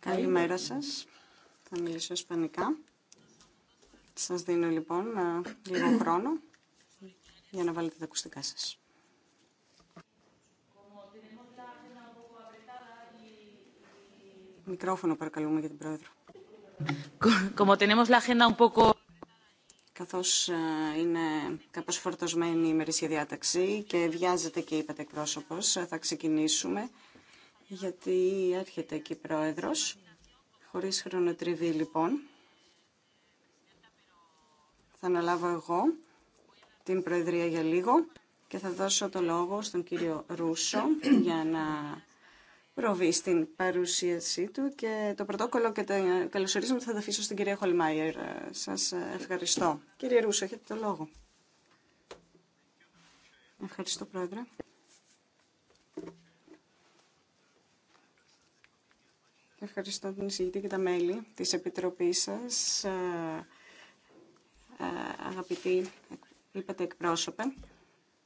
Καλημέρα σα, Θα μιλήσω ισπανικά. Σας δίνω λοιπόν λίγο χρόνο για να βάλετε τα ακουστικά σα. Μικρόφωνο παρακαλούμε για την Πρόεδρο. Καθώς ε, είναι κάπως φορτωσμένη η ημερήσια διάταξη και βιάζεται και είπατε εκπρόσωπο. Ε, θα ξεκινήσουμε γιατί έρχεται εκεί πρόεδρος, χωρίς χρονοτριβή λοιπόν. Θα αναλάβω εγώ την Προεδρία για λίγο και θα δώσω το λόγο στον κύριο Ρούσο για να προβεί στην παρουσίασή του και το πρωτόκολλο και το καλωσορίζουμε θα το αφήσω στην κυρία Χολμάιερ. Σας ευχαριστώ. Κύριε Ρούσο, έχετε το λόγο. Ευχαριστώ, Πρόεδρε. Ευχαριστώ την εισηγητή και τα μέλη της Επιτροπής σας, ε, ε, αγαπητοί είπατε εκπρόσωπε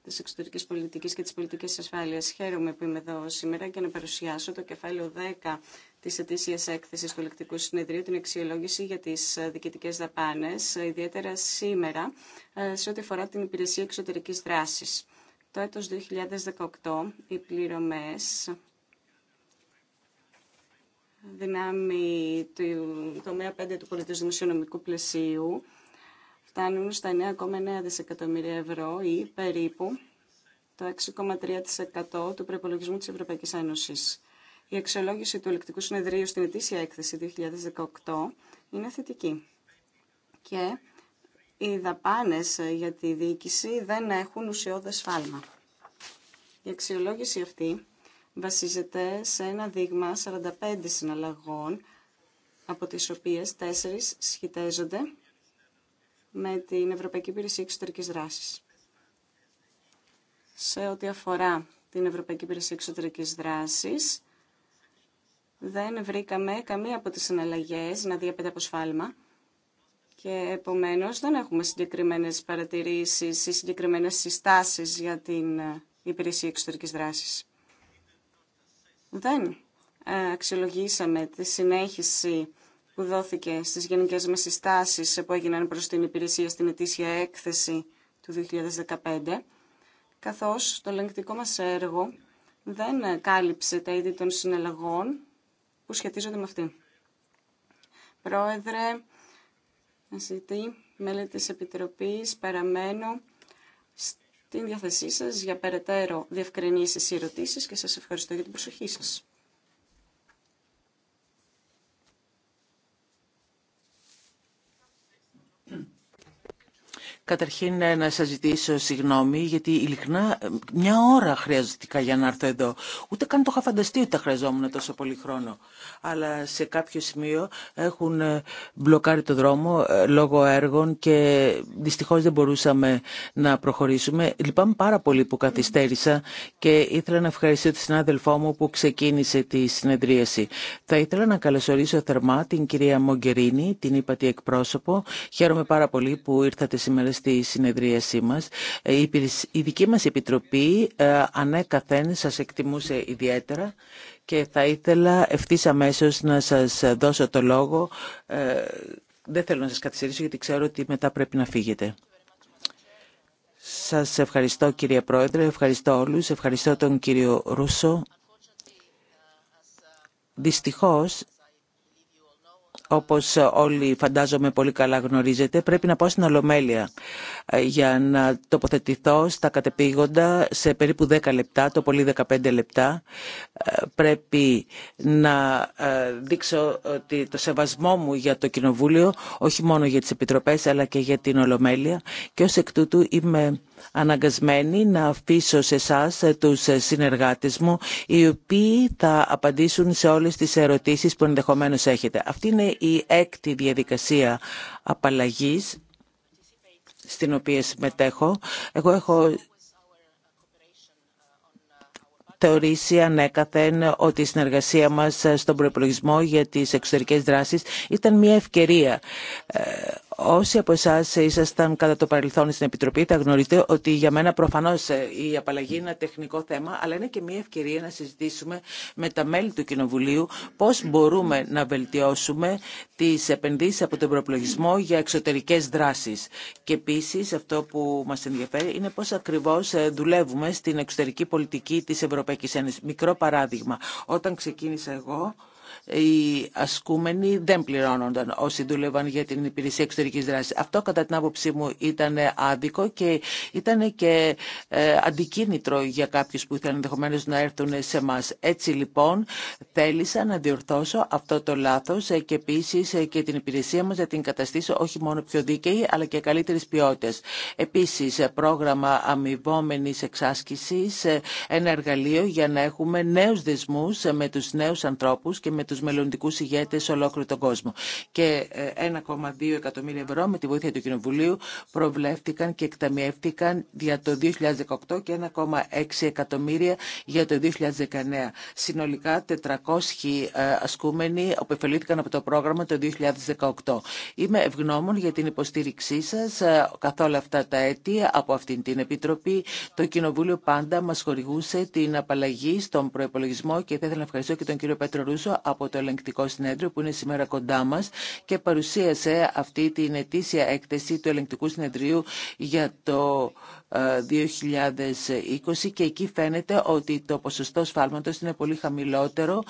τη εξωτερική πολιτική και της πολιτικής ασφάλειας. Χαίρομαι που είμαι εδώ σήμερα για να παρουσιάσω το κεφάλαιο 10 της ετήσιας έκθεσης του Ελεκτικού Συνεδρίου, την αξιολόγηση για τις διοικητικές δαπάνες, ιδιαίτερα σήμερα ε, σε ό,τι αφορά την υπηρεσία εξωτερικής δράσης. Το έτος 2018 οι πληρωμές δυνάμει του τομέα 5 του πολιτισμού δημοσιονομικού πλαισίου φτάνουν στα 9,9 δισεκατομμύρια ευρώ ή περίπου το 6,3% του προπολογισμού της Ευρωπαϊκής Ένωσης. Η αξιολόγηση του ελεκτικού συνεδρίου στην ετήσια έκθεση 2018 είναι θετική και οι δαπάνες για τη διοίκηση δεν έχουν ουσιώδες φάλμα. Η αξιολόγηση αυτή βασίζεται σε ένα δείγμα 45 συναλλαγών, από τις οποίες τέσσερις σχετίζονται με την Ευρωπαϊκή Υπηρεσία Εξωτερικής Δράσης. Σε ό,τι αφορά την Ευρωπαϊκή Υπηρεσία Εξωτερικής Δράσης, δεν βρήκαμε καμία από τις συναλλαγές να διαπέτει από και επομένως δεν έχουμε συγκεκριμένες παρατηρήσεις ή συγκεκριμένες συστάσεις για την ε, Υπηρεσία Εξωτερικής Δράσης. Δεν ε, αξιολογήσαμε τη συνέχιση που δόθηκε στις γενικές μας συστάσεις που έγιναν προς την υπηρεσία στην ετήσια έκθεση του 2015, καθώς το ελεγκτικό μας έργο δεν κάλυψε τα είδη των συναλλαγών που σχετίζονται με αυτή. Πρόεδρε, ζητή, μέλη της Επιτροπής, παραμένω την διάθεσή σας για περαιτέρω διευκρινήσεις ή ερωτήσεις και σας ευχαριστώ για την προσοχή σας. Καταρχήν ε, να σας ζητήσω συγγνώμη, γιατί ειλικρινά ε, μια ώρα χρειαζόταν για να έρθω εδώ. Ούτε καν το είχα φανταστεί ότι θα χρειαζόμουν τόσο πολύ χρόνο. Αλλά σε κάποιο σημείο έχουν ε, μπλοκάρει το δρόμο λόγω έργων και δυστυχώς δεν μπορούσαμε να προχωρήσουμε. Λυπάμαι πάρα πολύ που καθυστέρησα και ήθελα να ευχαριστήσω τη συνάδελφό μου που ξεκίνησε τη συνεδρίαση. Θα ήθελα να καλωσορίσω θερμά την κυρία Μογκερίνη, την τη εκπρόσωπο. Χαίρομαι πάρα πολύ που ήρθατε σήμερα στη συνεδρίασή μας. Ε, η δική μας επιτροπή ε, ανέκαθεν σας εκτιμούσε ιδιαίτερα και θα ήθελα ευθύ αμέσω να σας δώσω το λόγο. Ε, δεν θέλω να σας καθυστερήσω γιατί ξέρω ότι μετά πρέπει να φύγετε. Σας ευχαριστώ κύριε Πρόεδρε, ευχαριστώ όλους, ευχαριστώ τον κύριο Ρούσο. Δυστυχώς όπως όλοι φαντάζομαι πολύ καλά γνωρίζετε, πρέπει να πάω στην Ολομέλεια ε, για να τοποθετηθώ στα κατεπήγοντα σε περίπου 10 λεπτά, το πολύ 15 λεπτά. Ε, πρέπει να ε, δείξω ότι το σεβασμό μου για το Κοινοβούλιο, όχι μόνο για τις Επιτροπές αλλά και για την Ολομέλεια και ως εκ τούτου είμαι αναγκασμένη να αφήσω σε εσά τους συνεργάτες μου οι οποίοι θα απαντήσουν σε όλες τις ερωτήσεις που ενδεχομένως έχετε. Αυτή είναι η έκτη διαδικασία απαλλαγής στην οποία συμμετέχω. Εγώ έχω θεωρήσει ανέκαθεν ότι η συνεργασία μας στον προπολογισμό για τις εξωτερικές δράσεις ήταν μια ευκαιρία ε, Όσοι από εσά ήσασταν κατά το παρελθόν στην Επιτροπή, θα γνωρίζετε ότι για μένα προφανώ ε, η απαλλαγή είναι ένα τεχνικό θέμα, αλλά είναι και μια ευκαιρία να συζητήσουμε με τα μέλη του Κοινοβουλίου πώ μπορούμε να βελτιώσουμε τι επενδύσει από τον προπολογισμό για εξωτερικέ δράσει. Και επίση αυτό που μα ενδιαφέρει είναι πώ ακριβώ ε, δουλεύουμε στην εξωτερική πολιτική τη Ευρωπαϊκή Ένωση. Μικρό παράδειγμα. Όταν ξεκίνησα εγώ, οι ασκούμενοι δεν πληρώνονταν όσοι δούλευαν για την υπηρεσία εξωτερική δράση. Αυτό κατά την άποψή μου ήταν άδικο και ήταν και ε, αντικίνητρο για κάποιου που ήθελαν ενδεχομένω να έρθουν σε εμά. Έτσι λοιπόν θέλησα να διορθώσω αυτό το λάθος και επίση και την υπηρεσία μα να την καταστήσω όχι μόνο πιο δίκαιη αλλά και καλύτερης ποιότητας. Επίσης πρόγραμμα αμοιβόμενη εξάσκησης, ε, ένα εργαλείο για να έχουμε νέου δεσμού με του νέου ανθρώπου και με του τους μελλοντικούς ηγέτες σε ολόκληρο τον κόσμο. Και 1,2 ε, εκατομμύρια ευρώ με τη βοήθεια του Κοινοβουλίου προβλέφτηκαν και εκταμιεύτηκαν για το 2018 και 1,6 εκατομμύρια για το 2019. Συνολικά 400 ε, ασκούμενοι οπεφελήθηκαν από το πρόγραμμα το 2018. Είμαι ευγνώμων για την υποστήριξή σας ε, καθ' όλα αυτά τα αίτια από αυτήν την Επιτροπή. Το Κοινοβούλιο πάντα μας χορηγούσε την απαλλαγή στον προπολογισμό και θα ήθελα να ευχαριστώ και τον κύριο Πέτρο Ρούσο από το Ελεγκτικό Συνέδριο που είναι σήμερα κοντά μας και παρουσίασε αυτή την ετήσια έκθεση του Ελεγκτικού Συνεδρίου για το 2020 ε, και εκεί φαίνεται ότι το ποσοστό σφάλματος είναι πολύ χαμηλότερο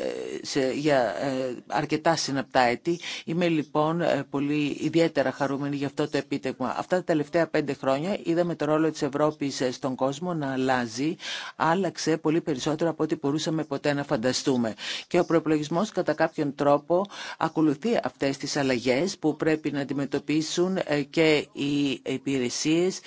ε, σε, για ε, αρκετά συναπτά έτη. Είμαι λοιπόν ε, πολύ ιδιαίτερα χαρούμενη για αυτό το επίτευγμα. Αυτά τα τελευταία πέντε χρόνια είδαμε το ρόλο της Ευρώπης στον κόσμο να αλλάζει. Άλλαξε πολύ περισσότερο από ό,τι μπορούσαμε ποτέ να φανταστούμε. Και ο προεπλογισμός κατά κάποιον τρόπο ακολουθεί αυτές τις αλλαγές που πρέπει να αντιμετωπίσουν και οι υπηρεσίες.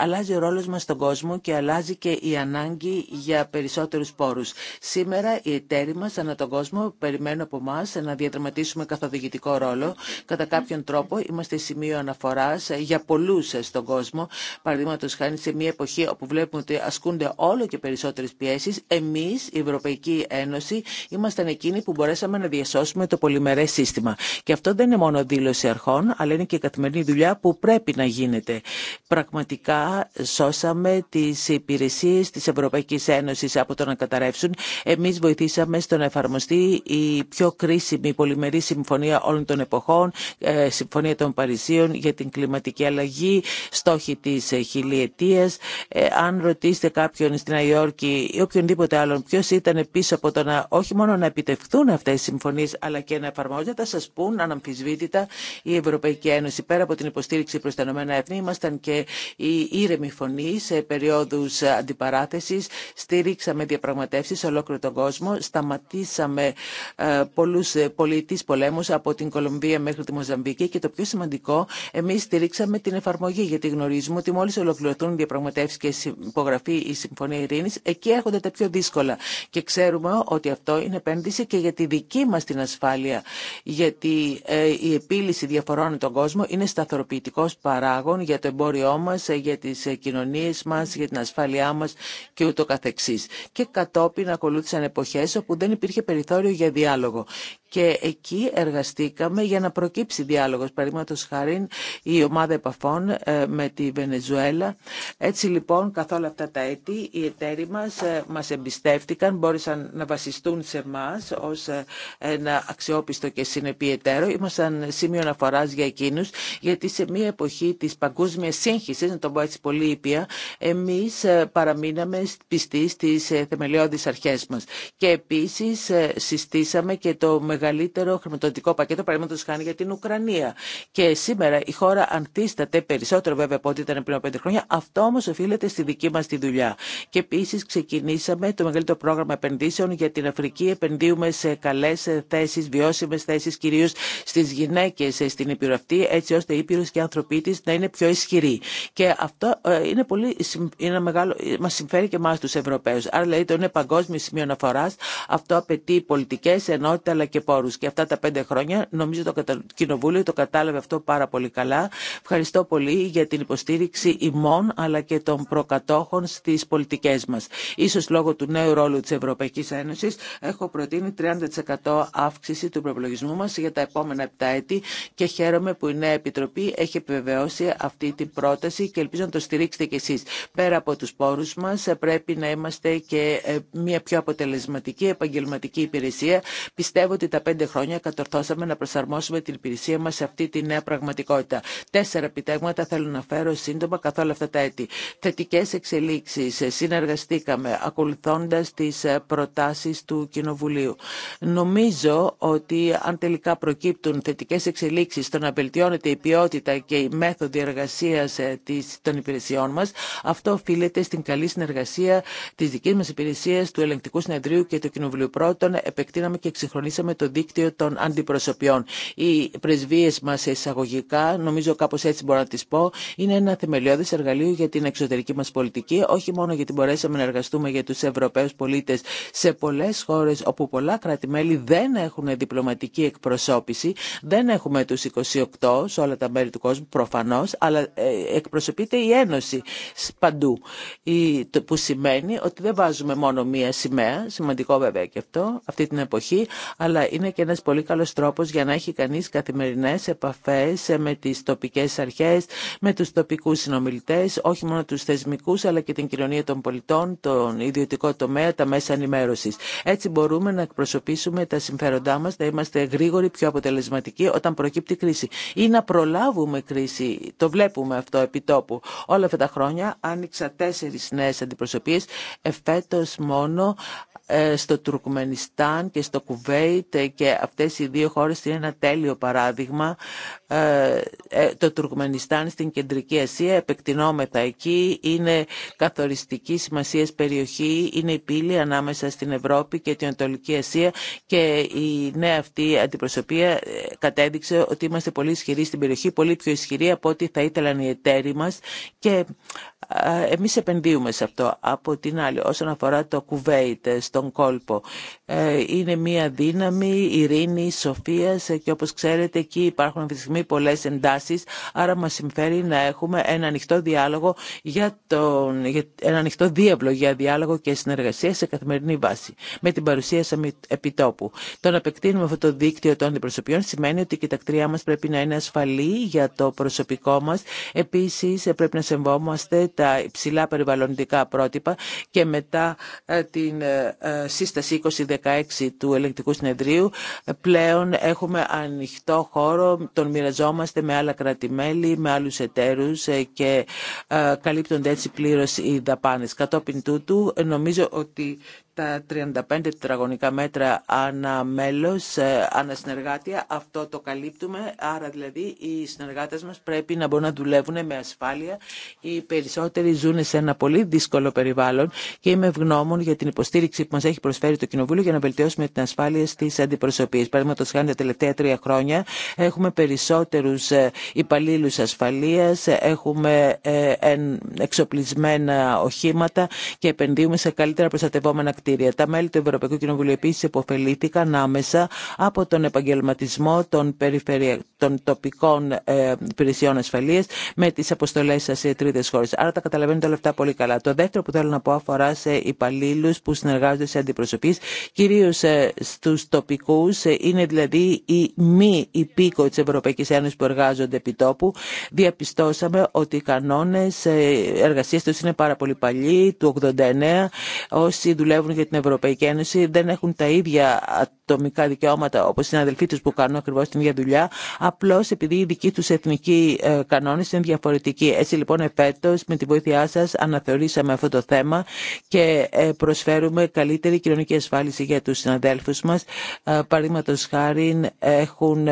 αλλάζει ο ρόλος μας στον κόσμο και αλλάζει και η ανάγκη για περισσότερους πόρους. Σήμερα οι εταίροι μα ανά τον κόσμο περιμένουν από εμά να διαδραματίσουμε καθοδηγητικό ρόλο. Κατά κάποιον τρόπο είμαστε σημείο αναφορά ε, για πολλού ε, στον κόσμο. Παραδείγματο χάρη σε μια εποχή όπου βλέπουμε ότι ασκούνται όλο και περισσότερε πιέσει, εμεί, η Ευρωπαϊκή Ένωση, ήμασταν εκείνοι που μπορέσαμε να διασώσουμε το πολυμερέ σύστημα. Και αυτό δεν είναι μόνο δήλωση αρχών, αλλά είναι και η καθημερινή δουλειά που πρέπει να γίνεται. Πραγματικά σώσαμε τι υπηρεσίε τη Ευρωπαϊκή Ένωση από το να καταρρεύσουν. Εμεί βοηθήσαμε στο να εφαρμοστεί η πιο κρίσιμη πολυμερή συμφωνία όλων των εποχών, ε, συμφωνία των Παρισίων για την κλιματική αλλαγή, στόχοι της ε, χιλιετίας. Ε, αν ρωτήσετε κάποιον στην Αϊόρκη ή οποιονδήποτε άλλον ποιο ήταν πίσω από το να όχι μόνο να επιτευχθούν αυτέ οι συμφωνίε αλλά και να εφαρμόζονται, θα σα πούν αναμφισβήτητα η Ευρωπαϊκή Ένωση. Πέρα από την υποστήριξη προ τα Ηνωμένα ήμασταν και η ήρεμη φωνή σε περίοδου αντιπαράθεση. Στήριξαμε διαπραγματεύσει σε ολόκληρο τον κόσμο σταματήσαμε ε, πολλούς ε, πολιτείς πολέμους από την Κολομβία μέχρι τη Μοζαμβίκη και το πιο σημαντικό, εμείς στηρίξαμε την εφαρμογή γιατί γνωρίζουμε ότι μόλις ολοκληρωθούν οι διαπραγματεύσεις και υπογραφή η Συμφωνία Ειρήνης, εκεί έρχονται τα πιο δύσκολα και ξέρουμε ότι αυτό είναι επένδυση και για τη δική μας την ασφάλεια γιατί ε, η επίλυση διαφορών τον κόσμο είναι σταθεροποιητικός παράγων για το εμπόριό μας, για τις κοινωνίες μας, για την ασφάλειά μας και ούτω καθεξής. Και κατόπιν ακολούθησαν εποχές όπου δεν υπήρχε περιθώριο για διάλογο και εκεί εργαστήκαμε για να προκύψει διάλογος. Παραδείγματος χάρη η ομάδα επαφών ε, με τη Βενεζουέλα. Έτσι λοιπόν καθ' όλα αυτά τα έτη οι εταίροι μας ε, μας εμπιστεύτηκαν, μπόρεσαν να βασιστούν σε εμά ως ε, ένα αξιόπιστο και συνεπή εταίρο. Ήμασταν σημείο αναφορά για εκείνους γιατί σε μια εποχή της παγκόσμιας σύγχυσης, να το πω έτσι πολύ ήπια, εμείς παραμείναμε πιστοί στις θεμελιώδεις αρχές μας. Και επίσης συστήσαμε και το μεγαλύτερο χρηματοδοτικό πακέτο, παραδείγματο χάνει για την Ουκρανία. Και σήμερα η χώρα αντίσταται περισσότερο βέβαια από ό,τι ήταν πριν από πέντε χρόνια. Αυτό όμω οφείλεται στη δική μα τη δουλειά. Και επίση ξεκινήσαμε το μεγαλύτερο πρόγραμμα επενδύσεων για την Αφρική. Επενδύουμε σε καλέ θέσει, βιώσιμε θέσει, κυρίω στι γυναίκε ε, στην Ήπειρο αυτή, έτσι ώστε η Ήπειρο και οι άνθρωποι τη να είναι πιο ισχυροί. Και αυτό ε, είναι πολύ είναι μεγάλο, ε, μα συμφέρει και εμά του Ευρωπαίου. Άρα, δηλαδή, το είναι παγκόσμιο σημείο αναφορά. Αυτό απαιτεί πολιτικέ ενότητα αλλά και και αυτά τα πέντε χρόνια νομίζω το Κοινοβούλιο το κατάλαβε αυτό πάρα πολύ καλά. Ευχαριστώ πολύ για την υποστήριξη ημών αλλά και των προκατόχων στι πολιτικέ μα. ...σω λόγω του νέου ρόλου τη Ευρωπαϊκή Ένωση, έχω προτείνει 30% αύξηση του προπολογισμού μα για τα επόμενα 7 έτη και χαίρομαι που η νέα Επιτροπή έχει επιβεβαιώσει αυτή την πρόταση και ελπίζω να το στηρίξετε κι εσείς. Πέρα από του πόρου μα πρέπει να είμαστε και ε, μια πιο αποτελεσματική επαγγελματική υπηρεσία. Πιστεύω ότι τα πέντε χρόνια κατορθώσαμε να προσαρμόσουμε την υπηρεσία μα σε αυτή τη νέα πραγματικότητα. Τέσσερα επιτέγματα θέλω να φέρω σύντομα καθ' όλα αυτά τα έτη. Θετικέ εξελίξει. Συνεργαστήκαμε ακολουθώντα τι προτάσει του Κοινοβουλίου. Νομίζω ότι αν τελικά προκύπτουν θετικέ εξελίξει στο να βελτιώνεται η ποιότητα και η μέθοδη εργασία ε, των υπηρεσιών μα, αυτό οφείλεται στην καλή συνεργασία τη δική μα υπηρεσία, του Ελεγκτικού Συνεδρίου και του Κοινοβουλίου. Πρώτον, επεκτείναμε και εξυγχρονίσαμε το το δίκτυο των αντιπροσωπιών. Οι πρεσβείε μα εισαγωγικά, νομίζω κάπω έτσι μπορώ να τι πω, είναι ένα θεμελιώδη εργαλείο για την εξωτερική μα πολιτική, όχι μόνο γιατί μπορέσαμε να εργαστούμε για του Ευρωπαίου πολίτε σε πολλέ χώρε χώρες όπου πολλά κράτη-μέλη δεν έχουν διπλωματική εκπροσώπηση, δεν έχουμε του 28 σε όλα τα μέρη του κόσμου προφανώ, αλλά ε, εκπροσωπείται η Ένωση παντού, Το που σημαίνει ότι δεν βάζουμε μόνο μία σημαία, σημαντικό βέβαια και αυτό, αυτή την εποχή, αλλά είναι και ένας πολύ καλός τρόπος για να έχει κανείς καθημερινές επαφές με τις τοπικές αρχές, με τους τοπικούς συνομιλητές, όχι μόνο τους θεσμικούς αλλά και την κοινωνία των πολιτών, τον ιδιωτικό τομέα, τα μέσα ενημέρωσης. Έτσι μπορούμε να εκπροσωπήσουμε τα συμφέροντά μας, να είμαστε γρήγοροι, πιο αποτελεσματικοί όταν προκύπτει κρίση ή να προλάβουμε κρίση. Το βλέπουμε αυτό επί τόπου. Όλα αυτά τα χρόνια άνοιξα τέσσερις νέες αντιπροσωπείες. Εφέτος μόνο ε, στο Τουρκμενιστάν και στο Κουβέιτ ε, και αυτές οι δύο χώρες είναι ένα τέλειο παράδειγμα ε, ε, το Τουρκμενιστάν στην Κεντρική Ασία, επεκτηνόμεθα εκεί, είναι καθοριστική σημασίας περιοχή, είναι η πύλη ανάμεσα στην Ευρώπη και την Ανατολική Ασία και η νέα αυτή αντιπροσωπεία ε, κατέδειξε ότι είμαστε πολύ ισχυροί στην περιοχή, πολύ πιο ισχυροί από ό,τι θα ήθελαν οι εταίροι μας και εμείς επενδύουμε σε αυτό. Από την άλλη, όσον αφορά το Κουβέιτ στον κόλπο, είναι μια δύναμη ειρήνη, σοφίας και όπως ξέρετε εκεί υπάρχουν αυτή στιγμή πολλές εντάσεις, άρα μας συμφέρει να έχουμε ένα ανοιχτό διάλογο για τον, για ένα ανοιχτό διάβλο για διάλογο και συνεργασία σε καθημερινή βάση με την παρουσία επιτόπου. Το να επεκτείνουμε αυτό το δίκτυο των αντιπροσωπιών σημαίνει ότι η κοιτακτριά μας πρέπει να είναι ασφαλή για το προσωπικό μας. Επίσης πρέπει να σεμβόμαστε τα υψηλά περιβαλλοντικά πρότυπα και μετά ε, την ε, ε, σύσταση 2016 του ελεγκτικού συνεδρίου πλέον έχουμε ανοιχτό χώρο των με άλλα με άλλους εταίρους ε, και ε, καλύπτονται έτσι πλήρως οι δαπάνες. Κατόπιν τούτου νομίζω ότι τα 35 τετραγωνικά μέτρα ανά μέλος, ε, ανασυνεργάτια, αυτό το καλύπτουμε. Άρα δηλαδή οι συνεργάτες μας πρέπει να μπορούν να δουλεύουν με ασφάλεια. Οι περισσότεροι ζουν σε ένα πολύ δύσκολο περιβάλλον και είμαι ευγνώμων για την υποστήριξη που μας έχει προσφέρει το Κοινοβούλιο για να βελτιώσουμε την ασφάλεια στις αντιπροσωπείες. Παραδείγματος χάνει τα τελευταία τρία χρόνια έχουμε περισσότερους ε, υπαλλήλου ασφαλείας, έχουμε ε, εξοπλισμένα οχήματα και επενδύουμε σε καλύτερα προστατευόμενα κτίρια. Τα μέλη του Ευρωπαϊκού Κοινοβουλίου επίση υποφελήθηκαν άμεσα από τον επαγγελματισμό των, των τοπικών ε, υπηρεσιών ασφαλεία με τι αποστολέ σα σε τρίτε χώρε. Άρα τα καταλαβαίνετε όλα αυτά πολύ καλά. Το δεύτερο που θέλω να πω αφορά σε υπαλλήλου που συνεργάζονται σε αντιπροσωπείς, κυρίω ε, στου τοπικού, ε, είναι δηλαδή οι μη υπήκοοι τη Ευρωπαϊκή Ένωση που εργάζονται επί τόπου. Διαπιστώσαμε ότι οι κανόνε εργασία του είναι πάρα πολύ παλιοί, του 89. Όσοι δουλεύουν για την Ευρωπαϊκή Ένωση δεν έχουν τα ίδια ατομικά δικαιώματα όπω οι συναδελφοί του που κάνουν ακριβώ την ίδια δουλειά, απλώ επειδή οι δικοί του εθνικοί ε, κανόνε είναι διαφορετικοί. Έτσι λοιπόν, εφέτο, με τη βοήθειά σα, αναθεωρήσαμε αυτό το θέμα και ε, προσφέρουμε καλύτερη κοινωνική ασφάλιση για του συναδέλφου μα. Ε, Παραδείγματο χάρη, έχουν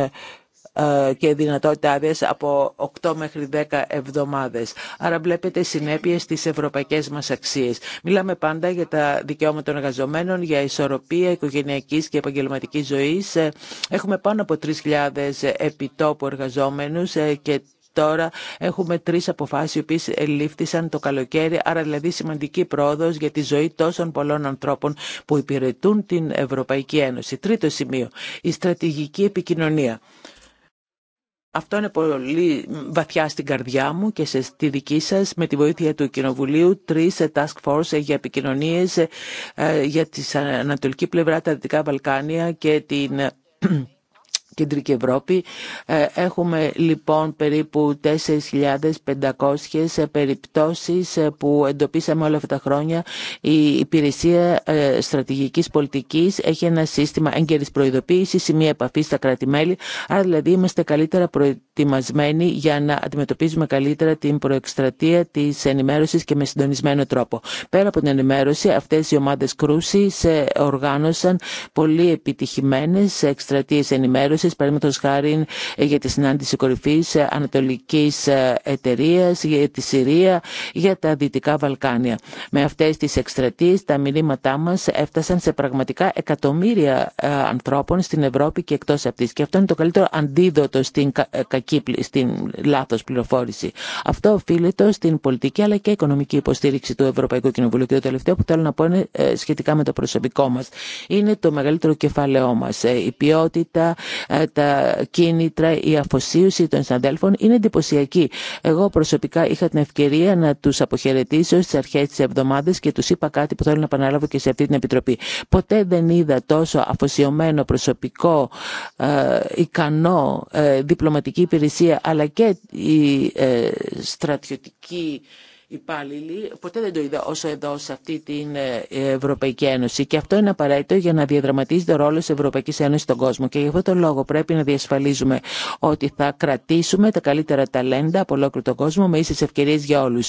ε, και δυνατότητα άδεια από 8 μέχρι 10 εβδομάδες. Άρα βλέπετε συνέπειες στις ευρωπαϊκές μας αξίες. Μιλάμε πάντα για τα δικαιώματα των εργαζομένων, για ισορροπία οικογενειακής και επαγγελματικής ζωής. Ε, έχουμε πάνω από 3.000 επιτόπου εργαζόμενους ε, και Τώρα έχουμε τρει αποφάσει οι οποίε ελήφθησαν το καλοκαίρι, άρα δηλαδή σημαντική πρόοδο για τη ζωή τόσων πολλών ανθρώπων που υπηρετούν την Ευρωπαϊκή Ένωση. Τρίτο σημείο, η στρατηγική επικοινωνία. Αυτό είναι πολύ βαθιά στην καρδιά μου και στη δική σας με τη βοήθεια του Κοινοβουλίου. Τρεις task force για επικοινωνίες ε, για την ανατολική πλευρά, τα Δυτικά Βαλκάνια και την Κεντρική Ευρώπη. Ε, έχουμε λοιπόν περίπου 4.500 ε, περιπτώσεις ε, που εντοπίσαμε όλα αυτά τα χρόνια. Η Υπηρεσία Στρατηγικής Πολιτικής έχει ένα σύστημα έγκαιρης προειδοποίησης, σημεία επαφή στα κράτη-μέλη, άρα δηλαδή είμαστε καλύτερα προετοιμασμένοι για να αντιμετωπίζουμε καλύτερα την προεκστρατεία της ενημέρωσης και με συντονισμένο τρόπο. Πέρα από την ενημέρωση, αυτές οι ομάδες κρούσης οργάνωσαν πολύ επιτυχημένες εκστρατείες ενημέρωση διοργανώσεις, παραδείγματος χάρη ε, για τη συνάντηση κορυφή ε, ανατολική ε, εταιρεία, για τη Συρία, για τα Δυτικά Βαλκάνια. Με αυτέ τι εκστρατείε, τα μηνύματά μα έφτασαν σε πραγματικά εκατομμύρια ανθρώπων στην Ευρώπη και εκτό αυτή. Και αυτό είναι το καλύτερο αντίδοτο στην, κακή, στην λάθος πληροφόρηση. Αυτό οφείλεται στην πολιτική αλλά και οικονομική υποστήριξη του Ευρωπαϊκού Κοινοβουλίου. Και το τελευταίο που θέλω να πω είναι σχετικά με το προσωπικό μα. Είναι το μεγαλύτερο κεφάλαιό μα. Η ποιότητα, ε, τα κίνητρα, η αφοσίωση των συναδέλφων είναι εντυπωσιακή. Εγώ προσωπικά είχα την ευκαιρία να του αποχαιρετήσω στι αρχέ τη εβδομάδα και του είπα κάτι που θέλω να επαναλάβω και σε αυτή την επιτροπή. Ποτέ δεν είδα τόσο αφοσιωμένο προσωπικό, ε, ικανό, ε, διπλωματική υπηρεσία αλλά και η στρατιωτική υπάλληλοι, ποτέ δεν το είδα όσο εδώ σε αυτή την ε, Ευρωπαϊκή Ένωση. Και αυτό είναι απαραίτητο για να διαδραματίζεται ο ρόλο τη Ευρωπαϊκή Ένωση στον κόσμο. Και γι' αυτόν τον λόγο πρέπει να διασφαλίζουμε ότι θα κρατήσουμε τα καλύτερα ταλέντα από ολόκληρο τον κόσμο με ίσε ευκαιρίε για όλου.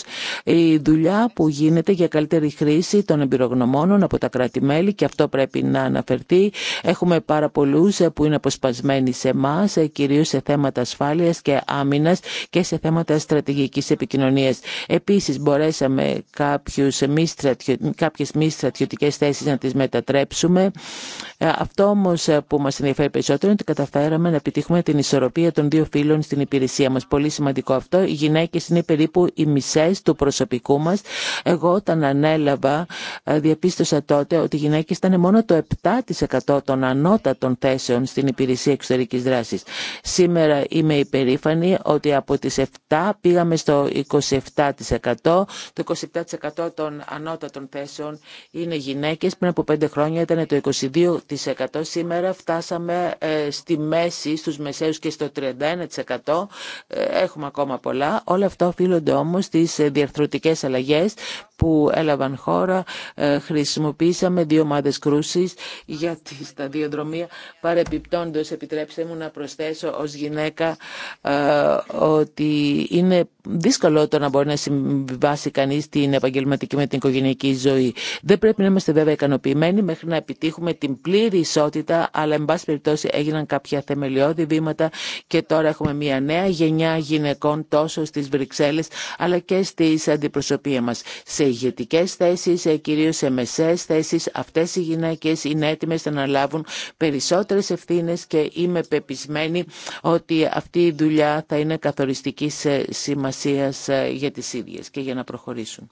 Η δουλειά που γίνεται για καλύτερη χρήση των εμπειρογνωμόνων από τα κράτη-μέλη και αυτό πρέπει να αναφερθεί. Έχουμε πάρα πολλού ε, που είναι αποσπασμένοι σε εμά, ε, κυρίω σε θέματα ασφάλεια και άμυνα και σε θέματα στρατηγική επικοινωνία. Επίση, μπορέσαμε κάποιους μη στρατιω... κάποιες μη στρατιωτικές θέσεις να τις μετατρέψουμε. Ε, αυτό όμως ε, που μας ενδιαφέρει περισσότερο είναι ότι καταφέραμε να επιτύχουμε την ισορροπία των δύο φύλων στην υπηρεσία μας. Πολύ σημαντικό αυτό. Οι γυναίκες είναι περίπου οι μισές του προσωπικού μας. Εγώ όταν ανέλαβα ε, διαπίστωσα τότε ότι οι γυναίκες ήταν μόνο το 7% των ανώτατων θέσεων στην υπηρεσία εξωτερικής δράσης. Σήμερα είμαι υπερήφανη ότι από τις 7 πήγαμε στο 27% το 27% των ανώτατων θέσεων είναι γυναίκες. Πριν από πέντε χρόνια ήταν το 22%. Σήμερα φτάσαμε ε, στη μέση, στους μεσαίους και στο 31%. Ε, έχουμε ακόμα πολλά. Όλα αυτά οφείλονται όμως στις ε, διαρθρωτικές αλλαγές που έλαβαν χώρα. Ε, χρησιμοποίησαμε δύο ομάδες κρούσης για τη σταδιοδρομία. Παρεπιπτόντως, επιτρέψτε μου να προσθέσω ως γυναίκα ε, ότι είναι δύσκολο το να μπορεί να συμβάσει κανείς την επαγγελματική με την οικογενειακή ζωή. Δεν πρέπει να είμαστε βέβαια ικανοποιημένοι μέχρι να επιτύχουμε την πλήρη ισότητα, αλλά εν πάση περιπτώσει έγιναν κάποια θεμελιώδη βήματα και τώρα έχουμε μια νέα γενιά γυναικών τόσο στις Βρυξέλλες αλλά και στις αντιπροσωπεία μας. Σε ηγετικές θέσει, ε, κυρίω σε μεσαίε θέσει, Αυτές οι γυναίκε είναι έτοιμες να αναλάβουν περισσότερε ευθύνε, και είμαι πεπισμένη ότι αυτή η δουλειά θα είναι καθοριστική ε, σημασία ε, για τι ίδιε και για να προχωρήσουν.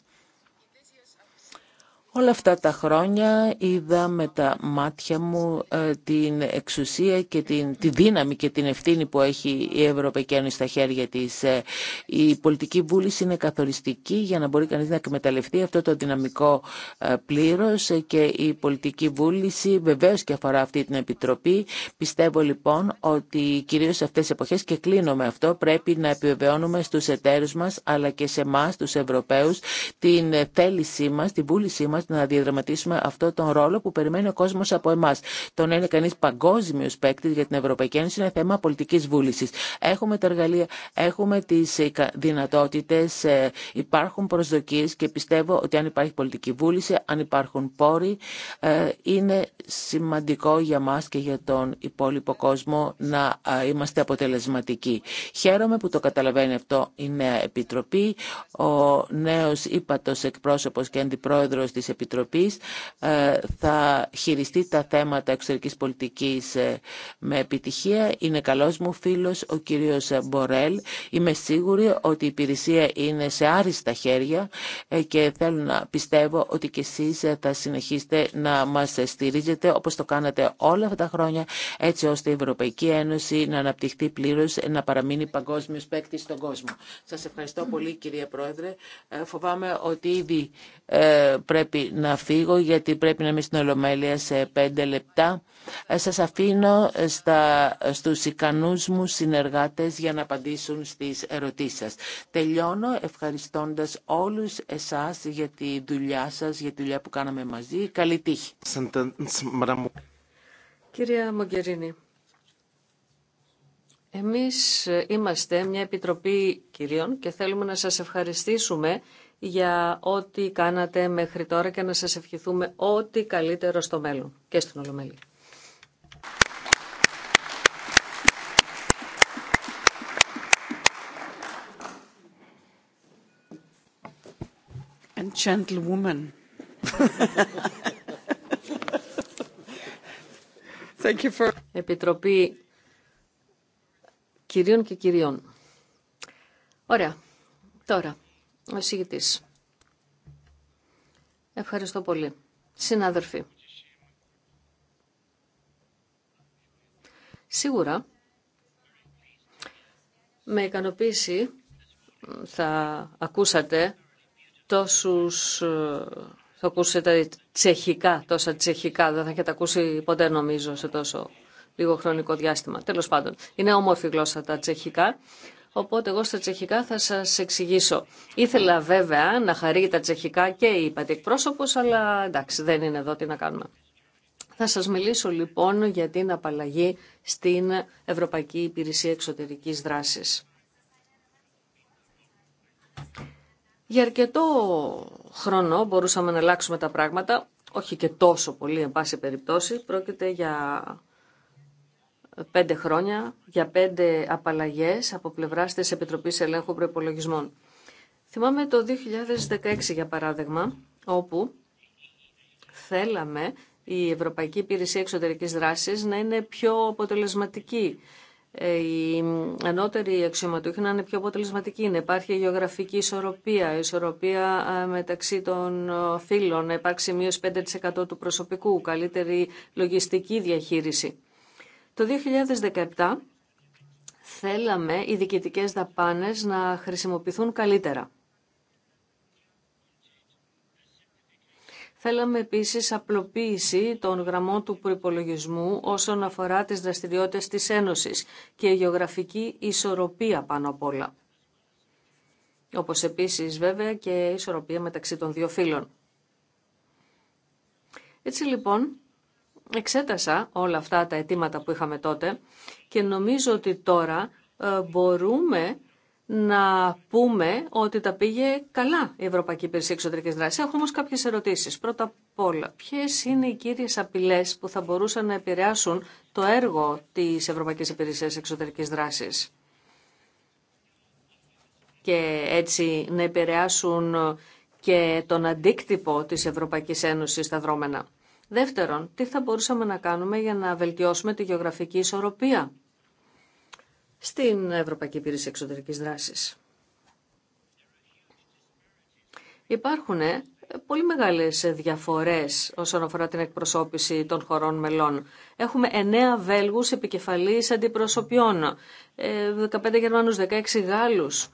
Όλα αυτά τα χρόνια είδα με τα μάτια μου ε, την εξουσία και την, τη δύναμη και την ευθύνη που έχει η Ευρωπαϊκή Ένωση στα χέρια της. Ε, η πολιτική βούληση είναι καθοριστική για να μπορεί κανείς να εκμεταλλευτεί αυτό το δυναμικό ε, πλήρως και η πολιτική βούληση βεβαίως και αφορά αυτή την Επιτροπή. Πιστεύω λοιπόν ότι κυρίως σε αυτές τις εποχές και κλείνω με αυτό πρέπει να επιβεβαιώνουμε στους εταίρους μας αλλά και σε εμά τους Ευρωπαίους την θέλησή μας, την βούλησή μας να διαδραματίσουμε αυτό τον ρόλο που περιμένει ο κόσμος από εμάς. Το να είναι κανείς παγκόσμιος παίκτη για την Ευρωπαϊκή Ένωση είναι θέμα πολιτικής βούλησης. Έχουμε τα εργαλεία, έχουμε τις ε, δυνατότητες, ε, υπάρχουν προσδοκίες και πιστεύω ότι αν υπάρχει πολιτική βούληση, αν υπάρχουν πόροι, ε, είναι σημαντικό για μας και για τον υπόλοιπο κόσμο να είμαστε αποτελεσματικοί. Χαίρομαι που το καταλαβαίνει αυτό η νέα Επιτροπή, ο νέος ύπατος εκπρόσωπος και αντιπρόεδρος της Επιτροπής ε, θα χειριστεί τα θέματα εξωτερικής πολιτικής ε, με επιτυχία. Είναι καλός μου φίλος ο κύριος Μπορέλ. Είμαι σίγουρη ότι η υπηρεσία είναι σε άριστα χέρια ε, και θέλω να πιστεύω ότι και εσείς θα συνεχίσετε να μας στηρίζετε όπως το κάνατε όλα αυτά τα χρόνια έτσι ώστε η Ευρωπαϊκή Ένωση να αναπτυχθεί πλήρως, να παραμείνει παγκόσμιος παίκτη στον κόσμο. Σας ευχαριστώ πολύ κυρία Πρόεδρε. Φοβάμαι ότι ήδη πρέπει να φύγω γιατί πρέπει να είμαι στην Ολομέλεια σε πέντε λεπτά. Ε, σας αφήνω στα, στους ικανούς μου συνεργάτες για να απαντήσουν στις ερωτήσεις σας. Τελειώνω ευχαριστώντας όλους εσάς για τη δουλειά σας, για τη δουλειά που κάναμε μαζί. Καλή τύχη. Κυρία Μογκερίνη, εμείς είμαστε μια επιτροπή κυρίων και θέλουμε να σας ευχαριστήσουμε για ό,τι κάνατε μέχρι τώρα και να σας ευχηθούμε ό,τι καλύτερο στο μέλλον και στην Ολομέλη. And gentlewoman. Thank you for... Επιτροπή κυρίων και κυριών. Ωραία. Τώρα, ο Ευχαριστώ πολύ. Συνάδελφοι. Σίγουρα με ικανοποίηση θα ακούσατε τόσους θα ακούσετε τσεχικά, τόσα τσεχικά, δεν θα έχετε ακούσει ποτέ νομίζω σε τόσο λίγο χρονικό διάστημα. Τέλος πάντων, είναι όμορφη γλώσσα τα τσεχικά οπότε εγώ στα τσεχικά θα σα εξηγήσω. Ήθελα βέβαια να χαρεί τα τσεχικά και η πατή εκπρόσωπο, αλλά εντάξει δεν είναι εδώ τι να κάνουμε. Θα σας μιλήσω λοιπόν για την απαλλαγή στην Ευρωπαϊκή Υπηρεσία Εξωτερικής Δράσης. Για αρκετό χρόνο μπορούσαμε να αλλάξουμε τα πράγματα, όχι και τόσο πολύ εν πάση περιπτώσει, πρόκειται για πέντε χρόνια για πέντε απαλλαγές από πλευρά τη Επιτροπής Ελέγχου Προπολογισμών. Θυμάμαι το 2016 για παράδειγμα, όπου θέλαμε η Ευρωπαϊκή Υπηρεσία Εξωτερική δράση να είναι πιο αποτελεσματική. Ε, οι ανώτεροι αξιωματούχοι να είναι πιο αποτελεσματικοί, να υπάρχει γεωγραφική ισορροπία, ισορροπία ε, μεταξύ των ε, φύλων, να υπάρξει μείωση 5% του προσωπικού, καλύτερη λογιστική διαχείριση. Το 2017 θέλαμε οι διοικητικές δαπάνες να χρησιμοποιηθούν καλύτερα. Θέλαμε επίσης απλοποίηση των γραμμών του προϋπολογισμού όσον αφορά τις δραστηριότητες της Ένωσης και γεωγραφική ισορροπία πάνω απ' όλα. Όπως επίσης βέβαια και ισορροπία μεταξύ των δύο φύλων. Έτσι λοιπόν εξέτασα όλα αυτά τα αιτήματα που είχαμε τότε και νομίζω ότι τώρα ε, μπορούμε να πούμε ότι τα πήγε καλά η Ευρωπαϊκή Υπηρεσία Εξωτερικής Δράσης. Έχω όμως κάποιες ερωτήσεις. Πρώτα απ' όλα, ποιες είναι οι κύριες απειλές που θα μπορούσαν να επηρεάσουν το έργο της Ευρωπαϊκής Υπηρεσίας Εξωτερικής Δράσης και έτσι να επηρεάσουν και τον αντίκτυπο της Ευρωπαϊκής Ένωσης στα δρόμενα. Δεύτερον, τι θα μπορούσαμε να κάνουμε για να βελτιώσουμε τη γεωγραφική ισορροπία στην Ευρωπαϊκή Υπηρεσία Εξωτερικής Δράσης. Υπάρχουν πολύ μεγάλες διαφορές όσον αφορά την εκπροσώπηση των χωρών μελών. Έχουμε 9 Βέλγους επικεφαλής αντιπροσωπιών, 15 ε, Γερμανούς, 16 Γάλλους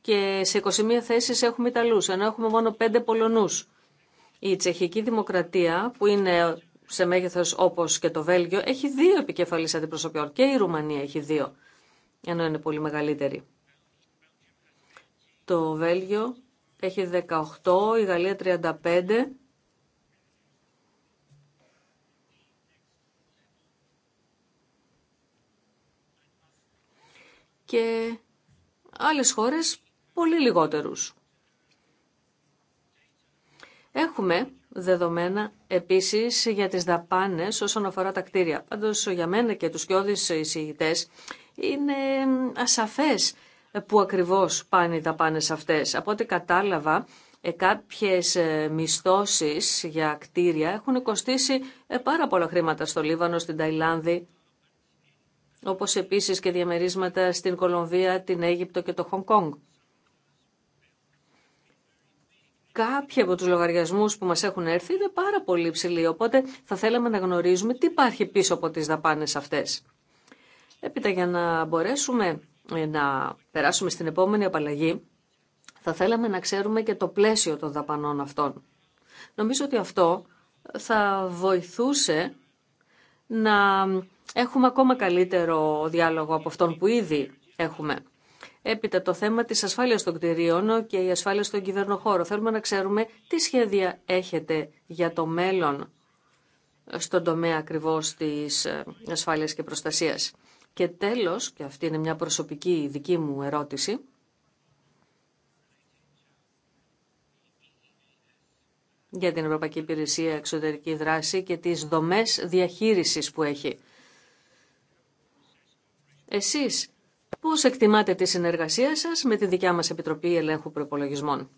και σε 21 θέσεις έχουμε Ιταλούς, ενώ έχουμε μόνο 5 Πολωνούς. Η Τσεχική Δημοκρατία, που είναι σε μέγεθος όπως και το Βέλγιο, έχει δύο επικεφαλής αντιπροσωπιών και η Ρουμανία έχει δύο, ενώ είναι πολύ μεγαλύτερη. Το Βέλγιο έχει 18, η Γαλλία 35, και άλλες χώρες πολύ λιγότερους. Έχουμε δεδομένα επίση για τις δαπάνε όσον αφορά τα κτίρια. Πάντω για μένα και τους κοιόδης εισηγητέ είναι ασαφές που ακριβώς πάνε οι δαπάνε αυτές. Από ό,τι κατάλαβα, ε, κάποιες ε, μισθώσεις για κτίρια έχουν κοστίσει ε, πάρα πολλά χρήματα στο Λίβανο, στην Ταϊλάνδη, όπως επίσης και διαμερίσματα στην Κολομβία, την Αίγυπτο και το Χονγκ κάποιοι από τους λογαριασμούς που μας έχουν έρθει είναι πάρα πολύ ψηλοί, οπότε θα θέλαμε να γνωρίζουμε τι υπάρχει πίσω από τις δαπάνες αυτές. Έπειτα για να μπορέσουμε ε, να περάσουμε στην επόμενη απαλλαγή, θα θέλαμε να ξέρουμε και το πλαίσιο των δαπανών αυτών. Νομίζω ότι αυτό θα βοηθούσε να έχουμε ακόμα καλύτερο διάλογο από αυτόν που ήδη έχουμε. Έπειτα το θέμα της ασφάλειας των κτηρίων και η ασφάλεια στον κυβερνοχώρο. Θέλουμε να ξέρουμε τι σχέδια έχετε για το μέλλον στον τομέα ακριβώς της ε, ασφάλειας και προστασίας. Και τέλος, και αυτή είναι μια προσωπική δική μου ερώτηση, για την Ευρωπαϊκή Υπηρεσία Εξωτερική Δράση και τις δομές διαχείρισης που έχει. Εσείς Πώς εκτιμάτε τη συνεργασία σας με τη δικιά μας Επιτροπή Ελέγχου Προπολογισμών.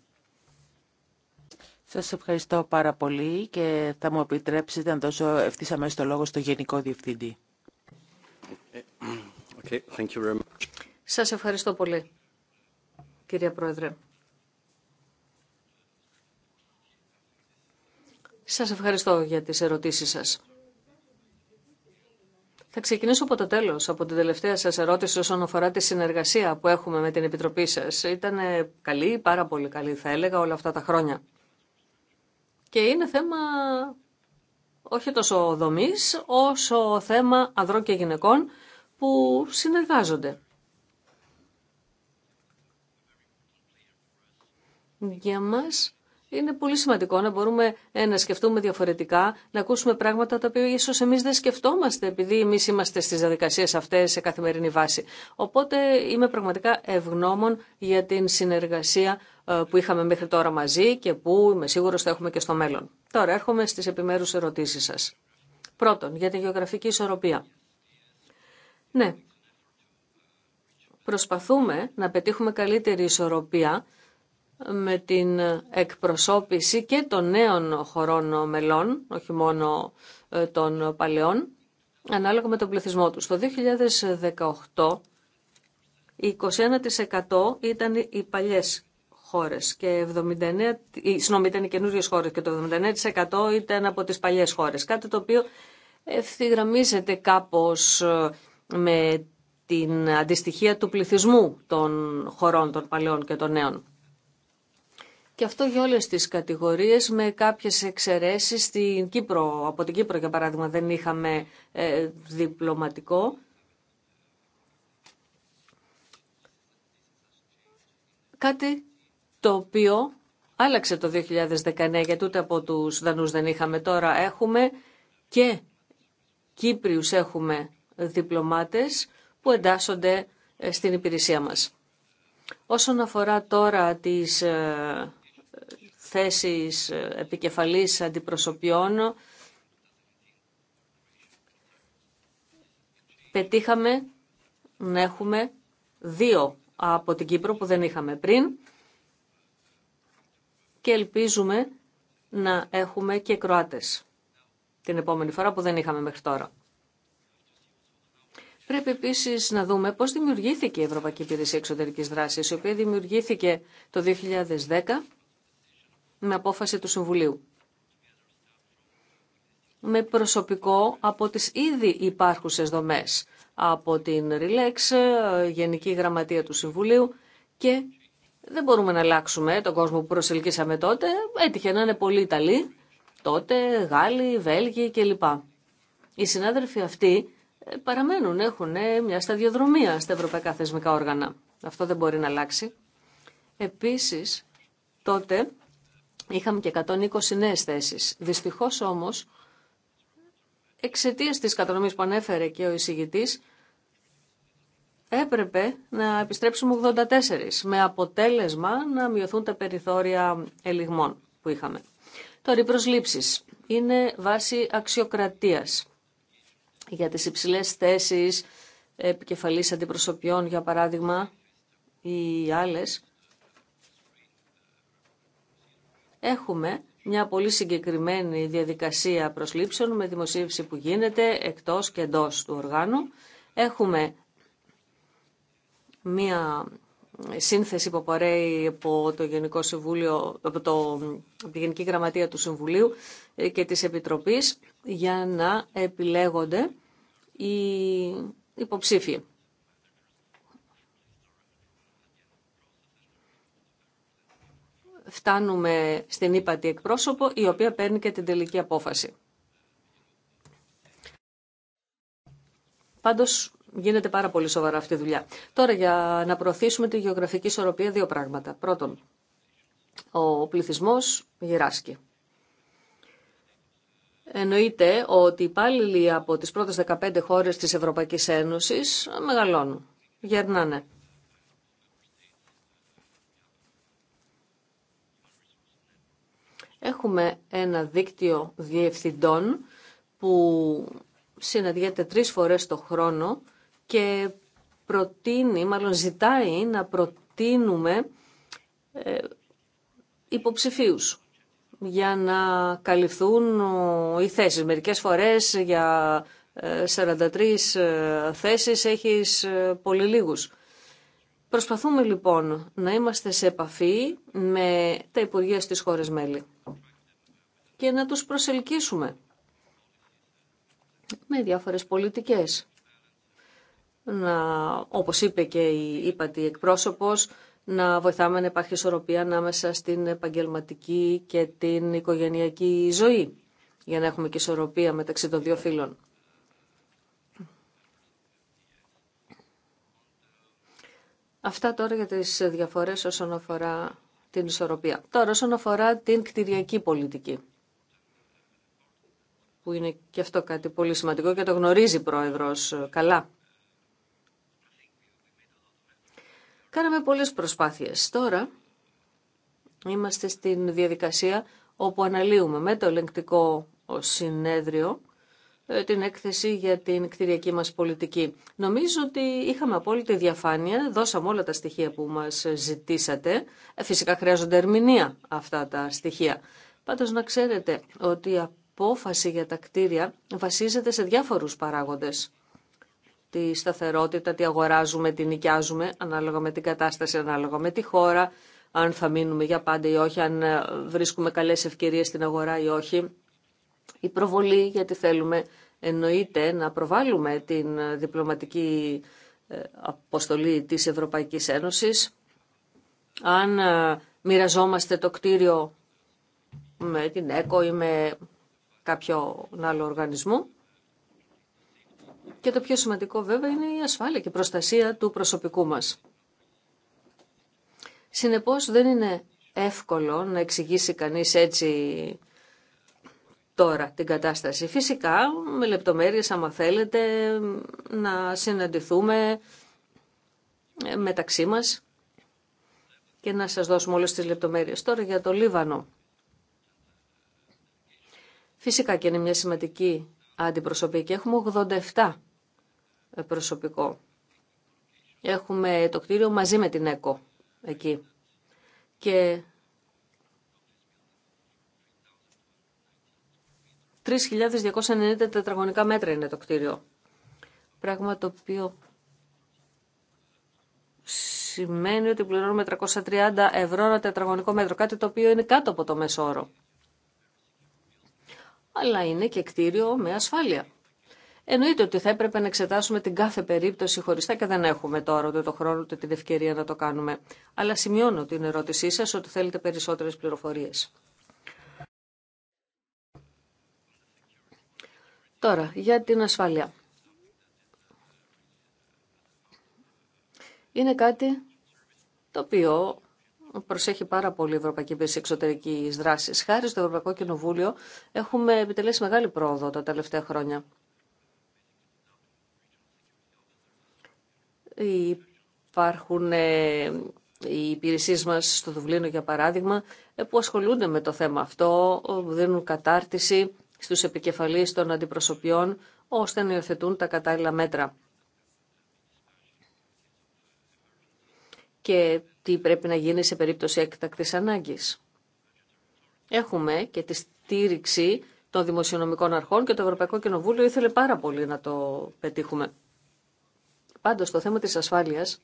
Σας ευχαριστώ πάρα πολύ και θα μου επιτρέψετε να δώσω ευθύς αμέσως το λόγο στο Γενικό Διευθυντή. Ε, okay, thank you very much. Σας ευχαριστώ πολύ, κυρία Πρόεδρε. Σας ευχαριστώ για τις ερωτήσεις σας. Θα ξεκινήσω από το τέλος, από την τελευταία σας ερώτηση όσον αφορά τη συνεργασία που έχουμε με την Επιτροπή σας. Ήταν καλή, πάρα πολύ καλή θα έλεγα όλα αυτά τα χρόνια. Και είναι θέμα όχι τόσο δομή όσο θέμα ανδρών και γυναικών που συνεργάζονται. Για μας είναι πολύ σημαντικό να μπορούμε ε, να σκεφτούμε διαφορετικά, να ακούσουμε πράγματα τα οποία ίσω εμεί δεν σκεφτόμαστε, επειδή εμεί είμαστε στι διαδικασίε αυτέ σε καθημερινή βάση. Οπότε είμαι πραγματικά ευγνώμων για την συνεργασία ε, που είχαμε μέχρι τώρα μαζί και που είμαι σίγουρο θα έχουμε και στο μέλλον. Τώρα έρχομαι στι επιμέρου ερωτήσει σα. Πρώτον, για τη γεωγραφική ισορροπία. Ναι, προσπαθούμε να πετύχουμε καλύτερη ισορροπία με την εκπροσώπηση και των νέων χωρών μελών, όχι μόνο ε, των παλαιών, ανάλογα με τον πληθυσμό τους. Το 2018, 21% ήταν οι παλιές χώρες και 79, ε, ήταν οι καινούριες χώρες και το 79% ήταν από τις παλιές χώρες. Κάτι το οποίο ευθυγραμμίζεται κάπως ε, με την αντιστοιχία του πληθυσμού των χωρών των παλαιών και των νέων. Και αυτό για όλες τις κατηγορίες με κάποιες εξαιρέσεις στην Κύπρο. Από την Κύπρο για παράδειγμα δεν είχαμε ε, διπλωματικό. Κάτι το οποίο άλλαξε το 2019 γιατί ούτε από τους Δανούς δεν είχαμε τώρα. Έχουμε και Κύπριους έχουμε διπλωμάτες που εντάσσονται ε, στην υπηρεσία μας. Όσον αφορά τώρα τις ε, θέσεις ε, επικεφαλής αντιπροσωπιών πετύχαμε να έχουμε δύο από την Κύπρο που δεν είχαμε πριν και ελπίζουμε να έχουμε και Κροάτες την επόμενη φορά που δεν είχαμε μέχρι τώρα. Πρέπει επίσης να δούμε πώς δημιουργήθηκε η Ευρωπαϊκή Υπηρεσία Εξωτερικής Δράσης, η οποία δημιουργήθηκε το 2010 με απόφαση του Συμβουλίου. Με προσωπικό από τις ήδη υπάρχουσες δομές, από την Relax, Γενική Γραμματεία του Συμβουλίου και δεν μπορούμε να αλλάξουμε τον κόσμο που προσελκύσαμε τότε. Έτυχε να είναι πολύ Ιταλοί, τότε Γάλλοι, Βέλγοι κλπ. Οι συνάδελφοι αυτοί ε, παραμένουν, έχουν ε, μια σταδιοδρομία στα ευρωπαϊκά θεσμικά όργανα. Αυτό δεν μπορεί να αλλάξει. Επίσης, τότε είχαμε και 120 νέες θέσεις. Δυστυχώς όμως, εξαιτία της κατανομής που ανέφερε και ο εισηγητής, έπρεπε να επιστρέψουμε 84, με αποτέλεσμα να μειωθούν τα περιθώρια ελιγμών που είχαμε. Τώρα, οι προσλήψει είναι βάση αξιοκρατίας για τις υψηλές θέσεις επικεφαλής αντιπροσωπιών, για παράδειγμα, ή άλλες. έχουμε μια πολύ συγκεκριμένη διαδικασία προσλήψεων με δημοσίευση που γίνεται εκτός και εντός του οργάνου. Έχουμε μια σύνθεση που απορρέει από το Γενικό Συμβούλιο, από, το, από τη Γενική Γραμματεία του Συμβουλίου ε, και της Επιτροπής για να επιλέγονται οι υποψήφοι. φτάνουμε στην ύπατη εκπρόσωπο, η οποία παίρνει και την τελική απόφαση. Πάντως γίνεται πάρα πολύ σοβαρά αυτή η δουλειά. Τώρα για να προωθήσουμε τη γεωγραφική ισορροπία δύο πράγματα. Πρώτον, ο πληθυσμός γυράσκει. Εννοείται ότι οι υπάλληλοι από τις πρώτες 15 χώρες της Ευρωπαϊκής Ένωσης μεγαλώνουν, γερνάνε. Έχουμε ένα δίκτυο διευθυντών που συναντιέται τρεις φορές το χρόνο και προτείνει, μάλλον ζητάει να προτείνουμε ε, υποψηφίους για να καλυφθούν ε, οι θέσεις. Μερικές φορές για 43 ε, θέσεις έχεις πολύ λίγους. Προσπαθούμε λοιπόν να είμαστε σε επαφή με τα Υπουργεία στις χώρες μέλη και να τους προσελκύσουμε με διάφορες πολιτικές. Να, όπως είπε και η ύπατη εκπρόσωπος, να βοηθάμε να υπάρχει ισορροπία ανάμεσα στην επαγγελματική και την οικογενειακή ζωή, για να έχουμε και ισορροπία μεταξύ των δύο φύλων. Αυτά τώρα για τις διαφορές όσον αφορά την ισορροπία. Τώρα όσον αφορά την κτηριακή πολιτική που είναι και αυτό κάτι πολύ σημαντικό και το γνωρίζει η Πρόεδρος ε, καλά. Κάναμε πολλές προσπάθειες. Τώρα είμαστε στην διαδικασία όπου αναλύουμε με το ελεγκτικό συνέδριο ε, την έκθεση για την κτηριακή μας πολιτική. Νομίζω ότι είχαμε απόλυτη διαφάνεια, δώσαμε όλα τα στοιχεία που μας ζητήσατε. Ε, φυσικά χρειάζονται ερμηνεία αυτά τα στοιχεία. Πάντως να ξέρετε ότι απόφαση για τα κτίρια βασίζεται σε διάφορους παράγοντες. Τη σταθερότητα, τι αγοράζουμε, τι νοικιάζουμε, ανάλογα με την κατάσταση, ανάλογα με τη χώρα, αν θα μείνουμε για πάντα ή όχι, αν ε, βρίσκουμε καλές ευκαιρίες στην αγορά ή όχι. Η προβολή, γιατί θέλουμε εννοείται να προβάλλουμε την ε, διπλωματική ε, αποστολή της Ευρωπαϊκής Ένωσης. Αν μοιραζόμαστε το κτίριο με την ΕΚΟ ή με κάποιο άλλο οργανισμό. Και το πιο σημαντικό βέβαια είναι η ασφάλεια και η προστασία του προσωπικού μας. Συνεπώς δεν είναι εύκολο να εξηγήσει κανείς έτσι τώρα την κατάσταση. Φυσικά με λεπτομέρειες άμα θέλετε να συναντηθούμε μεταξύ μας και να σας δώσουμε όλες τις λεπτομέρειες. Τώρα για το Λίβανο. Φυσικά και είναι μια σημαντική αντιπροσωπή και έχουμε 87 ε, προσωπικό. Έχουμε το κτίριο μαζί με την ΕΚΟ εκεί. Και 3.290 τετραγωνικά μέτρα είναι το κτίριο. Πράγμα το οποίο σημαίνει ότι πληρώνουμε 330 ευρώ ένα τετραγωνικό μέτρο, κάτι το οποίο είναι κάτω από το μέσο όρο αλλά είναι και κτίριο με ασφάλεια. Εννοείται ότι θα έπρεπε να εξετάσουμε την κάθε περίπτωση χωριστά και δεν έχουμε τώρα ούτε το χρόνο ούτε την ευκαιρία να το κάνουμε. Αλλά σημειώνω την ερώτησή σας ότι θέλετε περισσότερες πληροφορίες. Τώρα, για την ασφάλεια. Είναι κάτι το οποίο προσέχει πάρα πολύ η Ευρωπαϊκή Υπηρεσία Εξωτερική Δράση. Χάρη στο Ευρωπαϊκό Κοινοβούλιο έχουμε επιτελέσει μεγάλη πρόοδο τα τελευταία χρόνια. Υπάρχουν ε, οι υπηρεσίε μα στο Δουβλίνο, για παράδειγμα, ε, που ασχολούνται με το θέμα αυτό, ε, δίνουν κατάρτιση στους επικεφαλείς των αντιπροσωπιών, ώστε να υιοθετούν τα κατάλληλα μέτρα. και τι πρέπει να γίνει σε περίπτωση έκτακτης ανάγκης. Έχουμε και τη στήριξη των δημοσιονομικών αρχών και το Ευρωπαϊκό Κοινοβούλιο ήθελε πάρα πολύ να το πετύχουμε. Πάντως το θέμα της ασφάλειας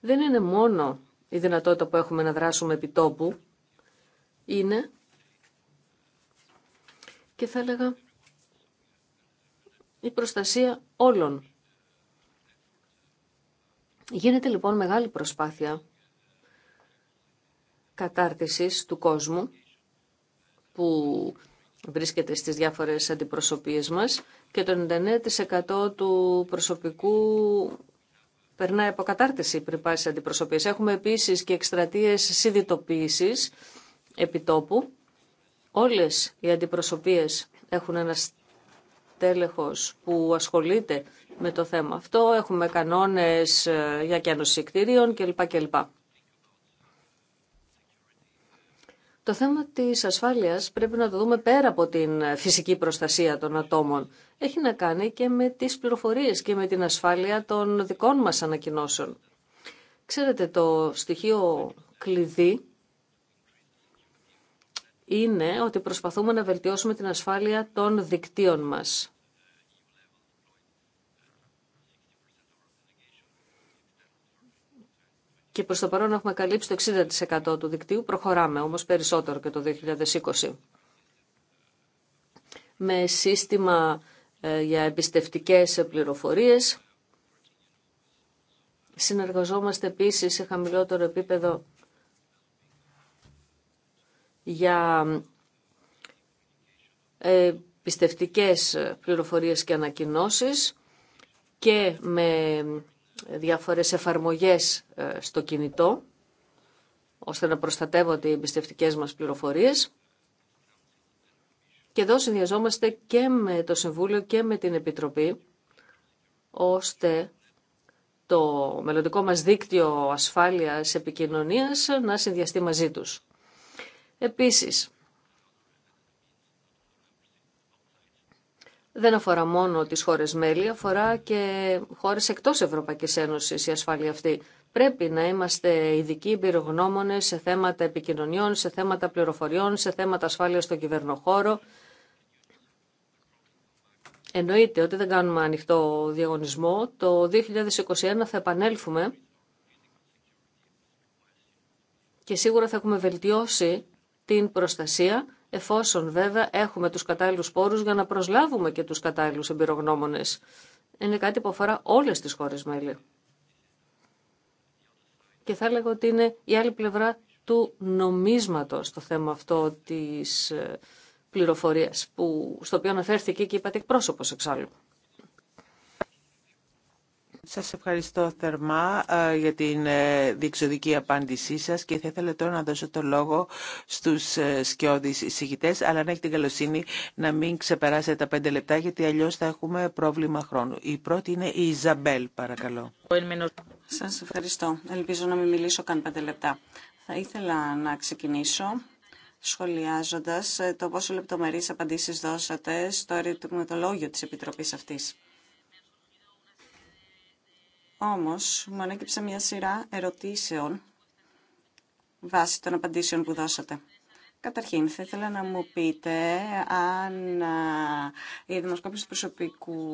δεν είναι μόνο η δυνατότητα που έχουμε να δράσουμε επί τόπου, είναι και θα έλεγα η προστασία όλων Γίνεται λοιπόν μεγάλη προσπάθεια κατάρτισης του κόσμου που βρίσκεται στις διάφορες αντιπροσωπείες μας και το 99% του προσωπικού περνάει από κατάρτιση πριν πάει σε αντιπροσωπείες. Έχουμε επίσης και εκστρατείες συνειδητοποίησης επιτόπου. Όλες οι αντιπροσωπείες έχουν ένα τέλεχος που ασχολείται με το θέμα αυτό. Έχουμε κανόνες ε, για κένωση κτίριων κλπ. κλπ. Το θέμα της ασφάλειας πρέπει να το δούμε πέρα από την φυσική προστασία των ατόμων. Έχει να κάνει και με τις πληροφορίες και με την ασφάλεια των δικών μας ανακοινώσεων. Ξέρετε, το στοιχείο κλειδί είναι ότι προσπαθούμε να βελτιώσουμε την ασφάλεια των δικτύων μας. Και προς το παρόν έχουμε καλύψει το 60% του δικτύου, προχωράμε όμως περισσότερο και το 2020. Με σύστημα ε, για εμπιστευτικές πληροφορίες. Συνεργαζόμαστε επίσης σε χαμηλότερο επίπεδο για ε, πιστευτικές πληροφορίες και ανακοινώσεις και με διάφορες εφαρμογές ε, στο κινητό ώστε να προστατεύονται οι πιστευτικές μας πληροφορίες. Και εδώ συνδυαζόμαστε και με το Συμβούλιο και με την Επιτροπή ώστε το μελλοντικό μας δίκτυο ασφάλειας επικοινωνίας να συνδυαστεί μαζί τους. Επίσης, δεν αφορά μόνο τις χώρες μέλη, αφορά και χώρες εκτός Ευρωπαϊκής Ένωσης η ασφάλεια αυτή. Πρέπει να είμαστε ειδικοί εμπειρογνώμονες σε θέματα επικοινωνιών, σε θέματα πληροφοριών, σε θέματα ασφάλειας στον κυβερνοχώρο. Εννοείται ότι δεν κάνουμε ανοιχτό διαγωνισμό. Το 2021 θα επανέλθουμε και σίγουρα θα έχουμε βελτιώσει την προστασία, εφόσον βέβαια έχουμε τους κατάλληλους πόρους για να προσλάβουμε και τους κατάλληλους εμπειρογνώμονες. Είναι κάτι που αφορά όλες τις χώρες μέλη. Και θα έλεγα ότι είναι η άλλη πλευρά του νομίσματος το θέμα αυτό της ε, πληροφορίας, που, στο οποίο αναφέρθηκε και είπατε εκπρόσωπος εξάλλου. Σας ευχαριστώ θερμά ε, για την ε, διεξοδική απάντησή σας και θα ήθελα τώρα να δώσω το λόγο στους ε, σκιώδεις εισηγητές, αλλά να έχει την καλοσύνη να μην ξεπεράσετε τα πέντε λεπτά, γιατί αλλιώς θα έχουμε πρόβλημα χρόνου. Η πρώτη είναι η Ιζαμπέλ, παρακαλώ. Σας ευχαριστώ. Ελπίζω να μην μιλήσω καν πέντε λεπτά. Θα ήθελα να ξεκινήσω σχολιάζοντας το πόσο λεπτομερείς απαντήσεις δώσατε στο αριθμητολόγιο της Επιτροπής αυτής. Όμως, μου ανέκυψε μια σειρά ερωτήσεων βάσει των απαντήσεων που δώσατε. Καταρχήν, θα ήθελα να μου πείτε αν ε, η δημοσκόπηση του προσωπικού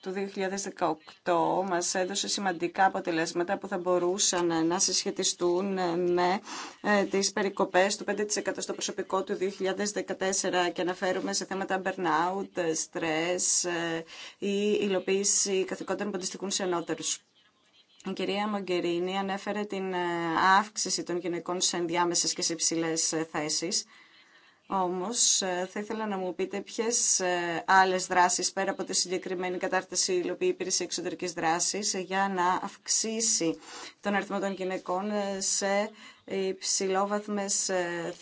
το 2018 μας έδωσε σημαντικά αποτελέσματα που θα μπορούσαν να συσχετιστούν με ε, τις περικοπές του 5% στο προσωπικό του 2014 και αναφέρουμε σε θέματα burnout, stress ε, ή υλοποίηση καθηκόντων που αντιστοιχούν σε ανώτερους. Η κυρία Μογκερίνη ανέφερε την ε, αύξηση σε ενδιάμεσες και σε υψηλές θέσεις. Όμως ε, θα ήθελα να μου πείτε ποιες ε, άλλες δράσεις πέρα από τη συγκεκριμένη κατάρτιση υλοποιεί υπηρεσία εξωτερικής δράσης ε, για να αυξήσει τον αριθμό των γυναικών σε υψηλόβαθμες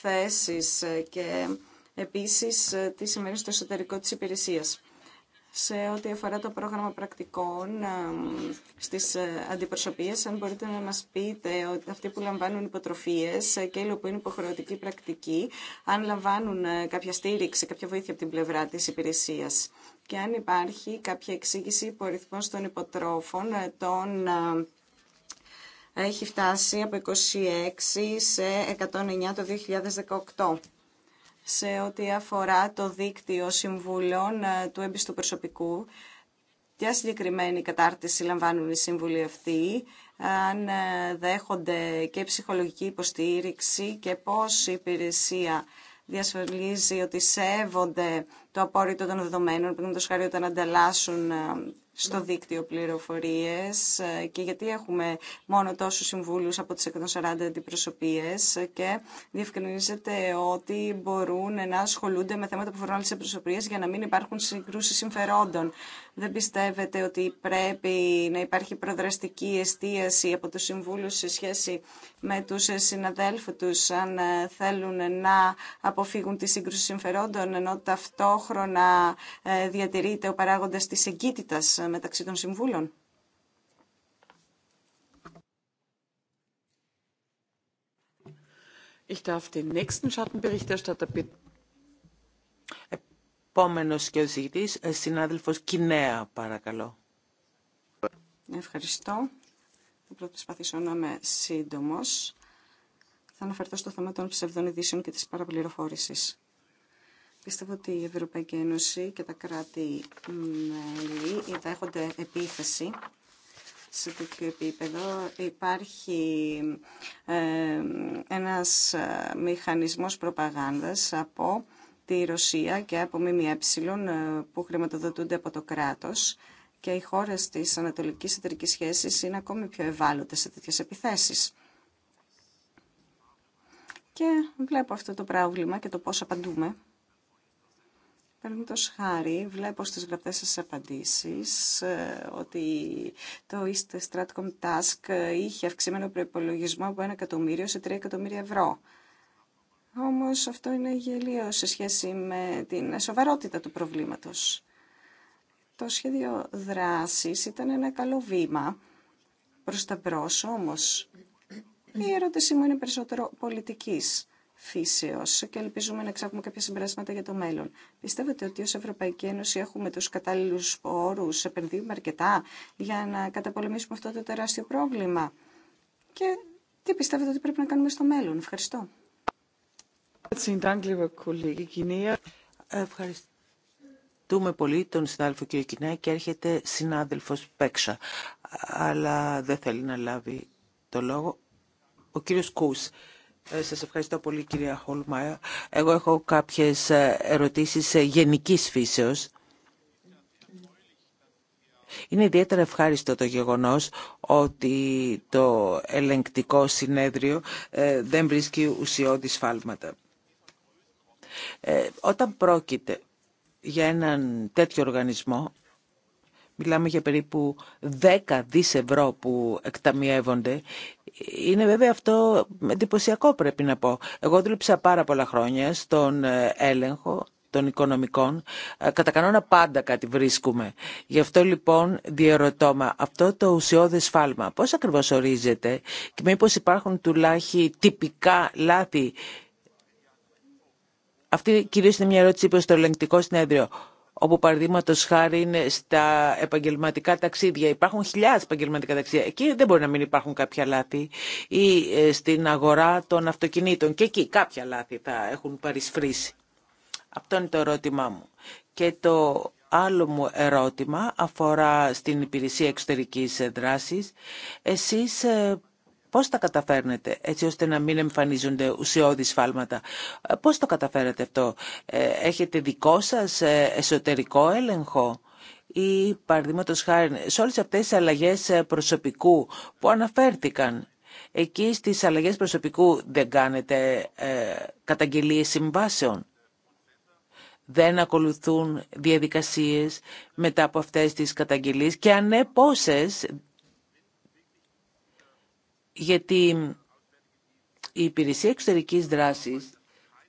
θέσεις και επίσης τι σημαίνει στο εσωτερικό της υπηρεσίας σε ό,τι αφορά το πρόγραμμα πρακτικών στις ε, αντιπροσωπείες. Αν μπορείτε να μας πείτε ότι αυτοί που λαμβάνουν υποτροφίες ε, και οι που είναι υποχρεωτική πρακτική, αν λαμβάνουν ε, κάποια στήριξη, κάποια βοήθεια από την πλευρά της υπηρεσίας και αν υπάρχει κάποια εξήγηση υπορριθμών των υποτρόφων των έχει φτάσει από 26 σε 109 το 2018 σε ό,τι αφορά το δίκτυο συμβουλών ε, του έμπιστου προσωπικού. Ποια συγκεκριμένη κατάρτιση λαμβάνουν οι σύμβουλοι αυτοί, αν ε, δέχονται και ψυχολογική υποστήριξη και πώς η υπηρεσία διασφαλίζει ότι σέβονται το απόρριτο των δεδομένων, το χάρη όταν ανταλλάσσουν ε, στο δίκτυο πληροφορίε ε, και γιατί έχουμε μόνο τόσου συμβούλου από τι 140 αντιπροσωπείε ε, και διευκρινίζεται ότι μπορούν να ασχολούνται με θέματα που φορούν άλλε αντιπροσωπείε για να μην υπάρχουν συγκρούσει συμφερόντων. Δεν πιστεύετε ότι πρέπει να υπάρχει προδραστική εστίαση από του συμβούλου σε σχέση με του συναδέλφου του αν θέλουν να αποφύγουν τη σύγκρουση συμφερόντων ενώ ταυτόχρονα ταυτόχρονα ε, διατηρείται ο παράγοντας της εγκύτητας μεταξύ των συμβούλων. Ich darf den nächsten Schattenberichterstatter bitten. Επόμενος και ο συγητής, ε, συνάδελφος Κινέα, παρακαλώ. Ευχαριστώ. Θα προσπαθήσω να είμαι σύντομος. Θα αναφερθώ στο θέμα των ψευδών ειδήσεων και της παραπληροφόρησης. Πιστεύω ότι η Ευρωπαϊκή Ένωση και τα κράτη-μέλη δέχονται επίθεση σε τέτοιο επίπεδο. Υπάρχει ε, ένας ε, μηχανισμός προπαγάνδας από τη Ρωσία και από ΜΜΕ ε, που χρηματοδοτούνται από το κράτος και οι χώρες της ανατολικής εταιρικής σχέσης είναι ακόμη πιο ευάλωτες σε τέτοιες επιθέσεις. Και βλέπω αυτό το πρόβλημα και το πώς απαντούμε. Παραδείγματο χάρη, βλέπω στις γραπτές σας απαντήσεις ε, ότι το East Stratcom Task ε, είχε αυξημένο προπολογισμό από 1 εκατομμύριο σε 3 εκατομμύρια ευρώ. Όμω αυτό είναι γελίο σε σχέση με την σοβαρότητα του προβλήματος. Το σχέδιο δράσης ήταν ένα καλό βήμα προς τα μπρο, όμως η ερώτησή μου είναι περισσότερο πολιτικής και ελπίζουμε να εξάγουμε κάποια συμπεράσματα για το μέλλον. Πιστεύετε ότι ω Ευρωπαϊκή Ένωση έχουμε του κατάλληλου όρου, επενδύουμε αρκετά για να καταπολεμήσουμε αυτό το τεράστιο πρόβλημα και τι πιστεύετε ότι πρέπει να κάνουμε στο μέλλον. Ευχαριστώ. Ευχαριστούμε πολύ τον συνάδελφο κ. Κινέα και έρχεται συνάδελφο Πέξα, αλλά δεν θέλει να λάβει το λόγο. Ο κύριος Κούς. Ε, σας ευχαριστώ πολύ κυρία Χολμάια. Εγώ έχω κάποιες ε, ερωτήσεις ε, γενικής φύσεως. Είναι ιδιαίτερα ευχάριστο το γεγονός ότι το ελεγκτικό συνέδριο δεν βρίσκει ουσιώδη σφάλματα. Όταν πρόκειται για έναν τέτοιο οργανισμό, μιλάμε για περίπου 10 δις ευρώ που εκταμιεύονται, είναι βέβαια αυτό εντυπωσιακό πρέπει να πω. Εγώ δούλεψα πάρα πολλά χρόνια στον ε, έλεγχο των οικονομικών. Ε, κατά κανόνα πάντα κάτι βρίσκουμε. Γι' αυτό λοιπόν διαρωτώ αυτό το ουσιώδες φάλμα. πώς ακριβώς ορίζεται και μήπως υπάρχουν τουλάχιστον τυπικά λάθη. Αυτή κυρίως είναι μια ερώτηση που στο ελεγκτικό συνέδριο όπου παραδείγματο χάρη είναι στα επαγγελματικά ταξίδια. Υπάρχουν χιλιάδε επαγγελματικά ταξίδια. Εκεί δεν μπορεί να μην υπάρχουν κάποια λάθη. Ή ε, στην αγορά των αυτοκινήτων. Και εκεί κάποια λάθη θα έχουν παρισφρήσει. Αυτό είναι το ερώτημά μου. Και το άλλο μου ερώτημα αφορά στην υπηρεσία εξωτερικής δράσης. Εσείς ε, Πώς τα καταφέρνετε έτσι ώστε να μην εμφανίζονται ουσιώδη σφάλματα. Ε, πώς το καταφέρετε αυτό. Ε, έχετε δικό σας ε, εσωτερικό έλεγχο ή παραδείγματο χάρη σε όλες αυτές τις αλλαγές προσωπικού που αναφέρθηκαν. Εκεί στις αλλαγές προσωπικού δεν κάνετε ε, καταγγελίες συμβάσεων. Δεν ακολουθούν διαδικασίες μετά από αυτές τις καταγγελίες και αν ναι, γιατί η υπηρεσία εξωτερικής δράσης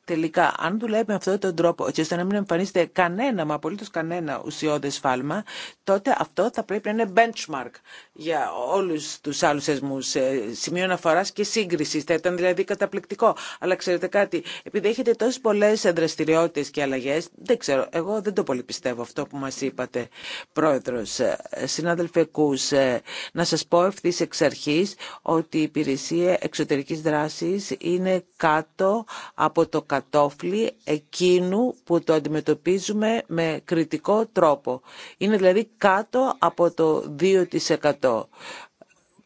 τελικά, αν δουλεύει με αυτόν τον τρόπο, έτσι ώστε να μην εμφανίζεται κανένα, μα απολύτω κανένα ουσιώδε φάλμα, τότε αυτό θα πρέπει να είναι benchmark για όλου του άλλου θεσμού. Ε, σημείο αναφορά και σύγκριση. Θα ήταν δηλαδή καταπληκτικό. Αλλά ξέρετε κάτι, επειδή έχετε τόσε πολλέ δραστηριότητε και αλλαγέ, δεν ξέρω, εγώ δεν το πολύ πιστεύω αυτό που μα είπατε, πρόεδρο. Ε, συνάδελφε Κού, ε, να σα πω ευθύ εξ αρχή ότι η υπηρεσία εξωτερική δράση είναι κάτω από το κατόφλι εκείνου που το αντιμετωπίζουμε με κριτικό τρόπο. Είναι δηλαδή κάτω από το 2%.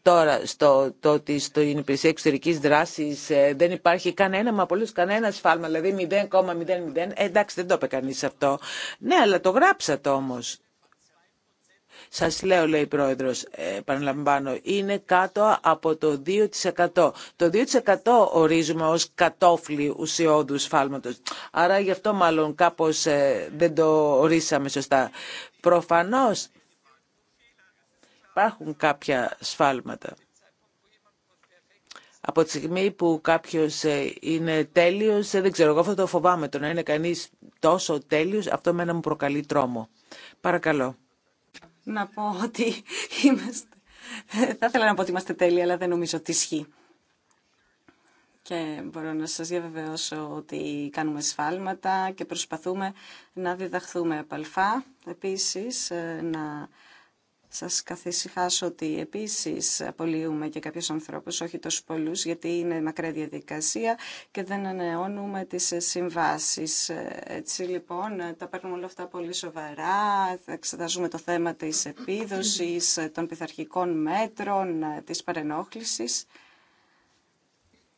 Τώρα, στο το ότι στην υπηρεσία εξωτερική δράση ε, δεν υπάρχει κανένα, μα απολύτω κανένα σφάλμα, δηλαδή 0,00. Ε, εντάξει, δεν το είπε κανεί αυτό. Ναι, αλλά το γράψατε όμω. Σας λέω, λέει η Πρόεδρος, επαναλαμβάνω, είναι κάτω από το 2%. Το 2% ορίζουμε ως κατόφλι ουσιώδου σφάλματος. Άρα γι' αυτό μάλλον κάπως ε, δεν το ορίσαμε σωστά. Προφανώς υπάρχουν κάποια σφάλματα. Από τη στιγμή που κάποιος ε, είναι τέλειος, ε, δεν ξέρω, εγώ αυτό το φοβάμαι, το να είναι κανείς τόσο τέλειος, αυτό μένα μου προκαλεί τρόμο. Παρακαλώ να πω ότι είμαστε... Θα ήθελα να πω ότι είμαστε τέλειοι, αλλά δεν νομίζω ότι ισχύει. Και μπορώ να σας διαβεβαιώσω ότι κάνουμε σφάλματα και προσπαθούμε να διδαχθούμε απαλφά. Επίσης, ε, να σας καθησυχάσω ότι επίσης απολύουμε και κάποιους ανθρώπους, όχι τόσους πολλούς, γιατί είναι μακρά διαδικασία και δεν ανανεώνουμε τις συμβάσεις. Έτσι λοιπόν, τα παίρνουμε όλα αυτά πολύ σοβαρά, θα εξετάζουμε το θέμα της επίδοσης, των πειθαρχικών μέτρων, της παρενόχλησης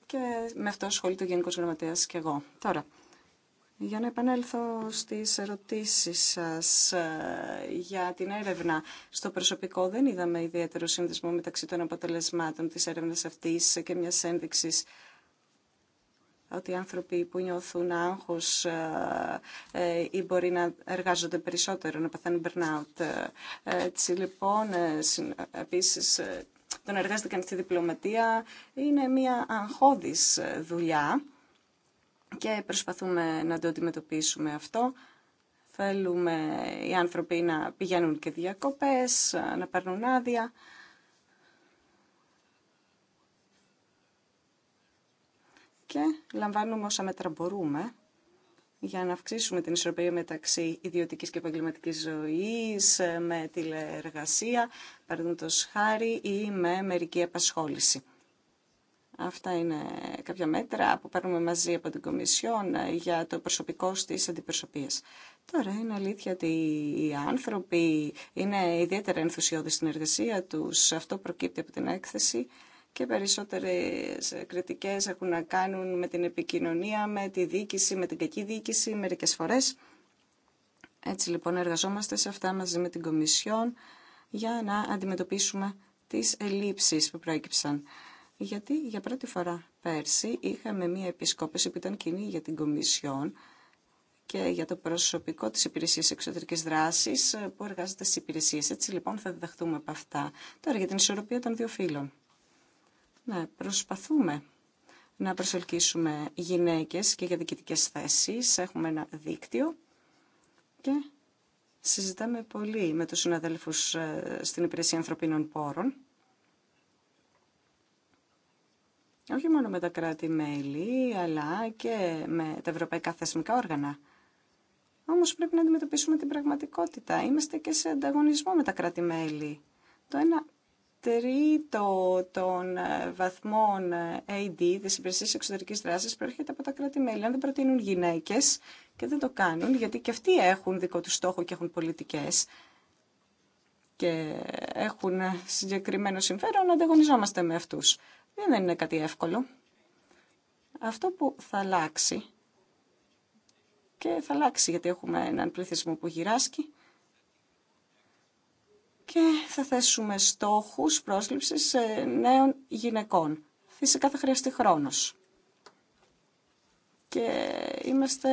και με αυτό ασχολείται ο Γενικός και εγώ. Τώρα, για να επανέλθω στις ερωτήσεις σας ε, για την έρευνα στο προσωπικό, δεν είδαμε ιδιαίτερο σύνδεσμο μεταξύ των αποτελεσμάτων της έρευνας αυτής και μιας ένδειξης ότι οι άνθρωποι που νιώθουν άγχος ε, ε, ή μπορεί να εργάζονται περισσότερο, να παθαίνουν burnout. Έτσι λοιπόν, επίσης, το να εργάζεται κανείς στη διπλωματία είναι μια αγχώδης δουλειά και προσπαθούμε να το αντιμετωπίσουμε αυτό. Θέλουμε οι άνθρωποι να πηγαίνουν και διακοπές, να παίρνουν άδεια. Και λαμβάνουμε όσα μέτρα μπορούμε για να αυξήσουμε την ισορροπία μεταξύ ιδιωτικής και επαγγελματική ζωής, ε, με τηλεεργασία, παραδείγματος χάρη ή με μερική απασχόληση. Αυτά είναι κάποια μέτρα που παίρνουμε μαζί από την Κομισιόν ε, για το προσωπικό στις αντιπροσωπείες. Τώρα είναι αλήθεια ότι οι άνθρωποι είναι ιδιαίτερα ενθουσιώδεις στην εργασία τους. Αυτό προκύπτει από την έκθεση και περισσότερες κριτικές έχουν να κάνουν με την επικοινωνία, με τη διοίκηση, με την κακή διοίκηση μερικές φορές. Έτσι λοιπόν εργαζόμαστε σε αυτά μαζί με την Κομισιόν για να αντιμετωπίσουμε τις ελλείψεις που προέκυψαν γιατί για πρώτη φορά πέρσι είχαμε μία επισκόπηση που ήταν κοινή για την Κομισιόν και για το προσωπικό της υπηρεσίας εξωτερικής δράσης ε, που εργάζεται στις υπηρεσίες. Έτσι λοιπόν θα διδαχθούμε από αυτά. Τώρα για την ισορροπία των δύο φύλων. Ναι, προσπαθούμε να προσελκύσουμε γυναίκες και για διοικητικές θέσεις. Έχουμε ένα δίκτυο και συζητάμε πολύ με τους συναδέλφους ε, στην Υπηρεσία Ανθρωπίνων Πόρων όχι μόνο με τα κράτη-μέλη, αλλά και με τα ευρωπαϊκά θεσμικά όργανα. Όμως πρέπει να αντιμετωπίσουμε την πραγματικότητα. Είμαστε και σε ανταγωνισμό με τα κράτη-μέλη. Το ένα τρίτο των ε, βαθμών ε, AD, της υπηρεσίας εξωτερικής δράσης, προέρχεται από τα κράτη-μέλη. Αν δεν προτείνουν γυναίκες και δεν το κάνουν, γιατί και αυτοί έχουν δικό του στόχο και έχουν πολιτικές και έχουν ε, συγκεκριμένο συμφέρον, ανταγωνιζόμαστε με αυτούς. Ε, δεν είναι κάτι εύκολο. Αυτό που θα αλλάξει και θα αλλάξει γιατί έχουμε έναν πληθυσμό που γυράσκει και θα θέσουμε στόχους πρόσληψης ε, νέων γυναικών. Φυσικά θα χρειαστεί χρόνος. Και είμαστε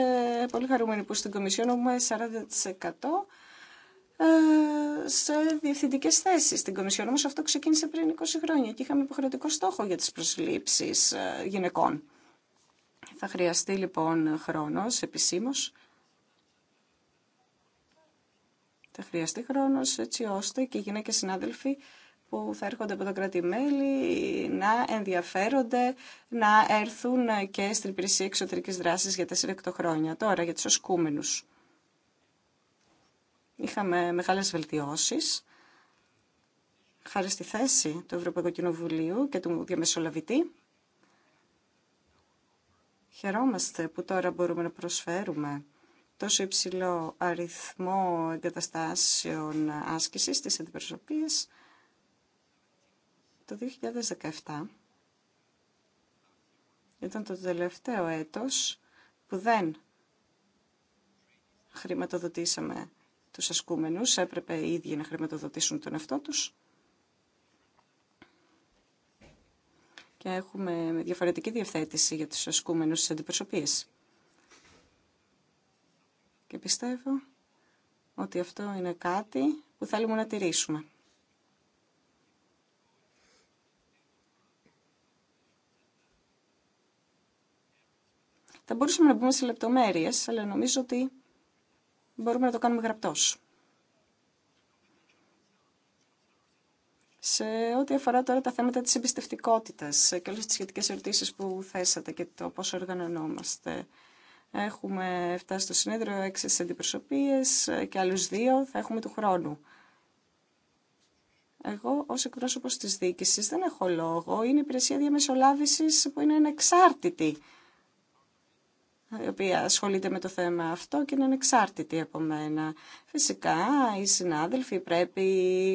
πολύ χαρούμενοι που στην Κομισιόν έχουμε 40% ε, σε διευθυντικές θέσεις στην Κομισιόν. Όμως αυτό ξεκίνησε πριν 20 χρόνια και είχαμε υποχρεωτικό στόχο για τις προσλήψεις ε, γυναικών. Θα χρειαστεί λοιπόν χρόνος επισήμως. Θα χρειαστεί χρόνος έτσι ώστε και οι γυναίκες συνάδελφοι που θα έρχονται από τα κράτη-μέλη να ενδιαφέρονται να έρθουν και στην υπηρεσία εξωτερικής δράσης για 4-8 χρόνια. Τώρα για τους ασκούμενους. Είχαμε μεγάλες βελτιώσεις χάρη στη θέση του Ευρωπαϊκού Κοινοβουλίου και του διαμεσολαβητή. Χαιρόμαστε που τώρα μπορούμε να προσφέρουμε τόσο υψηλό αριθμό εγκαταστάσεων άσκησης της αντιπροσωπείες το 2017 ήταν το τελευταίο έτος που δεν χρηματοδοτήσαμε τους ασκούμενους, έπρεπε οι ίδιοι να χρηματοδοτήσουν τον εαυτό τους. Και έχουμε διαφορετική διευθέτηση για τους ασκούμενους στις αντιπροσωπείες. Και πιστεύω ότι αυτό είναι κάτι που θέλουμε να τηρήσουμε. Θα μπορούσαμε να μπούμε σε λεπτομέρειες, αλλά νομίζω ότι μπορούμε να το κάνουμε γραπτός. Σε ό,τι αφορά τώρα τα θέματα της εμπιστευτικότητας ε, και όλες τις σχετικές ερωτήσεις που θέσατε και το πόσο οργανωνόμαστε. Έχουμε φτάσει στο συνέδριο έξι αντιπροσωπείες ε, και άλλους δύο θα έχουμε του χρόνου. Εγώ ως εκπρόσωπος της διοίκησης δεν έχω λόγο. Είναι η υπηρεσία διαμεσολάβησης που είναι ανεξάρτητη η οποία ασχολείται με το θέμα αυτό και είναι ανεξάρτητη από μένα. Φυσικά, οι συνάδελφοι πρέπει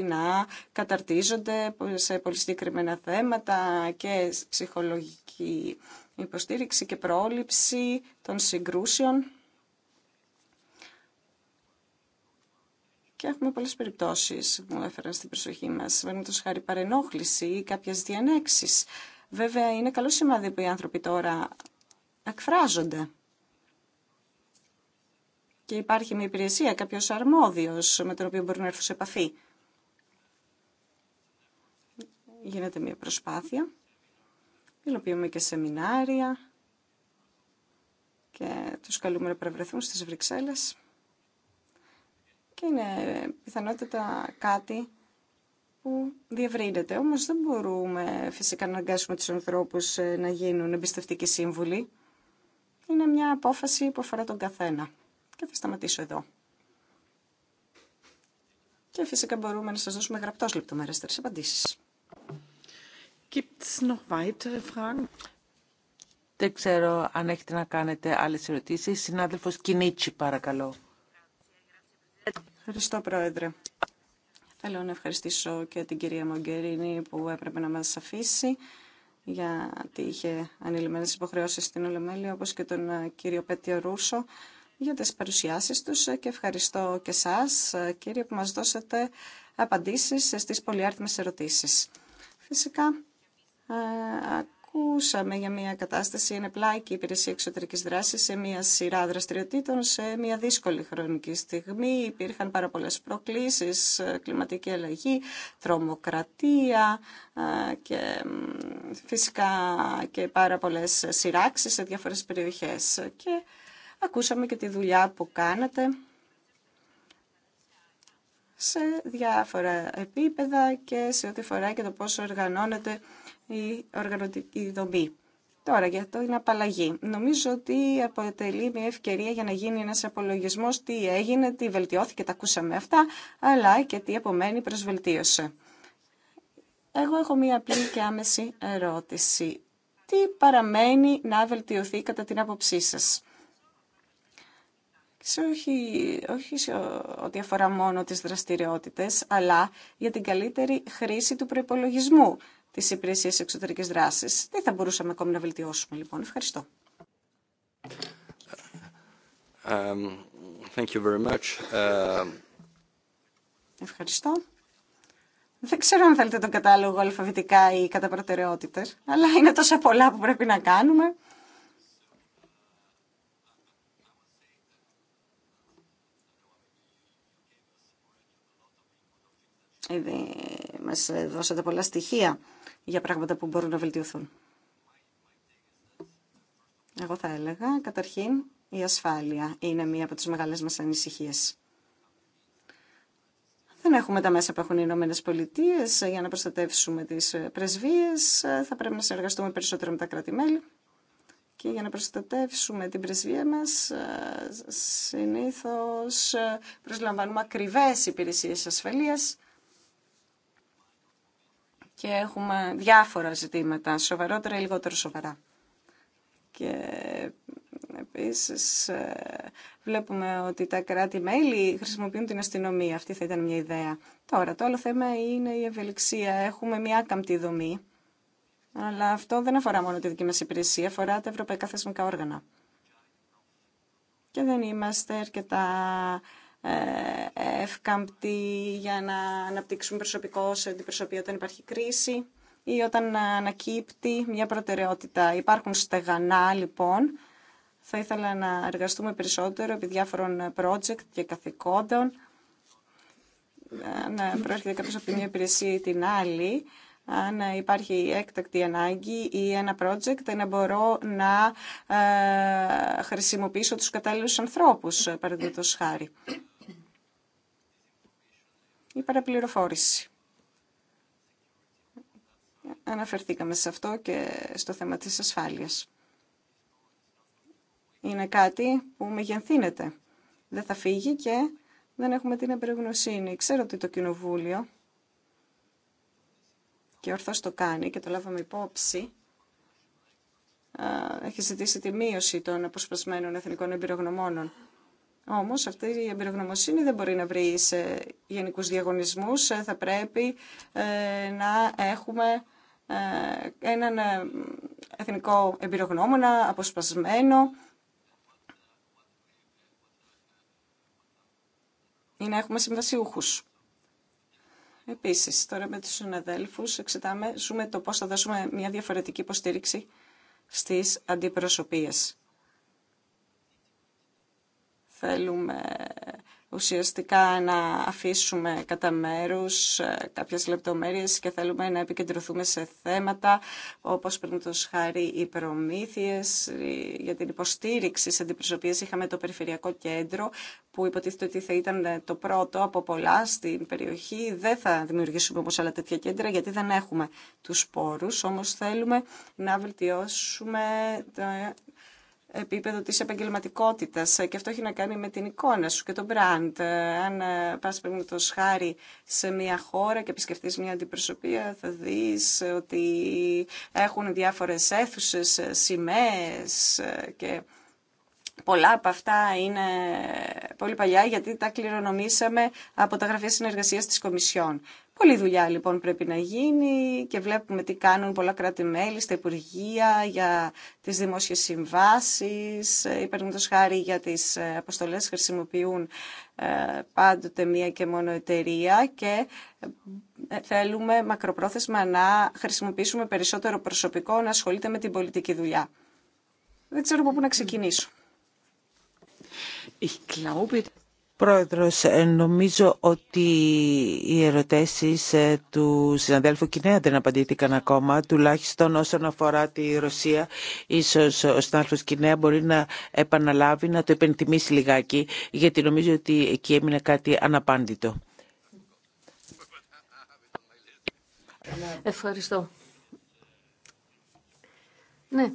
να καταρτίζονται σε πολύ συγκεκριμένα θέματα και ψυχολογική υποστήριξη και πρόληψη των συγκρούσεων. Και έχουμε πολλές περιπτώσεις που έφεραν στην προσοχή μας, το χάρη παρενόχληση ή κάποιες διανέξεις. Βέβαια, είναι καλό σημάδι που οι άνθρωποι τώρα εκφράζονται και υπάρχει μια υπηρεσία, κάποιο αρμόδιο με τον οποίο μπορεί να έρθουν σε επαφή. Γίνεται μια προσπάθεια. Υλοποιούμε και σεμινάρια και τους καλούμε να παρευρεθούν στις Βρυξέλλες. Και είναι πιθανότητα κάτι που διευρύνεται. Όμως δεν μπορούμε φυσικά να αγκάσουμε τους ανθρώπους ε, να γίνουν εμπιστευτικοί σύμβουλοι. Είναι μια απόφαση που αφορά τον καθένα. Και θα σταματήσω εδώ. Και φυσικά μπορούμε να σας δώσουμε γραπτός λεπτομερέστερες απαντήσεις. Gibt's noch weitere Fragen? Δεν ξέρω αν έχετε να κάνετε άλλες ερωτήσεις. Συνάδελφος Κινίτσι, παρακαλώ. Ευχαριστώ, Πρόεδρε. Θέλω να ευχαριστήσω και την κυρία Μογκερίνη που έπρεπε να μας αφήσει γιατί είχε ανηλυμένε υποχρεώσεις στην Ολομέλεια, όπως και τον ε, κύριο Πέτιο Ρούσο για τις παρουσιάσεις τους και ευχαριστώ και σας κύριε που μας δώσατε απαντήσεις στις πολυάρτημες ερωτήσεις. Φυσικά ε, ακούσαμε για μια κατάσταση, είναι πλάκη η υπηρεσία εξωτερικής δράσης σε μια σειρά δραστηριοτήτων σε μια δύσκολη χρονική στιγμή. Υπήρχαν πάρα πολλές προκλήσεις, ε, κλιματική αλλαγή, τρομοκρατία ε, και φυσικά και πάρα πολλές σειράξεις σε διάφορες περιοχές. Και Ακούσαμε και τη δουλειά που κάνατε σε διάφορα επίπεδα και σε ό,τι φορά και το πόσο οργανώνεται η οργανωτική δομή. Τώρα για είναι απαλλαγή. Νομίζω ότι αποτελεί μια ευκαιρία για να γίνει ένας απολογισμός τι έγινε, τι βελτιώθηκε, τα ακούσαμε αυτά, αλλά και τι απομένει προς βελτίωση. Εγώ έχω μια απλή και άμεση ερώτηση. Τι παραμένει να βελτιωθεί κατά την άποψή σας όχι, όχι σε ό,τι αφορά μόνο τις δραστηριότητες, αλλά για την καλύτερη χρήση του προϋπολογισμού της υπηρεσίας εξωτερικής δράσης. Τι θα μπορούσαμε ακόμη να βελτιώσουμε, λοιπόν. Ευχαριστώ. Um, thank you very much. Ευχαριστώ. Δεν ξέρω αν θέλετε τον κατάλογο αλφαβητικά ή κατά προτεραιότητες, αλλά είναι τόσα πολλά που πρέπει να κάνουμε. Ήδη μας δώσατε πολλά στοιχεία για πράγματα που μπορούν να βελτιωθούν. Εγώ θα έλεγα, καταρχήν, η ασφάλεια είναι μία από τις μεγάλες μας ανησυχίες. Δεν έχουμε τα μέσα που έχουν οι Ηνωμένε Πολιτείες. για να προστατεύσουμε τις πρεσβείες. Θα πρέπει να συνεργαστούμε περισσότερο με τα κράτη-μέλη. Και για να προστατεύσουμε την πρεσβεία μας, συνήθως ε, προσλαμβάνουμε ακριβές υπηρεσίες ασφαλείας και έχουμε διάφορα ζητήματα, σοβαρότερα ή λιγότερο σοβαρά. Και επίσης ε, βλέπουμε ότι τα κράτη-μέλη χρησιμοποιούν την αστυνομία. Αυτή θα ήταν μια ιδέα. Τώρα, το άλλο θέμα είναι η ευελιξία. Έχουμε μια άκαμπτη δομή. Αλλά αυτό δεν αφορά μόνο τη δική μας υπηρεσία, αφορά τα ευρωπαϊκά θεσμικά όργανα. Και δεν είμαστε αρκετά ε, εύκαμπτη για να αναπτύξουν προσωπικό σε αντιπροσωπή όταν υπάρχει κρίση ή όταν ανακύπτει μια προτεραιότητα. Υπάρχουν στεγανά λοιπόν. Θα ήθελα να εργαστούμε περισσότερο επί διάφορων project και καθηκόντων. Ε, αν προέρχεται κάποιο από τη μία υπηρεσία ή την άλλη αν υπάρχει έκτακτη ανάγκη ή ένα project να μπορώ να ε, χρησιμοποιήσω τους κατάλληλους ανθρώπους, παραδείγματος χάρη η παραπληροφόρηση. Αναφερθήκαμε σε αυτό και στο θέμα της ασφάλειας. Είναι κάτι που μεγενθύνεται. Δεν θα φύγει και δεν έχουμε την εμπειρογνωσύνη. Ξέρω ότι το Κοινοβούλιο και ορθώς το κάνει και το λάβαμε υπόψη, έχει ζητήσει τη μείωση των αποσπασμένων εθνικών εμπειρογνωμόνων. Όμως αυτή η εμπειρογνωμοσύνη δεν μπορεί να βρει σε γενικούς διαγωνισμούς. Ε, θα πρέπει ε, να έχουμε ε, έναν εθνικό εμπειρογνώμονα αποσπασμένο ή να έχουμε συμβασιούχους. Επίσης, τώρα με τους συναδέλφους εξετάμε, ζούμε το πώς θα δώσουμε μια διαφορετική υποστήριξη στις αντιπροσωπείες. Θέλουμε ουσιαστικά να αφήσουμε κατά μέρους ε, κάποιες λεπτομέρειες και θέλουμε να επικεντρωθούμε σε θέματα όπως πριν το χάρη οι προμήθειες για την υποστήριξη σε αντιπροσωπείες είχαμε το Περιφερειακό Κέντρο που υποτίθεται ότι θα ήταν ε, το πρώτο από πολλά στην περιοχή. Δεν θα δημιουργήσουμε όμως άλλα τέτοια κέντρα γιατί δεν έχουμε τους πόρους, όμως θέλουμε να βελτιώσουμε επίπεδο της επαγγελματικότητας και αυτό έχει να κάνει με την εικόνα σου και το brand. Αν ε, πας πριν το σχάρι σε μια χώρα και επισκεφτείς μια αντιπροσωπεία θα δεις ότι έχουν διάφορες αίθουσες, ε, σημαίες ε, και Πολλά από αυτά είναι πολύ παλιά γιατί τα κληρονομήσαμε από τα γραφεία συνεργασίας της Κομισιόν. Πολλή δουλειά λοιπόν πρέπει να γίνει και βλέπουμε τι κάνουν πολλά κράτη-μέλη στα Υπουργεία για τις δημόσιες συμβάσεις, υπέρνητος χάρη για τις ε, αποστολές χρησιμοποιούν ε, πάντοτε μία και μόνο εταιρεία και ε, θέλουμε μακροπρόθεσμα να χρησιμοποιήσουμε περισσότερο προσωπικό να ασχολείται με την πολιτική δουλειά. Δεν ξέρω από πού να ξεκινήσω. Πρόεδρος, ε, νομίζω ότι οι ερωτήσεις ε, του συναδέλφου Κινέα δεν απαντήθηκαν ακόμα, τουλάχιστον όσον αφορά τη Ρωσία. Ίσως ο συνάδελφος Κινέα μπορεί να επαναλάβει, να το επενθυμίσει λιγάκι, γιατί νομίζω ότι εκεί έμεινε κάτι αναπάντητο. Ευχαριστώ. Ναι,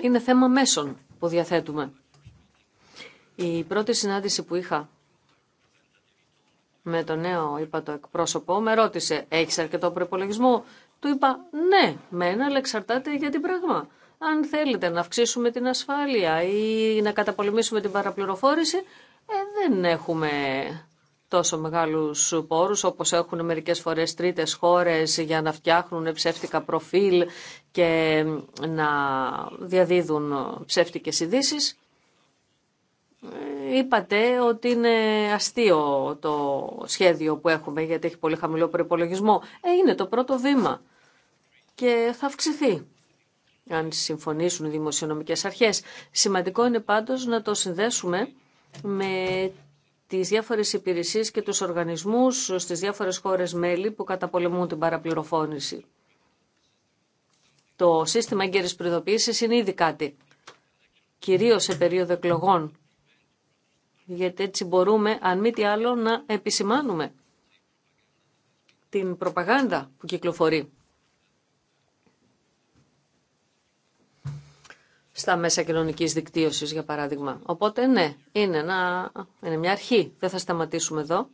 είναι θέμα μέσων που διαθέτουμε. Η πρώτη συνάντηση που είχα με το νέο, είπα το εκπρόσωπο, με ρώτησε «Έχεις αρκετό προπολογισμό» Του είπα «Ναι, μένα, αλλά εξαρτάται για την πράγμα». Αν θέλετε να αυξήσουμε την ασφάλεια ή να καταπολεμήσουμε την παραπληροφόρηση, ε, δεν έχουμε τόσο μεγάλους πόρους όπως έχουν μερικές φορές τρίτες χώρες για να φτιάχνουν ψεύτικα προφίλ και να διαδίδουν ψεύτικες ειδήσει. Ε, είπατε ότι είναι αστείο το σχέδιο που έχουμε γιατί έχει πολύ χαμηλό προπολογισμό. Ε, είναι το πρώτο βήμα και θα αυξηθεί αν συμφωνήσουν οι δημοσιονομικές αρχές. Σημαντικό είναι πάντως να το συνδέσουμε με τις διάφορες υπηρεσίες και τους οργανισμούς στις διάφορες χώρες μέλη που καταπολεμούν την παραπληροφόρηση. Το σύστημα έγκαιρης προειδοποίησης είναι ήδη κάτι, κυρίως σε περίοδο εκλογών γιατί έτσι μπορούμε, αν μη τι άλλο, να επισημάνουμε την προπαγάνδα που κυκλοφορεί στα μέσα κοινωνική δικτύωση, για παράδειγμα. Οπότε, ναι, είναι, ένα, είναι μια αρχή. Δεν θα σταματήσουμε εδώ.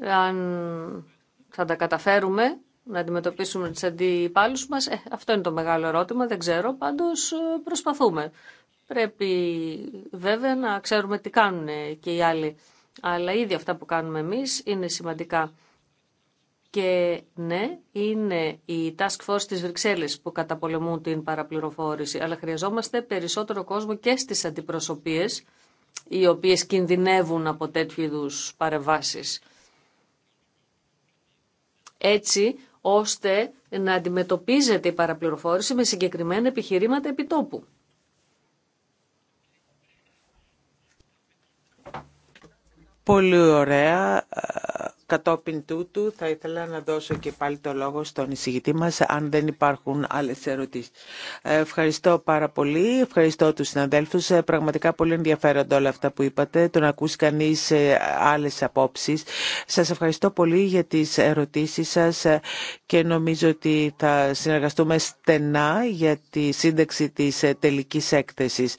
Αν θα τα καταφέρουμε, να αντιμετωπίσουμε τους αντιπάλους μας. Ε, αυτό είναι το μεγάλο ερώτημα, δεν ξέρω, πάντως ε, προσπαθούμε. Πρέπει βέβαια να ξέρουμε τι κάνουν και οι άλλοι. Αλλά ήδη αυτά που κάνουμε εμείς είναι σημαντικά. Και ναι, είναι η Task Force της Βρυξέλλης που καταπολεμούν την παραπληροφόρηση, αλλά χρειαζόμαστε περισσότερο κόσμο και στις αντιπροσωπείες, οι οποίες κινδυνεύουν από τέτοιου είδους παρεμβάσεις. Έτσι ώστε να αντιμετωπίζεται η παραπληροφόρηση με συγκεκριμένα επιχειρήματα επιτόπου. Πολύ ωραία. Ε, Κατόπιν τούτου θα ήθελα να δώσω και πάλι το λόγο στον εισηγητή μας αν δεν υπάρχουν άλλες ερωτήσεις. Ε, ευχαριστώ πάρα πολύ, ευχαριστώ τους συναδέλφους. Ε, πραγματικά πολύ ενδιαφέροντα όλα αυτά που είπατε, Τον να ακούσει κανείς ε, άλλες απόψεις. Σας ευχαριστώ πολύ για τις ερωτήσεις σας και νομίζω ότι θα συνεργαστούμε στενά για τη σύνδεξη της τελικής έκθεσης.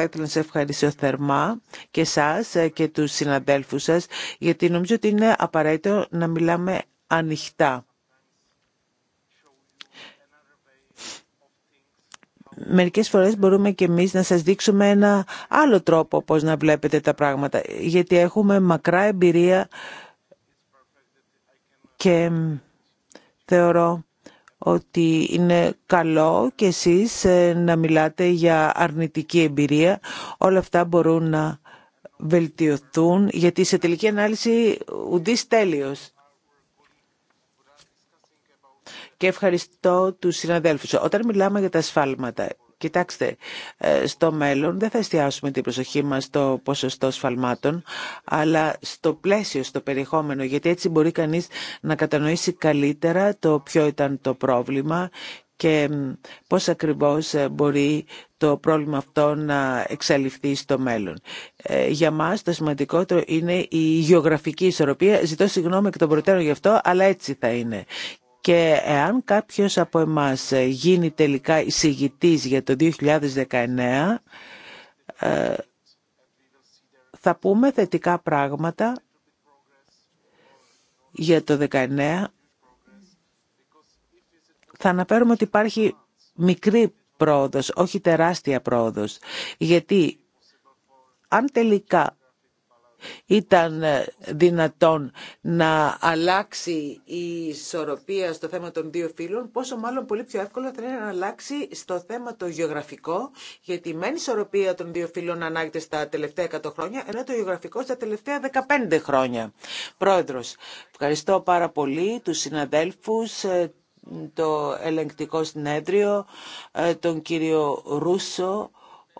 Θα ήθελα να ευχαριστήσω θερμά και σας ε, και τους συναδέλφους σας, γιατί νομίζω ότι είναι απαραίτητο να μιλάμε ανοιχτά. μερικές φορές μπορούμε και εμείς να σας δείξουμε ένα άλλο τρόπο πώς να βλέπετε τα πράγματα, γιατί έχουμε μακρά εμπειρία και θεωρώ ότι είναι καλό και εσείς ε, να μιλάτε για αρνητική εμπειρία. Όλα αυτά μπορούν να βελτιωθούν, γιατί σε τελική ανάλυση ουδής τέλειος. Και ευχαριστώ τους συναδέλφους. Όταν μιλάμε για τα σφάλματα, Κοιτάξτε, ε, στο μέλλον δεν θα εστιάσουμε την προσοχή μας στο ποσοστό σφαλμάτων, αλλά στο πλαίσιο, στο περιεχόμενο, γιατί έτσι μπορεί κανείς να κατανοήσει καλύτερα το ποιο ήταν το πρόβλημα και πώς ακριβώς ε, μπορεί το πρόβλημα αυτό να εξαλειφθεί στο μέλλον. Ε, για μας το σημαντικότερο είναι η γεωγραφική ισορροπία. Ζητώ συγγνώμη και τον προτέρων γι' αυτό, αλλά έτσι θα είναι και εάν κάποιος από εμάς ε, γίνει τελικά εισηγητής για το 2019, ε, θα πούμε θετικά πράγματα για το 2019. Θα αναφέρουμε ότι υπάρχει μικρή πρόοδος, όχι τεράστια πρόοδος, γιατί αν τελικά ήταν ε, δυνατόν να αλλάξει η ισορροπία στο θέμα των δύο φύλων, πόσο μάλλον πολύ πιο εύκολο θα είναι να αλλάξει στο θέμα το γεωγραφικό, γιατί η μεν ισορροπία των δύο φύλων ανάγεται στα τελευταία 100 χρόνια, ενώ το γεωγραφικό στα τελευταία 15 χρόνια. Πρόεδρος, ευχαριστώ πάρα πολύ τους συναδέλφους, ε, το ελεγκτικό συνέδριο, ε, τον κύριο Ρούσο,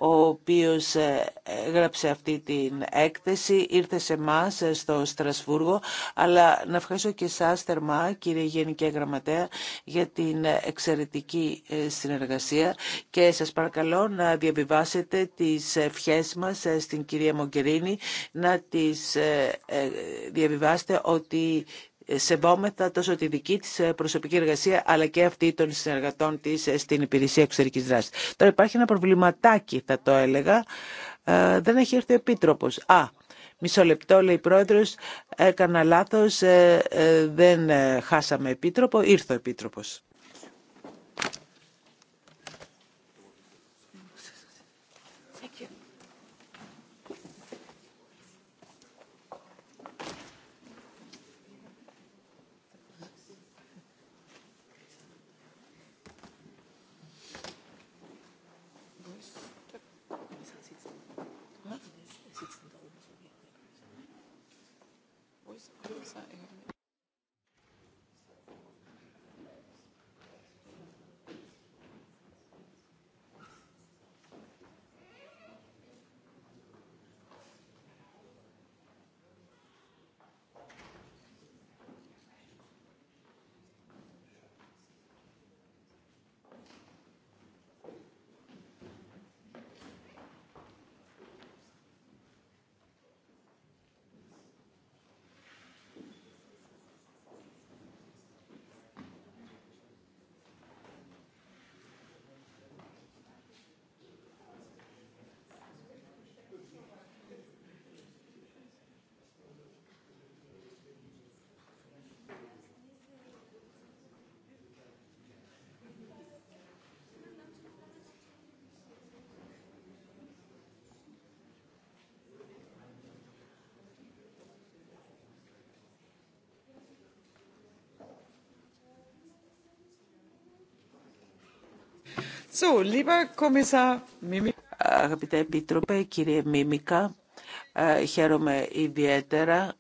ο οποίος ε, έγραψε αυτή την έκθεση, ήρθε σε εμά ε, στο Στρασβούργο, αλλά να ευχαριστώ και εσά θερμά, κύριε Γενική Γραμματέα, για την ε, εξαιρετική συνεργασία και σας παρακαλώ να διαβιβάσετε τις ευχές μας στην κυρία Μογκερίνη, να τις διαβιβάσετε ότι σεβόμεθα τόσο τη δική της ε, προσωπική εργασία αλλά και αυτή των συνεργατών τη ε, στην υπηρεσία εξωτερική δράση. Τώρα υπάρχει ένα προβληματάκι θα το έλεγα. Ε, δεν έχει έρθει ο Επίτροπος. Α, μισό λεπτό λέει η πρόεδρο, έκανα λάθος, δεν χάσαμε Επίτροπο, ήρθε ο Επίτροπος. Αγαπητέ Επίτροπε, κύριε Μίμικα, ε, χαίρομαι ιδιαίτερα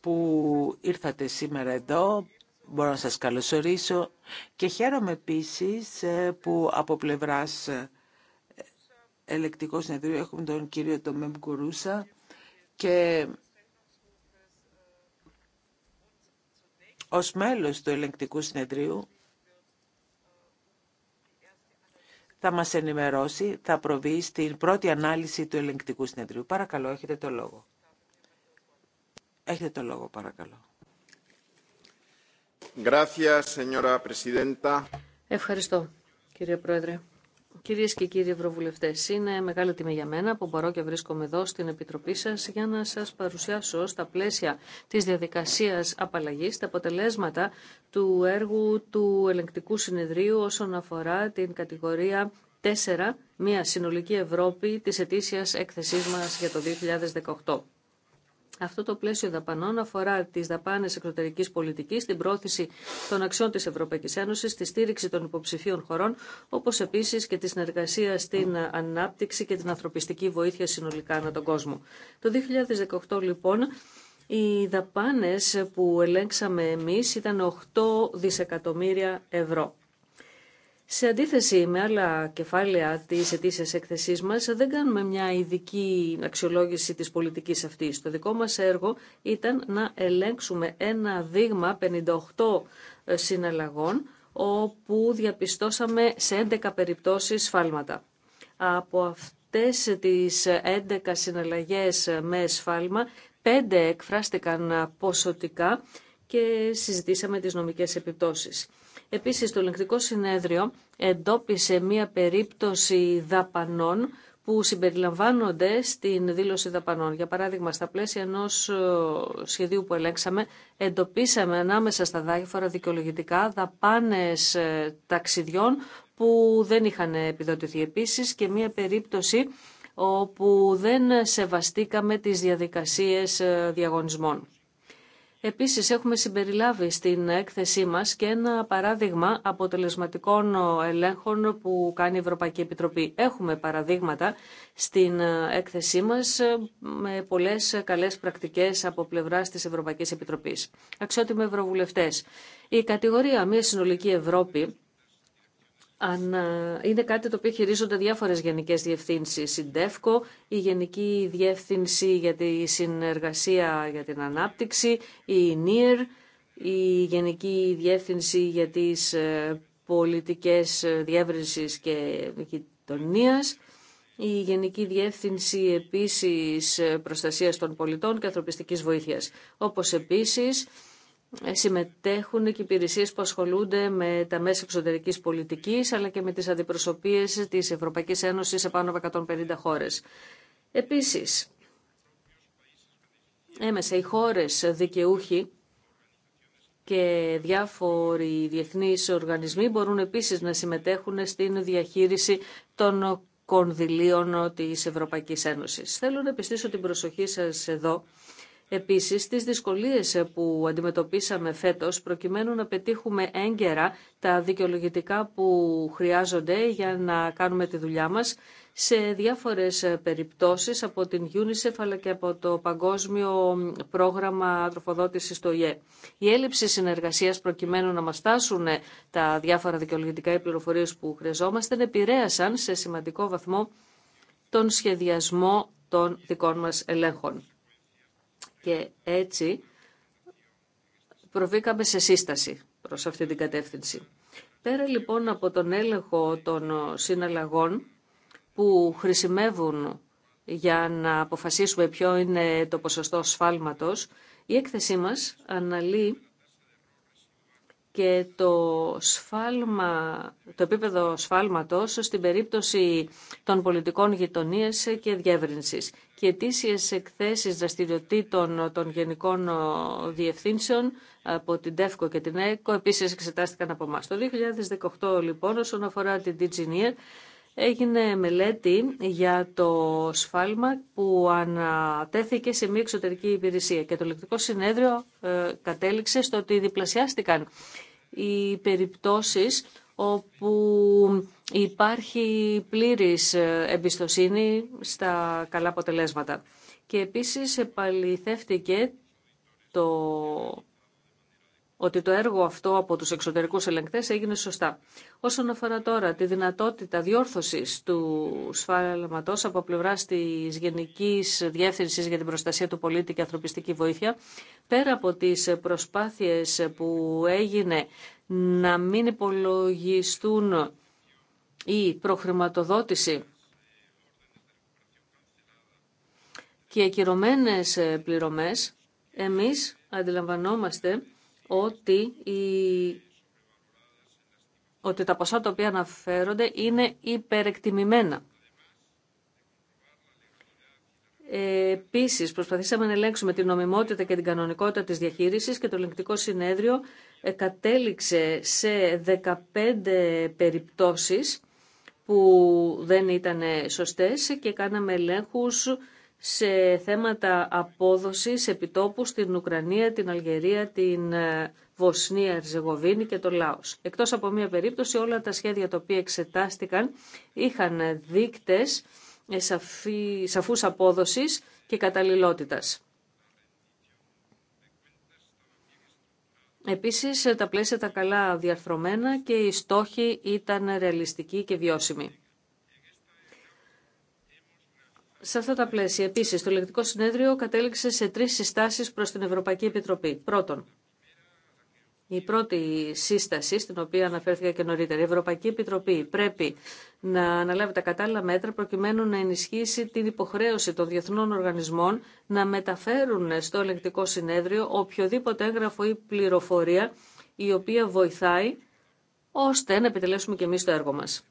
που ήρθατε σήμερα εδώ, μπορώ να σας καλωσορίσω και χαίρομαι επίσης ε, που από πλευράς ε, ελεκτικού συνεδρίου έχουμε τον κύριο Τομέμ Κουρούσα και ως μέλος του Ελεκτικού συνεδρίου θα μας ενημερώσει, θα προβεί στην πρώτη ανάλυση του ελεγκτικού συνεδρίου. Παρακαλώ, έχετε το λόγο. Έχετε το λόγο, παρακαλώ. Ευχαριστώ, κύριε Πρόεδρε. Κυρίε και κύριοι Ευρωβουλευτέ, είναι μεγάλη τιμή για μένα που μπορώ και βρίσκομαι εδώ στην Επιτροπή σα για να σα παρουσιάσω στα πλαίσια τη διαδικασία απαλλαγή τα αποτελέσματα του έργου του Ελεγκτικού Συνεδρίου όσον αφορά την κατηγορία 4, μια συνολική Ευρώπη τη ετήσια έκθεσή μα για το 2018. Αυτό το πλαίσιο δαπανών αφορά τι δαπάνε εξωτερική πολιτική, την πρόθεση των αξιών τη Ευρωπαϊκή Ένωση, τη στήριξη των υποψηφίων χωρών, όπω επίση και τη συνεργασία στην ανάπτυξη και την ανθρωπιστική βοήθεια συνολικά ανά τον κόσμο. Το 2018 λοιπόν. Οι δαπάνες που ελέγξαμε εμείς ήταν 8 δισεκατομμύρια ευρώ. Σε αντίθεση με άλλα κεφάλαια τη ετήσιας εκθεσή μας, δεν κάνουμε μια ειδική αξιολόγηση τη πολιτική αυτή. Το δικό μας έργο ήταν να ελέγξουμε ένα δείγμα 58 συναλλαγών, όπου διαπιστώσαμε σε 11 περιπτώσεις σφάλματα. Από αυτές τις 11 συναλλαγέ με σφάλμα, 5 εκφράστηκαν ποσοτικά και συζητήσαμε τις νομικές επιπτώσεις. Επίσης, το ελεγκτικό συνέδριο εντόπισε μία περίπτωση δαπανών που συμπεριλαμβάνονται στην δήλωση δαπανών. Για παράδειγμα, στα πλαίσια ενό ε, σχεδίου που ελέγξαμε, εντοπίσαμε ανάμεσα στα διάφορα δικαιολογητικά δαπάνες ε, ταξιδιών που δεν είχαν επιδοτηθεί επίσης και μία περίπτωση όπου δεν σεβαστήκαμε τις διαδικασίες ε, διαγωνισμών. Επίσης έχουμε συμπεριλάβει στην έκθεσή μας και ένα παράδειγμα αποτελεσματικών ελέγχων που κάνει η Ευρωπαϊκή Επιτροπή. Έχουμε παραδείγματα στην έκθεσή μας με πολλές καλές πρακτικές από πλευράς της Ευρωπαϊκής Επιτροπής. Αξιότιμοι Ευρωβουλευτές, η κατηγορία «Μια συνολική Ευρώπη» Ε, είναι κάτι το οποίο χειρίζονται διάφορες γενικές διευθύνσεις. Η ΔΕΦΚΟ, η Γενική Διεύθυνση για τη Συνεργασία για την Ανάπτυξη, η ΝΙΡ, η Γενική Διεύθυνση για τις ε, Πολιτικές Διεύρυνσης και Γειτονίας, η Γενική Διεύθυνση επίσης Προστασίας των Πολιτών και Ανθρωπιστικής Βοήθειας. Όπως επίσης ε, συμμετέχουν και υπηρεσίε που ασχολούνται με τα μέσα εξωτερικής πολιτικής αλλά και με τις αντιπροσωπείες της Ευρωπαϊκής Ένωσης σε πάνω από 150 χώρες. Επίσης, έμεσα οι χώρες δικαιούχοι και διάφοροι διεθνείς οργανισμοί μπορούν επίσης να συμμετέχουν στην διαχείριση των κονδυλίων της Ευρωπαϊκής Ένωσης. Θέλω να επιστήσω την προσοχή σας εδώ Επίσης, τι δυσκολίες ε, που αντιμετωπίσαμε φέτος προκειμένου να πετύχουμε έγκαιρα τα δικαιολογητικά που χρειάζονται για να κάνουμε τη δουλειά μας σε διάφορες ε, περιπτώσεις από την UNICEF αλλά και από το Παγκόσμιο Πρόγραμμα Τροφοδότησης στο ΙΕ. Η έλλειψη συνεργασίας προκειμένου να μα φτάσουν ε, τα διάφορα δικαιολογητικά ή που χρειαζόμαστε επηρέασαν σε σημαντικό βαθμό τον σχεδιασμό των δικών μας ελέγχων. Και έτσι προβήκαμε σε σύσταση προς αυτή την κατεύθυνση. Πέρα λοιπόν από τον έλεγχο των συναλλαγών που χρησιμεύουν για να αποφασίσουμε ποιο είναι το ποσοστό σφάλματος, η έκθεσή μας αναλύει και το, σφάλμα, το επίπεδο σφάλματος στην περίπτωση των πολιτικών γειτονίες και διεύρυνσης. Και ετήσιες εκθέσεις δραστηριοτήτων των γενικών διευθύνσεων από την ΤΕΦΚΟ και την ΕΚΟ επίσης εξετάστηκαν από εμά. Το 2018 λοιπόν όσον αφορά την DGNIR έγινε μελέτη για το σφάλμα που ανατέθηκε σε μια εξωτερική υπηρεσία και το λεκτικό συνέδριο ε, κατέληξε στο ότι διπλασιάστηκαν οι περιπτώσεις όπου υπάρχει πλήρης ε, εμπιστοσύνη στα καλά αποτελέσματα. Και επίσης επαληθεύτηκε το ότι το έργο αυτό από τους εξωτερικούς ελεγκτές έγινε σωστά. Όσον αφορά τώρα τη δυνατότητα διόρθωσης του σφάλματος από πλευρά της Γενικής Διεύθυνσης για την Προστασία του Πολίτη και Ανθρωπιστική Βοήθεια, πέρα από τις προσπάθειες που έγινε να μην υπολογιστούν η προχρηματοδότηση και ακυρωμένες πληρωμές, εμείς αντιλαμβανόμαστε ότι, η... ότι τα ποσά τα οποία αναφέρονται είναι υπερεκτιμημένα. Επίση, προσπαθήσαμε να ελέγξουμε την νομιμότητα και την κανονικότητα της διαχείρισης και το ελεγκτικό συνέδριο ε, κατέληξε σε 15 περιπτώσεις που δεν ήταν σωστές και κάναμε ελέγχους σε θέματα απόδοσης επιτόπου στην Ουκρανία, την Αλγερία, την ε, Βοσνία, Ριζεγοβίνη και το Λάος. Εκτός από μία περίπτωση όλα τα σχέδια τα οποία εξετάστηκαν είχαν δείκτες σαφού σαφούς απόδοσης και καταλληλότητας. Επίσης τα πλαίσια τα καλά διαρθρωμένα και οι στόχοι ήταν ρεαλιστικοί και βιώσιμοι. Σε αυτά τα πλαίσια, επίση, το Ελεκτικό Συνέδριο κατέληξε σε τρει συστάσει προ την Ευρωπαϊκή Επιτροπή. Πρώτον, η πρώτη σύσταση, στην οποία αναφέρθηκα και νωρίτερα, η Ευρωπαϊκή Επιτροπή πρέπει να αναλάβει τα κατάλληλα μέτρα προκειμένου να ενισχύσει την υποχρέωση των διεθνών οργανισμών να μεταφέρουν στο ελεγκτικό συνέδριο οποιοδήποτε έγγραφο ή πληροφορία η οποία βοηθάει ώστε να επιτελέσουμε και εμείς το έργο μας.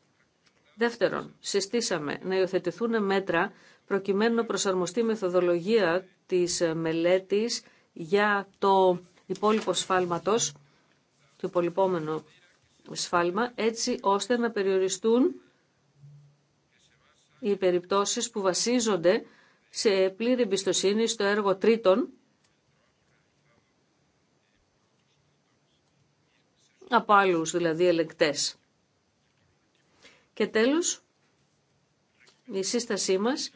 Δεύτερον, συστήσαμε να υιοθετηθούν μέτρα προκειμένου να προσαρμοστεί η μεθοδολογία της ε, μελέτης για το υπόλοιπο σφάλματος, το υπολοιπόμενο σφάλμα, έτσι ώστε να περιοριστούν οι περιπτώσεις που βασίζονται σε πλήρη εμπιστοσύνη στο έργο τρίτων από άλλους δηλαδή ελεγκτές. Και τέλος, η σύστασή μας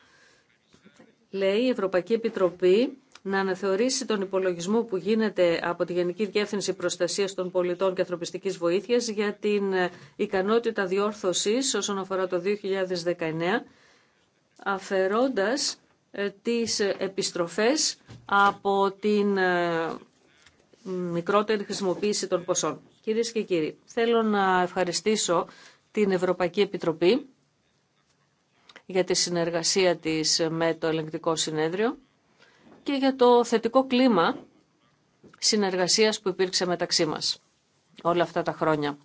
λέει η Ευρωπαϊκή Επιτροπή να αναθεωρήσει τον υπολογισμό που γίνεται από τη Γενική Διεύθυνση Προστασίας των Πολιτών και Ανθρωπιστικής Βοήθειας για την ικανότητα διόρθωσης όσον αφορά το 2019, αφαιρώντας ε, τις επιστροφές από την ε, μικρότερη χρησιμοποίηση των ποσών. Κυρίες και κύριοι, θέλω να ευχαριστήσω την Ευρωπαϊκή Επιτροπή για τη συνεργασία της με το ελεγκτικό συνέδριο και για το θετικό κλίμα συνεργασίας που υπήρξε μεταξύ μας όλα αυτά τα χρόνια.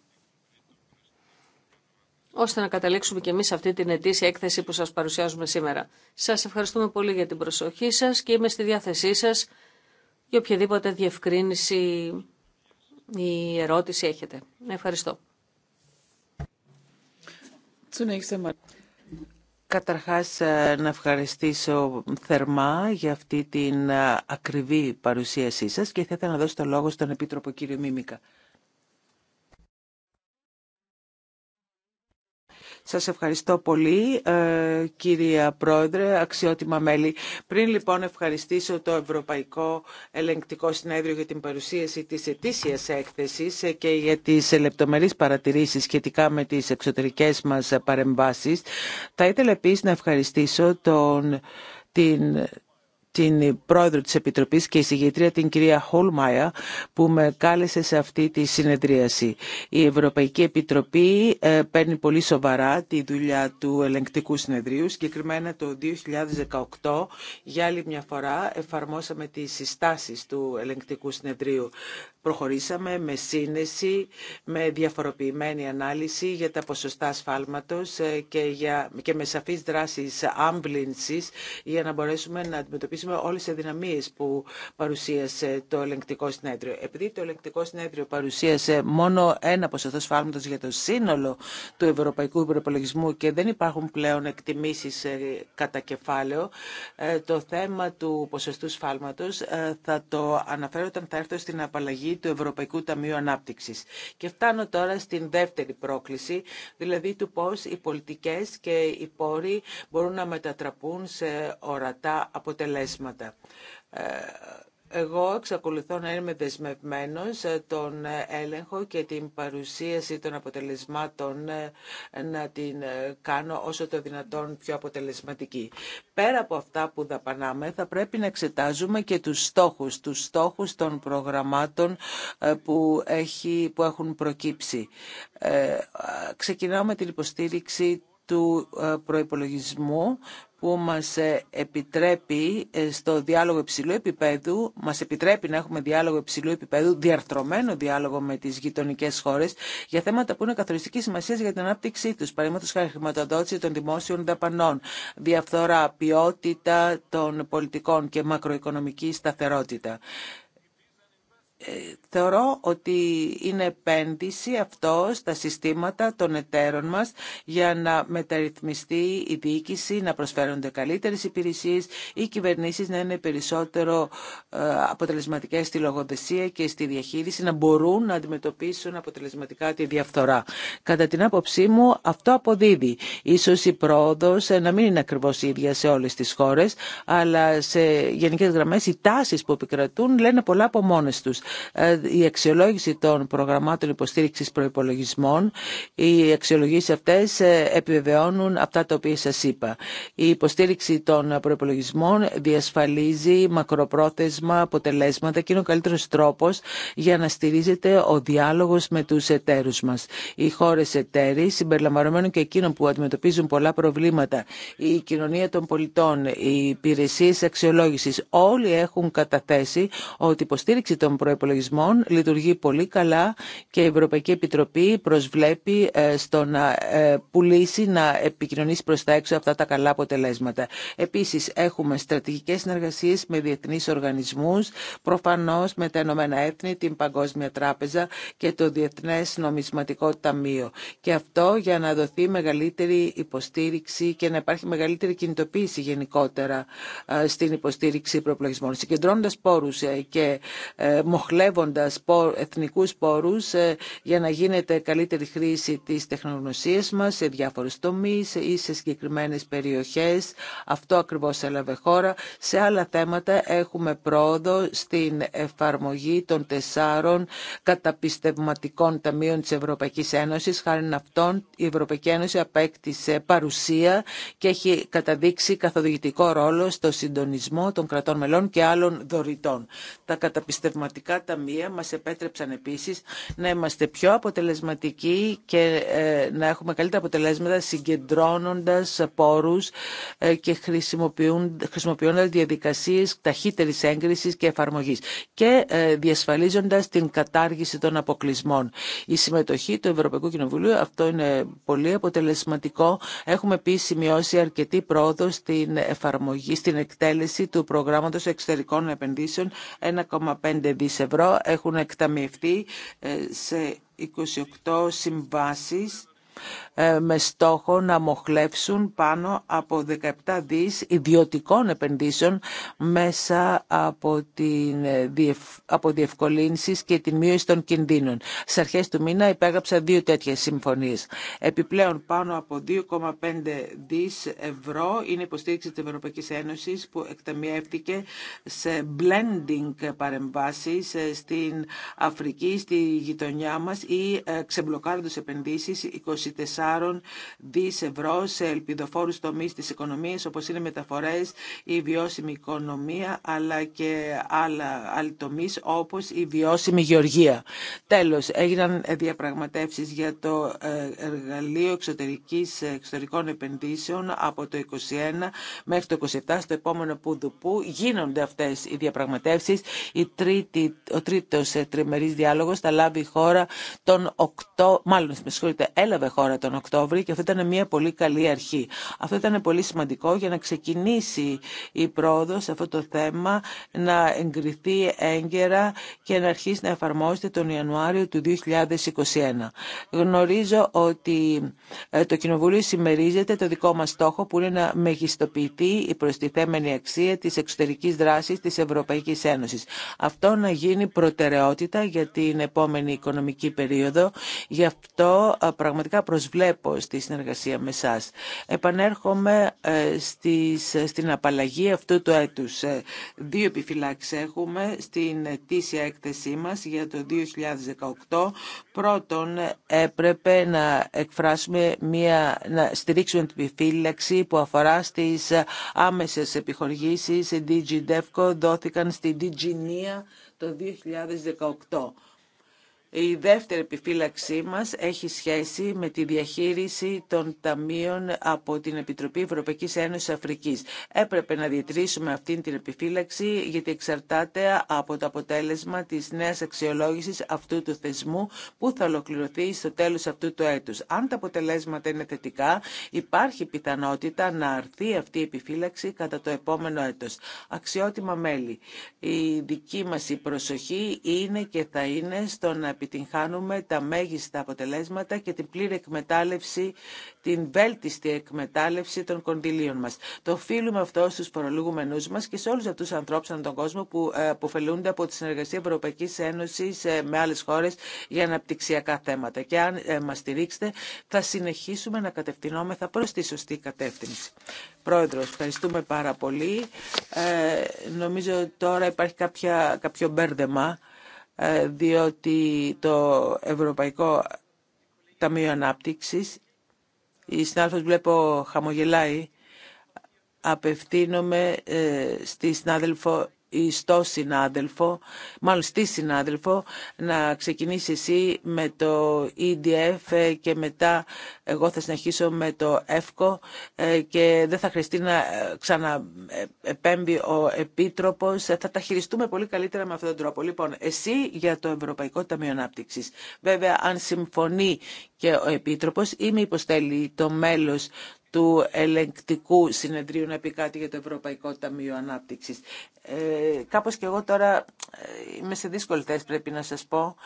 Ώστε να καταλήξουμε και εμείς αυτή την ετήσια έκθεση που σας παρουσιάζουμε σήμερα. Σας ευχαριστούμε πολύ για την προσοχή σας και είμαι στη διάθεσή σας για οποιαδήποτε διευκρίνηση ή ερώτηση έχετε. Ευχαριστώ. Καταρχάς ε, να ευχαριστήσω θερμά για αυτή την ε, ακριβή παρουσίασή σας και θα ήθελα να δώσω το λόγο στον Επίτροπο κύριο Μίμικα. Σας ευχαριστώ πολύ, ε, κυρία Πρόεδρε, αξιότιμα μέλη. Πριν λοιπόν ευχαριστήσω το Ευρωπαϊκό Ελεγκτικό Συνέδριο για την παρουσίαση της ετήσιας έκθεσης ε, και για τις λεπτομερείς παρατηρήσεις σχετικά με τις εξωτερικές μας παρεμβάσεις, θα ήθελα επίσης να ευχαριστήσω τον, την, την πρόεδρο της Επιτροπής και η συγγετρία την κυρία Χολμάια που με κάλεσε σε αυτή τη συνεδρίαση. Η Ευρωπαϊκή Επιτροπή ε, παίρνει πολύ σοβαρά τη δουλειά του ελεγκτικού συνεδρίου. Συγκεκριμένα το 2018 για άλλη μια φορά εφαρμόσαμε τις συστάσεις του ελεγκτικού συνεδρίου προχωρήσαμε με σύνεση, με διαφοροποιημένη ανάλυση για τα ποσοστά ασφάλματος ε, και, για, και με σαφείς δράσεις άμβλυνσης για να μπορέσουμε να αντιμετωπίσουμε όλες τις αδυναμίες που παρουσίασε το ελεγκτικό συνέδριο. Επειδή το ελεγκτικό συνέδριο παρουσίασε μόνο ένα ποσοστό ασφάλματος για το σύνολο του ευρωπαϊκού προπολογισμού και δεν υπάρχουν πλέον εκτιμήσεις ε, κατά κεφάλαιο, ε, το θέμα του ποσοστού σφάλματος θα το αναφέρω όταν θα έρθω στην απαλλαγή του Ευρωπαϊκού Ταμείου Ανάπτυξης. Και φτάνω τώρα στην δεύτερη πρόκληση, δηλαδή του πώς οι πολιτικές και οι πόροι μπορούν να μετατραπούν σε ορατά αποτελέσματα. Ε, εγώ εξακολουθώ να είμαι δεσμευμένος ε, τον ε, έλεγχο και την παρουσίαση των αποτελεσμάτων ε, να την κάνω όσο το δυνατόν πιο αποτελεσματική. Πέρα από αυτά που δαπανάμε θα πρέπει να εξετάζουμε και τους στόχους, τους στόχους των προγραμμάτων που, έχει, που έχουν προκύψει. Ξεκινάμε με την υποστήριξη του προϋπολογισμού που μας ε, επιτρέπει ε, στο διάλογο υψηλού επίπεδου, μας επιτρέπει να έχουμε διάλογο υψηλού επίπεδου, διαρθρωμένο διάλογο με τις γειτονικέ χώρες για θέματα που είναι καθοριστική σημασία για την ανάπτυξή τους, παραδείγματος χάρη χρηματοδότηση των δημόσιων δαπανών, διαφθορά, ποιότητα των πολιτικών και μακροοικονομική σταθερότητα. Ε, θεωρώ ότι είναι επένδυση αυτό στα συστήματα των εταίρων μας για να μεταρρυθμιστεί η διοίκηση, να προσφέρονται καλύτερες υπηρεσίες, οι κυβερνήσεις να είναι περισσότερο ε, αποτελεσματικές στη λογοδεσία και στη διαχείριση, να μπορούν να αντιμετωπίσουν αποτελεσματικά τη διαφθορά. Κατά την άποψή μου αυτό αποδίδει. Ίσως η πρόοδος ε, να μην είναι ακριβώς ίδια σε όλες τις χώρες, αλλά σε γενικές γραμμές οι τάσεις που επικρατούν λένε πολλά από μόνες τους. Ε, η αξιολόγηση των προγραμμάτων υποστήριξη προπολογισμών. Οι αξιολογήσει αυτέ ε, επιβεβαιώνουν αυτά τα οποία σα είπα. Η υποστήριξη των προπολογισμών διασφαλίζει μακροπρόθεσμα αποτελέσματα και είναι ο καλύτερο τρόπο για να στηρίζεται ο διάλογο με του εταίρου μα. Οι χώρε εταίροι, συμπεριλαμβανομένων και εκείνων που αντιμετωπίζουν πολλά προβλήματα, η κοινωνία των πολιτών, οι υπηρεσίε αξιολόγηση όλοι έχουν καταθέσει ότι η υποστήριξη των προπολογισμών προπολογισμών λειτουργεί πολύ καλά και η Ευρωπαϊκή Επιτροπή προσβλέπει ε, στο να ε, πουλήσει, να επικοινωνήσει προς τα έξω αυτά τα καλά αποτελέσματα. Επίσης έχουμε στρατηγικές συνεργασίες με διεθνείς οργανισμούς, προφανώς με τα Ηνωμένα Έθνη, την Παγκόσμια Τράπεζα και το Διεθνές Νομισματικό Ταμείο. Και αυτό για να δοθεί μεγαλύτερη υποστήριξη και να υπάρχει μεγαλύτερη κινητοποίηση γενικότερα ε, στην υποστήριξη προπλογισμών. Συγκεντρώνοντας πόρους και μοχλεύοντας εθνικούς πόρους ε, για να γίνεται καλύτερη χρήση της τεχνογνωσίας μας σε διάφορους τομείς ή σε συγκεκριμένες περιοχές. Αυτό ακριβώς έλαβε χώρα. Σε άλλα θέματα έχουμε πρόοδο στην εφαρμογή των τεσσάρων καταπιστευματικών ταμείων της Ευρωπαϊκής Ένωσης. Χάρη αυτών η Ευρωπαϊκή Ένωση απέκτησε παρουσία και έχει καταδείξει καθοδηγητικό ρόλο στο συντονισμό των κρατών μελών και άλλων δωρητών. Τα καταπιστευματικά τα ταμεία μας επέτρεψαν επίσης να είμαστε πιο αποτελεσματικοί και ε, να έχουμε καλύτερα αποτελέσματα συγκεντρώνοντας πόρους ε, και χρησιμοποιώντας διαδικασίες ταχύτερης έγκρισης και εφαρμογής και ε, διασφαλίζοντας την κατάργηση των αποκλεισμών. Η συμμετοχή του Ευρωπαϊκού Κοινοβουλίου, αυτό είναι πολύ αποτελεσματικό. Έχουμε επίσης σημειώσει αρκετή πρόοδο στην εφαρμογή, στην εκτέλεση του προγράμματος εξωτερικών επενδύσεων 1,5 ευρώ έχουν εκταμιευτεί ε, σε 28 συμβάσεις ε, με στόχο να μοχλεύσουν πάνω από 17 δις ιδιωτικών επενδύσεων μέσα από, την, ε, από διευκολύνσεις και την μείωση των κινδύνων. Σε αρχές του μήνα υπέγραψα δύο τέτοιες συμφωνίες. Επιπλέον πάνω από 2,5 δις ευρώ είναι υποστήριξη της Ευρωπαϊκής Ένωσης που εκταμιεύτηκε σε blending παρεμβάσεις ε, στην Αφρική, στη γειτονιά μας ή ξεμπλοκάροντας επενδύσεις 24 δις ευρώ σε ελπιδοφόρους τομείς της οικονομίας όπως είναι μεταφορές, η βιώσιμη οικονομία αλλά και άλλα, άλλοι τομείς όπως η βιώσιμη γεωργία. Τέλος, έγιναν διαπραγματεύσεις για το ε, εργαλείο εξωτερικής, εξωτερικών επενδύσεων από το 21 μέχρι το 27 στο επόμενο πουδουπού γίνονται αυτές οι διαπραγματεύσεις. Η τρίτη, ο τρίτος τριμερής διάλογος θα λάβει η χώρα τον 8, μάλλον με έλαβε χώρα τον Οκτώβριο και αυτό ήταν μια πολύ καλή αρχή. Αυτό ήταν πολύ σημαντικό για να ξεκινήσει η πρόοδο σε αυτό το θέμα, να εγκριθεί έγκαιρα και να αρχίσει να εφαρμόζεται τον Ιανουάριο του 2021. Γνωρίζω ότι ε, το Κοινοβούλιο συμμερίζεται το δικό μας στόχο που είναι να μεγιστοποιηθεί η προστιθέμενη αξία της εξωτερικής δράσης της Ευρωπαϊκής Ένωσης. Αυτό να γίνει προτεραιότητα για την επόμενη οικονομική περίοδο. Γι' αυτό ε, πραγματικά προσβλέπω στη συνεργασία με εσά. Επανέρχομαι ε, στις, ε, στην απαλλαγή αυτού του έτους. Ε, δύο επιφυλάξει έχουμε στην τήσια έκθεσή μας για το 2018. Πρώτον, έπρεπε να εκφράσουμε μια, να στηρίξουμε την επιφύλαξη που αφορά στις άμεσες επιχορηγήσεις. DG DEFCO δόθηκαν στη DG NIA το 2018. Η δεύτερη επιφύλαξή μας έχει σχέση με τη διαχείριση των ταμείων από την Επιτροπή Ευρωπαϊκής Ένωσης Αφρικής. Έπρεπε να διατηρήσουμε αυτή την επιφύλαξη γιατί εξαρτάται από το αποτέλεσμα της νέας αξιολόγησης αυτού του θεσμού που θα ολοκληρωθεί στο τέλος αυτού του έτους. Αν τα αποτελέσματα είναι θετικά, υπάρχει πιθανότητα να αρθεί αυτή η επιφύλαξη κατά το επόμενο έτος. Αξιότιμα μέλη, η δική μας η προσοχή είναι και θα είναι στο να επιτυγχάνουμε τα μέγιστα αποτελέσματα και την πλήρη εκμετάλλευση, την βέλτιστη εκμετάλλευση των κονδυλίων μας. Το οφείλουμε αυτό στους προλογούμενούς μας και σε όλους αυτούς τους ανθρώπους ανά τον κόσμο που ε, αποφελούνται από τη συνεργασία Ευρωπαϊκής Ένωσης ε, με άλλες χώρες για αναπτυξιακά θέματα. Και αν ε, μας στηρίξετε θα συνεχίσουμε να κατευθυνόμεθα προς τη σωστή κατεύθυνση. Πρόεδρος, ευχαριστούμε πάρα πολύ. Ε, νομίζω τώρα υπάρχει κάποια, κάποιο μπέρδεμα. Ε, διότι το Ευρωπαϊκό Ταμείο Ανάπτυξης, η συνάδελφος βλέπω χαμογελάει, απευθύνομαι ε, στη συνάδελφο στο συνάδελφο, μάλλον στη συνάδελφο, να ξεκινήσει εσύ με το EDF ε, και μετά εγώ θα συνεχίσω με το ΕΦΚΟ ε, και δεν θα χρειαστεί να ε, ξαναεπέμβει ο Επίτροπος. Θα τα χειριστούμε πολύ καλύτερα με αυτόν τον τρόπο. Λοιπόν, εσύ για το Ευρωπαϊκό Ταμείο Ανάπτυξης. Βέβαια, αν συμφωνεί και ο Επίτροπος ή με θέλει το μέλος του ελεγκτικού συνεδρίου να πει κάτι για το Ευρωπαϊκό Ταμείο Ανάπτυξης. Ε, κάπως και εγώ τώρα ε, είμαι σε δύσκολη θέση πρέπει να σας πω.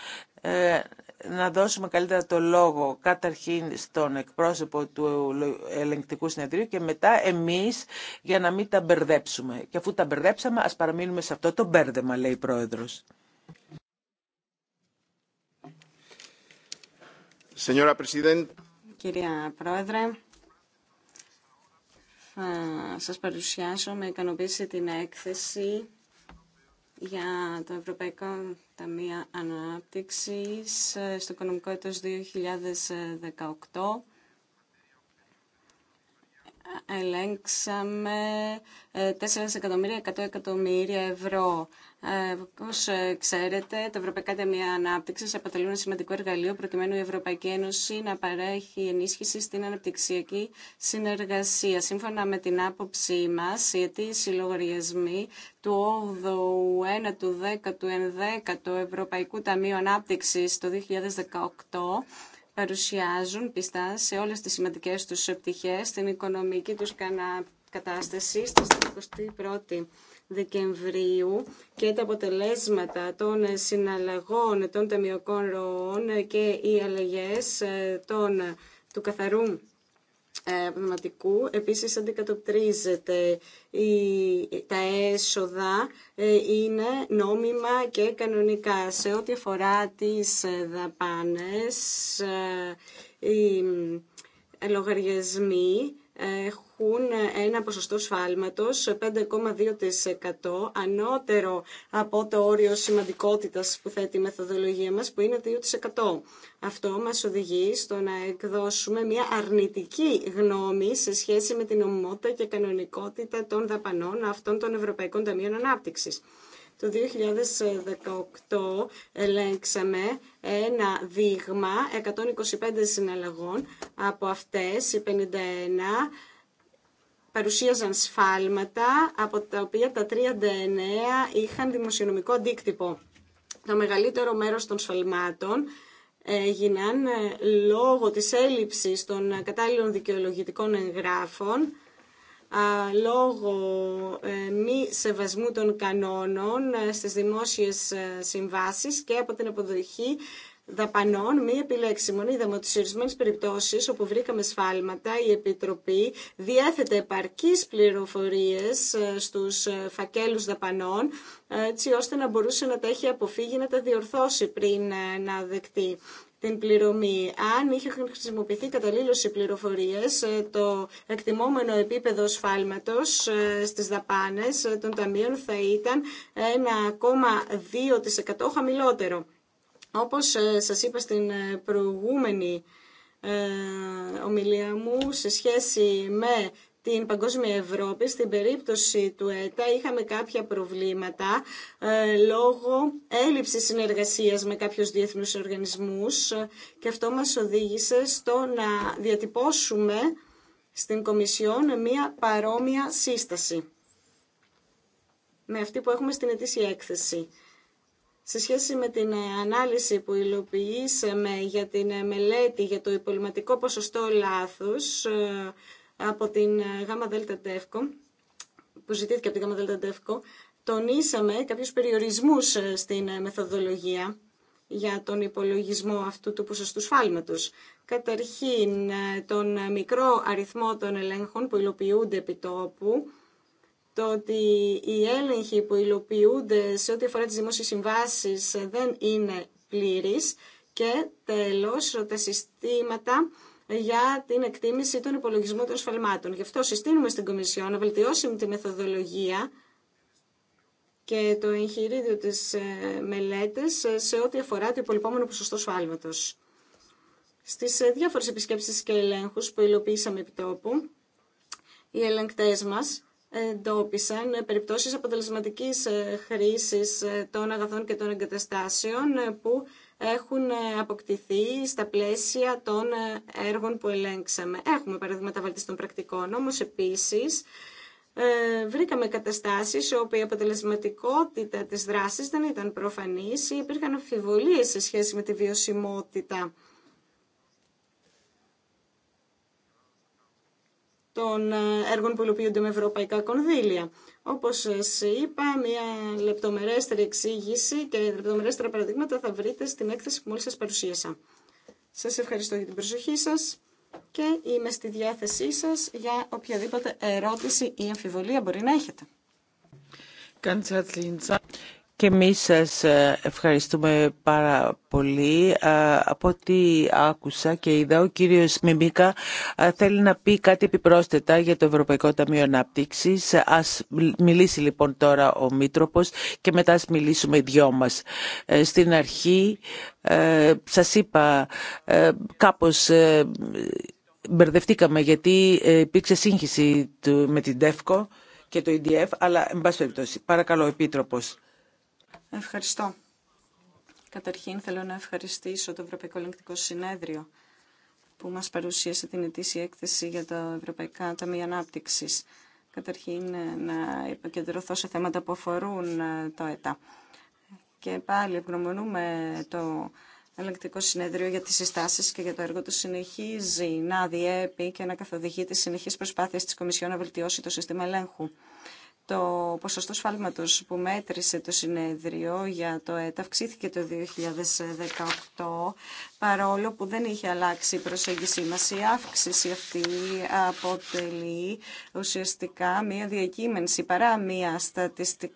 Ε, να δώσουμε καλύτερα το λόγο καταρχήν στον εκπρόσωπο του ελεγκτικού συνεδρίου και μετά εμείς για να μην τα μπερδέψουμε. Και αφού τα μπερδέψαμε ας παραμείνουμε σε αυτό το μπέρδεμα λέει η Πρόεδρος. Κυρία Πρόεδρε, θα σας παρουσιάσω με ικανοποίηση την έκθεση για το Ευρωπαϊκό Ταμείο Ανάπτυξης στο οικονομικό έτος 2018 ελέγξαμε 4 ε, εκατομμύρια 100 εκατομμύρια ευρώ. Ε, Όπω ε, ξέρετε, τα Ευρωπαϊκά Ταμεία Ανάπτυξη αποτελούν ένα σημαντικό εργαλείο προκειμένου η Ευρωπαϊκή Ένωση να παρέχει ενίσχυση στην αναπτυξιακή συνεργασία. Σύμφωνα με την άποψή μα, οι αιτήσιοι λογαριασμοί του 8ου, 1ου, 10ου, 11ου Ευρωπαϊκού Ταμείου Ανάπτυξη το 2018 παρουσιάζουν πιστά σε όλες τις σημαντικές τους πτυχές στην οικονομική τους κατάσταση στις 21η Δεκεμβρίου και τα αποτελέσματα των συναλλαγών των ταμιωκών ροών και οι αλλαγές ε, των, του καθαρού πνευματικού. Επίσης αντικατοπτρίζεται τα έσοδα ε, είναι νόμιμα και κανονικά. Σε ό,τι αφορά τις ε, δαπάνες, ε, οι λογαριασμοί έχουν ένα ποσοστό σφάλματος 5,2% ανώτερο από το όριο σημαντικότητας που θέτει η μεθοδολογία μας που είναι 2%. Αυτό μας οδηγεί στο να εκδώσουμε μια αρνητική γνώμη σε σχέση με την ομότητα και κανονικότητα των δαπανών αυτών των Ευρωπαϊκών Ταμείων Ανάπτυξης. Το 2018 ελέγξαμε ένα δείγμα 125 συναλλαγών. Από αυτές οι 51 παρουσίαζαν σφάλματα από τα οποία τα 39 είχαν δημοσιονομικό αντίκτυπο. Το μεγαλύτερο μέρος των σφαλμάτων έγιναν ε, λόγω της έλλειψης των κατάλληλων δικαιολογητικών εγγράφων, λόγω ε, μη σεβασμού των κανόνων ε, στις δημόσιες συμβάσεις και από την αποδοχή δαπανών μη επιλέξιμων. Είδαμε ότι σε ορισμένε περιπτώσει όπου βρήκαμε σφάλματα, η Επιτροπή διέθετε επαρκεί πληροφορίε ε, στου ε, φακέλου δαπανών, ε, έτσι ώστε να μπορούσε να τα έχει αποφύγει, να τα διορθώσει πριν να δεκτεί την πληρωμή. Αν είχε χρησιμοποιηθεί καταλήλωση πληροφορίες, το εκτιμόμενο επίπεδο σφάλματος στις δαπάνες των ταμείων θα ήταν 1,2% χαμηλότερο. Όπως ε, σας είπα στην ε, προηγούμενη ε, ομιλία μου σε σχέση με την παγκόσμια Ευρώπη, στην περίπτωση του ΕΤΑ είχαμε κάποια προβλήματα λόγω έλλειψης συνεργασίας με κάποιους διεθνούς οργανισμούς και αυτό μας οδήγησε στο να διατυπώσουμε στην Κομισιόν μία παρόμοια σύσταση με αυτή που έχουμε στην ετήσια έκθεση σε σχέση με την ε, ανάλυση που υλοποιήσαμε για την ε, μελέτη για το υπολοιματικό ποσοστό λάθους ε, από την ΓΑΜΑ που ζητήθηκε από την ΓΑΜΑ ΔΕΛΤΑ τονίσαμε κάποιους περιορισμούς στην μεθοδολογία για τον υπολογισμό αυτού του ποσοστού σφάλματος. Καταρχήν, τον μικρό αριθμό των ελέγχων που υλοποιούνται επί τόπου, το ότι οι έλεγχοι που υλοποιούνται σε ό,τι αφορά τις δημόσιες συμβάσεις δεν είναι πλήρης και τέλος τα συστήματα για την εκτίμηση των υπολογισμών των σφαλμάτων. Γι' αυτό συστήνουμε στην Κομισιόν να βελτιώσουμε τη μεθοδολογία και το εγχειρίδιο της ε, μελέτης σε ό,τι αφορά το υπολοιπόμενο ποσοστό σφάλματος. Στις ε, διάφορες επισκέψεις και ελέγχους που υλοποιήσαμε επί τόπου, οι ελεγκτές μας εντόπισαν περιπτώσεις αποτελεσματικής ε, χρήσης ε, των αγαθών και των εγκαταστάσεων ε, που έχουν αποκτηθεί στα πλαίσια των έργων που ελέγξαμε. Έχουμε παραδείγματα βαλτιστών πρακτικών, όμως επίσης βρήκαμε καταστάσεις όπου η αποτελεσματικότητα της δράσης δεν ήταν προφανής ή υπήρχαν αμφιβολίες σε σχέση με τη βιωσιμότητα των ε, έργων που υλοποιούνται με ευρωπαϊκά κονδύλια. Όπως σας είπα, μια λεπτομερέστερη εξήγηση και λεπτομερέστερα παραδείγματα θα βρείτε στην έκθεση που μόλις σας παρουσίασα. Σας ευχαριστώ για την προσοχή σας και είμαι στη διάθεσή σας για οποιαδήποτε ερώτηση ή αμφιβολία μπορεί να έχετε. Και εμεί σα ε, ευχαριστούμε πάρα πολύ. Ε, από ό,τι άκουσα και είδα, ο κύριο Μιμίκα ε, θέλει να πει κάτι επιπρόσθετα για το Ευρωπαϊκό Ταμείο Ανάπτυξη. Α μιλήσει λοιπόν τώρα ο Μήτροπο και μετά α μιλήσουμε οι δυο μα. Στην αρχή, σα είπα, κάπω μπερδευτήκαμε γιατί υπήρξε σύγχυση με την ΤΕΦΚΟ και το EDF, αλλά εν πάση περιπτώσει, παρακαλώ, Επίτροπος. Ευχαριστώ. Καταρχήν θέλω να ευχαριστήσω το Ευρωπαϊκό Ελεγκτικό Συνέδριο που μας παρουσίασε την ετήσια έκθεση για το Ευρωπαϊκά Ταμείο Ανάπτυξη. Καταρχήν ε, να επικεντρωθώ σε θέματα που αφορούν ε, το ΕΤΑ. Και πάλι ευγνωμονούμε το Ελεγκτικό Συνέδριο για τις συστάσεις και για το έργο του συνεχίζει να διέπει και να καθοδηγεί τις συνεχείς προσπάθειες της Κομισιόν να βελτιώσει το σύστημα ελέγχου. Το ποσοστό σφάλματος που μέτρησε το συνέδριο για το ΕΤ αυξήθηκε το 2018 παρόλο που δεν είχε αλλάξει η προσέγγιση μας. Η αύξηση αυτή αποτελεί ουσιαστικά μία διακείμενση παρά μία στατιστική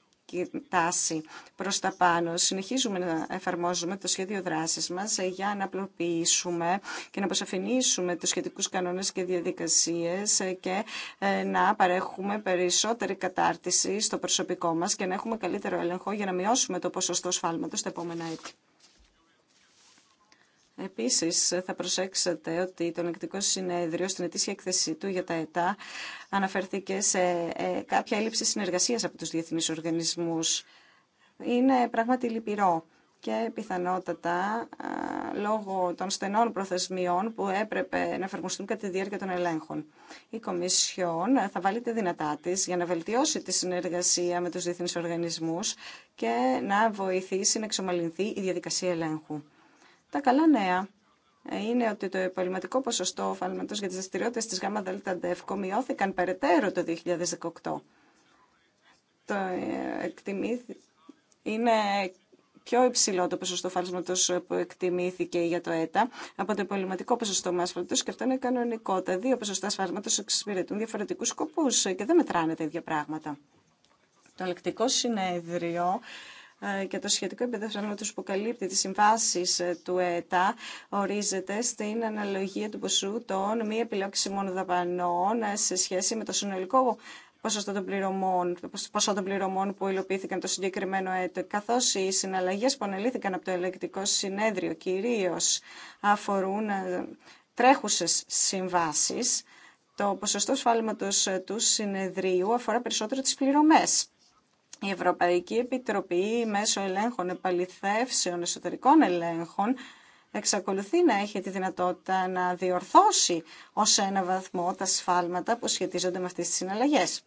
τάση προς τα πάνω. Συνεχίζουμε να εφαρμόζουμε το σχέδιο δράση μας ε, για να απλοποιήσουμε και να αποσαφηνίσουμε του σχετικούς κανόνες και διαδικασίες ε, και ε, να παρέχουμε περισσότερη κατάρτιση στο προσωπικό μας και να έχουμε καλύτερο έλεγχο για να μειώσουμε το ποσοστό σφάλματος τα επόμενα έτη. Επίση, θα προσέξετε ότι το Νεκτικό Συνέδριο στην ετήσια εκθεσή του για τα ΕΤΑ αναφερθήκε σε ε, κάποια έλλειψη συνεργασία από τους διεθνεί οργανισμού. Είναι πράγματι λυπηρό και πιθανότατα λόγω των στενών προθεσμιών που έπρεπε να εφαρμοστούν κατά τη διάρκεια των ελέγχων. Η Κομισιόν θα βάλει τη δυνατά τη για να βελτιώσει τη συνεργασία με τους διεθνείς οργανισμούς και να βοηθήσει να εξομαλυνθεί η διαδικασία ελέγχου. Τα καλά νέα ε, είναι ότι το επαγγελματικό ποσοστό φαρματός για τις δραστηριότητε της ΓΔΕΦΚΟ μειώθηκαν περαιτέρω το 2018. Το ε, εκτιμήθη Είναι πιο υψηλό το ποσοστό φάλματο ε, που εκτιμήθηκε για το ΕΤΑ από το υπολοιματικό ποσοστό φαλματό και αυτό είναι κανονικό. Τα δύο ποσοστά φαλματό εξυπηρετούν διαφορετικού σκοπού και δεν μετράνε τα ίδια πράγματα. Το ελεκτικό συνέδριο ε, και το σχετικό του που καλύπτει τις συμβάσεις ε, του ΕΤΑ ορίζεται στην αναλογία του ποσού των μη επιλέξιμων δαπανών ε, σε σχέση με το συνολικό ποσοστό των πληρωμών, ποσό των πληρωμών που υλοποιήθηκαν το συγκεκριμένο έτο, καθώς οι συναλλαγές που αναλύθηκαν από το ελεκτικό συνέδριο κυρίω αφορούν τρέχουσε συμβάσεις, το ποσοστό σφάλματος του συνεδρίου αφορά περισσότερο τις πληρωμές η Ευρωπαϊκή Επιτροπή μέσω ελέγχων επαληθεύσεων, εσωτερικών ελέγχων, εξακολουθεί να έχει τη δυνατότητα να διορθώσει ως ένα βαθμό τα σφάλματα που σχετίζονται με αυτές τις συναλλαγές.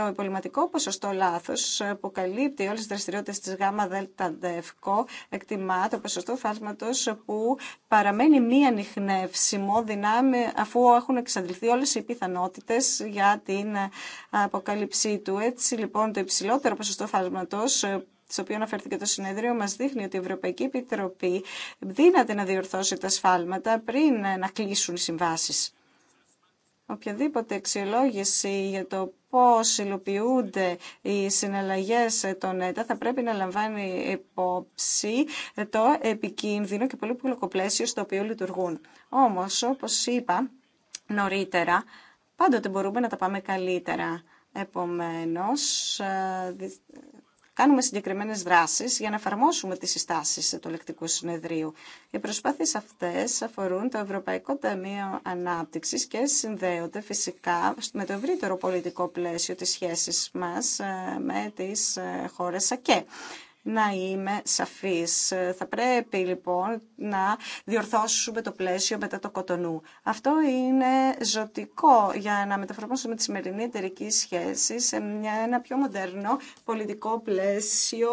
Το υπολοιματικό ποσοστό λάθος ε, που καλύπτει όλες τις δραστηριότητες της ΓΑΜΑ εκτιμά το ποσοστό φάσματος που παραμένει μη ανιχνεύσιμο δυνάμει αφού έχουν εξαντληθεί όλες οι πιθανότητες για την ε, αποκάλυψή του. Έτσι λοιπόν το υψηλότερο ποσοστό φάσματος ε, στο οποίο αναφέρθηκε το συνέδριο, μας δείχνει ότι η Ευρωπαϊκή Επιτροπή δύναται να διορθώσει τα σφάλματα πριν να κλείσουν οι συμβάσεις οποιαδήποτε αξιολόγηση για το πώς υλοποιούνται οι συναλλαγές των ΕΤΑ θα πρέπει να λαμβάνει υπόψη το επικίνδυνο και πολύ πλοκοπλαίσιο στο οποίο λειτουργούν. Όμως, όπως είπα νωρίτερα, πάντοτε μπορούμε να τα πάμε καλύτερα. Επομένως, ε, κάνουμε συγκεκριμένες δράσεις για να εφαρμόσουμε τις συστάσεις του λεκτικού Συνεδρίου. Οι προσπάθειες αυτές αφορούν το Ευρωπαϊκό Ταμείο Ανάπτυξης και συνδέονται φυσικά με το ευρύτερο πολιτικό πλαίσιο της σχέσης μας ε, με τις ε, χώρες ΑΚΕ να είμαι σαφής. Θα πρέπει λοιπόν να διορθώσουμε το πλαίσιο μετά το κοτονού. Αυτό είναι ζωτικό για να μεταφορμόσουμε τη σημερινή εταιρική σχέση σε μια, ένα πιο μοντέρνο πολιτικό πλαίσιο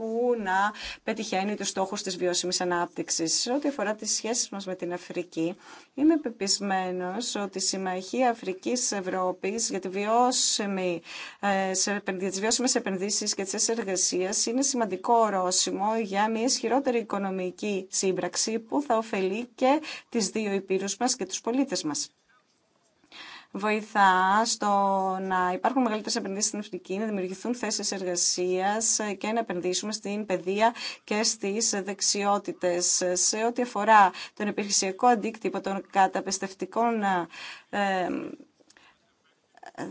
που να πετυχαίνει τους στόχους της βιώσιμης ανάπτυξης. Σε ό,τι αφορά τις σχέσεις μας με την Αφρική, είμαι πεπισμένος ότι η Συμμαχία Αφρικής Ευρώπης για, τη βιώσιμη, ε, για τις επενδύσεις και τις εργασίες είναι σημαντικό ορόσημο για μια ισχυρότερη οικονομική σύμπραξη που θα ωφελεί και τις δύο υπήρους μας και τους πολίτες μας βοηθά στο να υπάρχουν μεγαλύτερε επενδύσει στην ευτική, να δημιουργηθούν θέσει εργασία και να επενδύσουμε στην παιδεία και στι δεξιότητε. Σε ό,τι αφορά τον επιχειρησιακό αντίκτυπο των καταπιστευτικών ε, ε,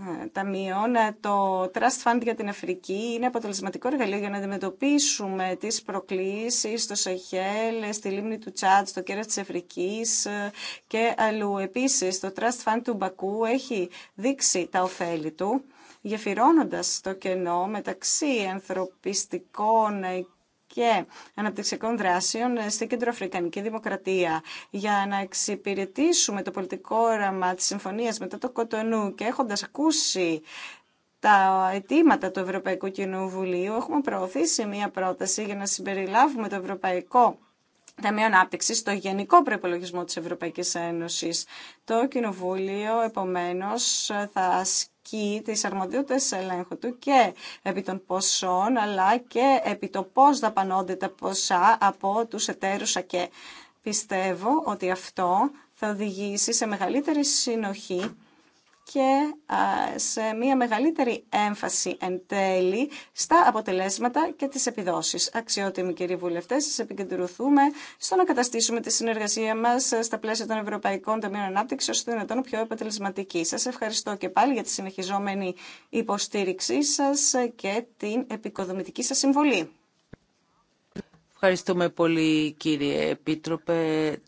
ε, το Trust Fund για την Αφρική είναι αποτελεσματικό εργαλείο για να αντιμετωπίσουμε τις προκλήσεις στο Σαχέλ, στη λίμνη του Τσάτ, στο κέρας της Αφρικής ε, και αλλού. Επίσης, το Trust Fund του Μπακού έχει δείξει τα ωφέλη του γεφυρώνοντας το κενό μεταξύ ανθρωπιστικών και αναπτυξιακών δράσεων στην Κεντροαφρικανική Δημοκρατία για να εξυπηρετήσουμε το πολιτικό όραμα της συμφωνίας μετά το Κοτονού και έχοντας ακούσει τα αιτήματα του Ευρωπαϊκού Κοινοβουλίου έχουμε προωθήσει μια πρόταση για να συμπεριλάβουμε το Ευρωπαϊκό Ταμείο Ανάπτυξη στο Γενικό Προπολογισμό τη Ευρωπαϊκή Ένωση. Το Κοινοβούλιο, επομένω, θα και τις αρμοδιότητες ελέγχου του και επί των ποσών αλλά και επί το πώς δαπανώνται τα ποσά από τους εταίρους ΑΚΕ. Πιστεύω ότι αυτό θα οδηγήσει σε μεγαλύτερη συνοχή και σε μια μεγαλύτερη έμφαση εν τέλει στα αποτελέσματα και τις επιδόσεις. Αξιότιμοι κύριοι βουλευτές, σας επικεντρωθούμε στο να καταστήσουμε τη συνεργασία μας στα πλαίσια των Ευρωπαϊκών Ταμείων Ανάπτυξη ώστε δυνατόν πιο αποτελεσματική. Σας ευχαριστώ και πάλι για τη συνεχιζόμενη υποστήριξή σας και την επικοδομητική σας συμβολή. Ευχαριστούμε πολύ κύριε Επίτροπε.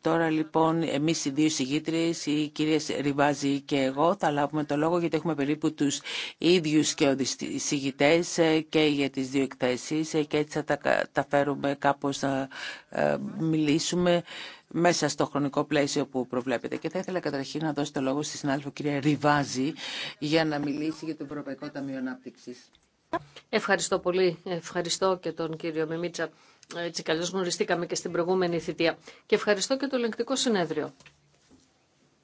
Τώρα λοιπόν εμείς οι δύο συγγήτρες, οι κυρία Ριβάζη και εγώ θα λάβουμε το λόγο γιατί έχουμε περίπου τους ίδιους και συγγητές ε, και για τις δύο εκθέσεις ε, και έτσι θα τα, τα φέρουμε κάπως να ε, μιλήσουμε μέσα στο χρονικό πλαίσιο που προβλέπετε. Και θα ήθελα καταρχήν να δώσω το λόγο στη συνάδελφο κυρία Ριβάζη για να μιλήσει για το Ευρωπαϊκό Ταμείο Ανάπτυξης. Ευχαριστώ πολύ. Ευχαριστώ και τον κύριο Μιμίτσα. Έτσι καλώς γνωριστήκαμε και στην προηγούμενη θητεία. Και ευχαριστώ και το ελεγκτικό συνέδριο.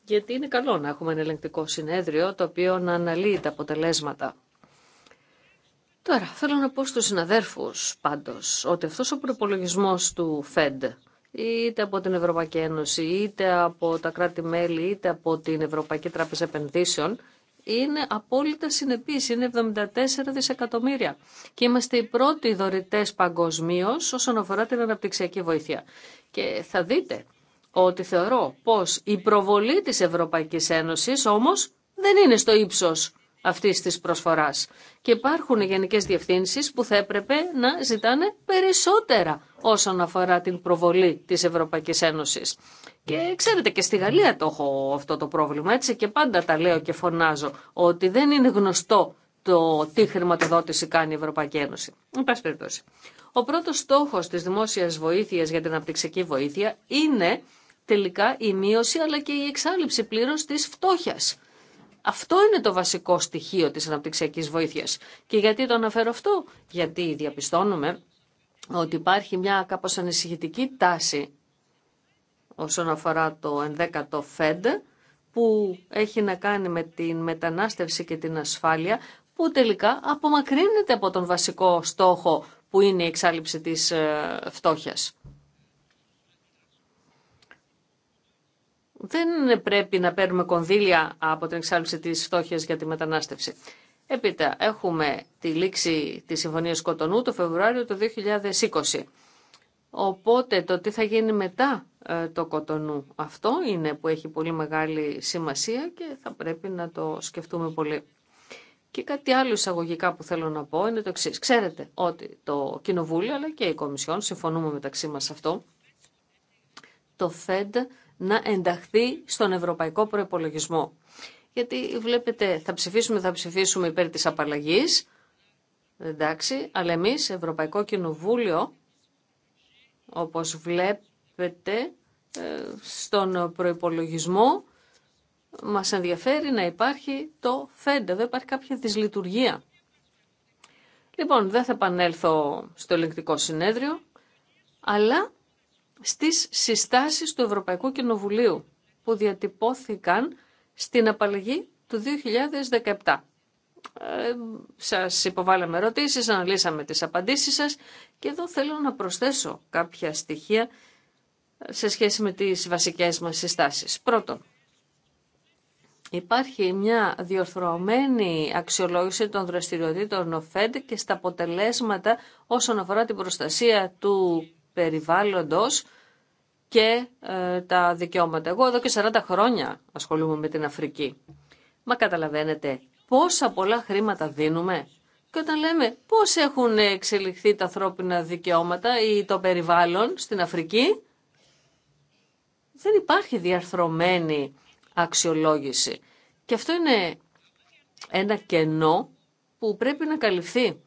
Γιατί είναι καλό να έχουμε ένα ελεγκτικό συνέδριο το οποίο να αναλύει τα αποτελέσματα. Τώρα, θέλω να πω στους συναδέρφους πάντως ότι αυτός ο προπολογισμό του ΦΕΔ είτε από την Ευρωπαϊκή Ένωση, είτε από τα κράτη-μέλη, είτε από την Ευρωπαϊκή Τράπεζα Επενδύσεων, είναι απόλυτα συνεπής, είναι 74 δισεκατομμύρια. Και είμαστε οι πρώτοι δωρητές παγκοσμίω όσον αφορά την αναπτυξιακή βοήθεια. Και θα δείτε ότι θεωρώ πως η προβολή της Ευρωπαϊκής Ένωσης όμως δεν είναι στο ύψος αυτής της προσφοράς. Και υπάρχουν γενικές διευθύνσει που θα έπρεπε να ζητάνε περισσότερα όσον αφορά την προβολή της Ευρωπαϊκής Ένωσης. Και ξέρετε και στη Γαλλία το έχω αυτό το πρόβλημα έτσι και πάντα τα λέω και φωνάζω ότι δεν είναι γνωστό το τι χρηματοδότηση κάνει η Ευρωπαϊκή Ένωση. Εν πάση περιπτώσει. Ο πρώτο στόχο τη δημόσια βοήθεια για την απτυξιακή βοήθεια είναι τελικά η μείωση αλλά και η εξάλληψη πλήρω τη φτώχεια. Αυτό είναι το βασικό στοιχείο της αναπτυξιακής βοήθειας. Και γιατί το αναφέρω αυτό, γιατί διαπιστώνουμε ότι υπάρχει μια κάπως ανησυχητική τάση όσον αφορά το 11ο ΦΕΔ, που έχει να κάνει με την μετανάστευση και την ασφάλεια, που τελικά απομακρύνεται από τον βασικό στόχο που είναι η εξάλληψη της ε, φτώχειας. δεν πρέπει να παίρνουμε κονδύλια από την εξάλληψη της φτώχειας για τη μετανάστευση. Έπειτα έχουμε τη λήξη της Συμφωνίας Κοτονού το Φεβρουάριο του 2020. Οπότε το τι θα γίνει μετά ε, το Κοτονού αυτό είναι που έχει πολύ μεγάλη σημασία και θα πρέπει να το σκεφτούμε πολύ. Και κάτι άλλο εισαγωγικά που θέλω να πω είναι το εξή. Ξέρετε ότι το Κοινοβούλιο αλλά και η Κομισιόν, συμφωνούμε μεταξύ μας αυτό, το ΦΕΔ να ενταχθεί στον ευρωπαϊκό προπολογισμό. Γιατί βλέπετε, θα ψηφίσουμε, θα ψηφίσουμε υπέρ της απαλλαγής, εντάξει, αλλά εμείς, Ευρωπαϊκό Κοινοβούλιο, όπως βλέπετε, ε, στον προϋπολογισμό μας ενδιαφέρει να υπάρχει το ΦΕΝΤΕ, δεν υπάρχει κάποια δυσλειτουργία. Λοιπόν, δεν θα επανέλθω στο ελεγκτικό συνέδριο, αλλά στις συστάσεις του Ευρωπαϊκού Κοινοβουλίου που διατυπώθηκαν στην απαλλαγή του 2017. Ε, σας υποβάλαμε ερωτήσεις, αναλύσαμε τις απαντήσεις σας και εδώ θέλω να προσθέσω κάποια στοιχεία σε σχέση με τις βασικές μας συστάσεις. Πρώτον, υπάρχει μια διορθωμένη αξιολόγηση των δραστηριοτήτων ΟΦΕΔ και στα αποτελέσματα όσον αφορά την προστασία του περιβάλλοντος και ε, τα δικαιώματα. Εγώ εδώ και 40 χρόνια ασχολούμαι με την Αφρική. Μα καταλαβαίνετε πόσα πολλά χρήματα δίνουμε και όταν λέμε πώς έχουν εξελιχθεί τα ανθρώπινα δικαιώματα ή το περιβάλλον στην Αφρική, δεν υπάρχει διαρθρωμένη αξιολόγηση. Και αυτό είναι ένα κενό που πρέπει να καλυφθεί.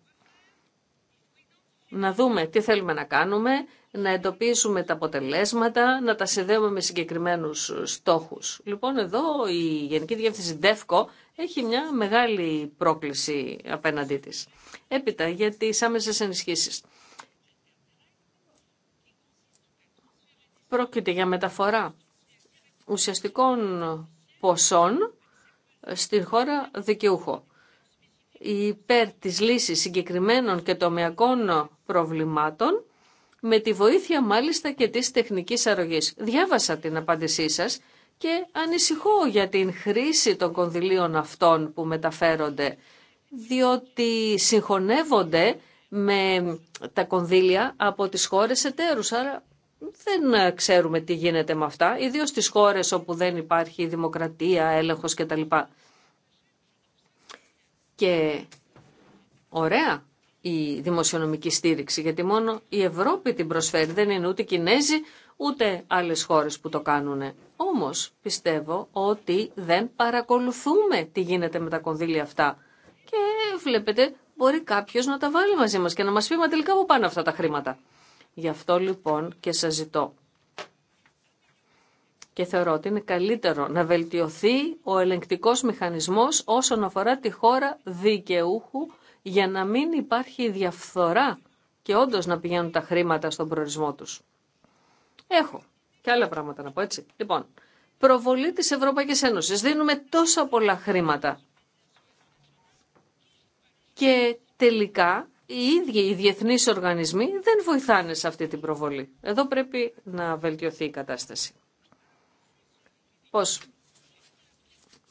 Να δούμε τι θέλουμε να κάνουμε, να εντοπίσουμε τα αποτελέσματα, να τα συνδέουμε με συγκεκριμένους στόχους. Λοιπόν, εδώ η Γενική Διεύθυνση ΔΕΦΚΟ έχει μια μεγάλη πρόκληση απέναντί της. Έπειτα, για τις άμεσες ενισχύσεις. Πρόκειται για μεταφορά ουσιαστικών ποσών στην χώρα δικαιούχο. Υπέρ της λύσης συγκεκριμένων και τομιακών προβλημάτων με τη βοήθεια μάλιστα και της τεχνικής αρρωγής. Διάβασα την απάντησή σας και ανησυχώ για την χρήση των κονδυλίων αυτών που μεταφέρονται, διότι συγχωνεύονται με τα κονδύλια από τις χώρες εταίρους, άρα δεν ξέρουμε τι γίνεται με αυτά, ιδίως στις χώρες όπου δεν υπάρχει δημοκρατία, έλεγχος κτλ. Και ωραία η δημοσιονομική στήριξη, γιατί μόνο η Ευρώπη την προσφέρει, δεν είναι ούτε Κινέζοι, ούτε άλλες χώρες που το κάνουν. Όμως πιστεύω ότι δεν παρακολουθούμε τι γίνεται με τα κονδύλια αυτά. Και βλέπετε, μπορεί κάποιος να τα βάλει μαζί μας και να μας πει, μα τελικά που πάνε αυτά τα χρήματα. Γι' αυτό λοιπόν και σας ζητώ. Και θεωρώ ότι είναι καλύτερο να βελτιωθεί ο ελεγκτικός μηχανισμός όσον αφορά τη χώρα δικαιούχου για να μην υπάρχει διαφθορά και όντω να πηγαίνουν τα χρήματα στον προορισμό τους. Έχω και άλλα πράγματα να πω έτσι. Λοιπόν, προβολή της Ευρωπαϊκή Ένωση. Δίνουμε τόσα πολλά χρήματα. Και τελικά οι ίδιοι οι διεθνείς οργανισμοί δεν βοηθάνε σε αυτή την προβολή. Εδώ πρέπει να βελτιωθεί η κατάσταση. Πώς.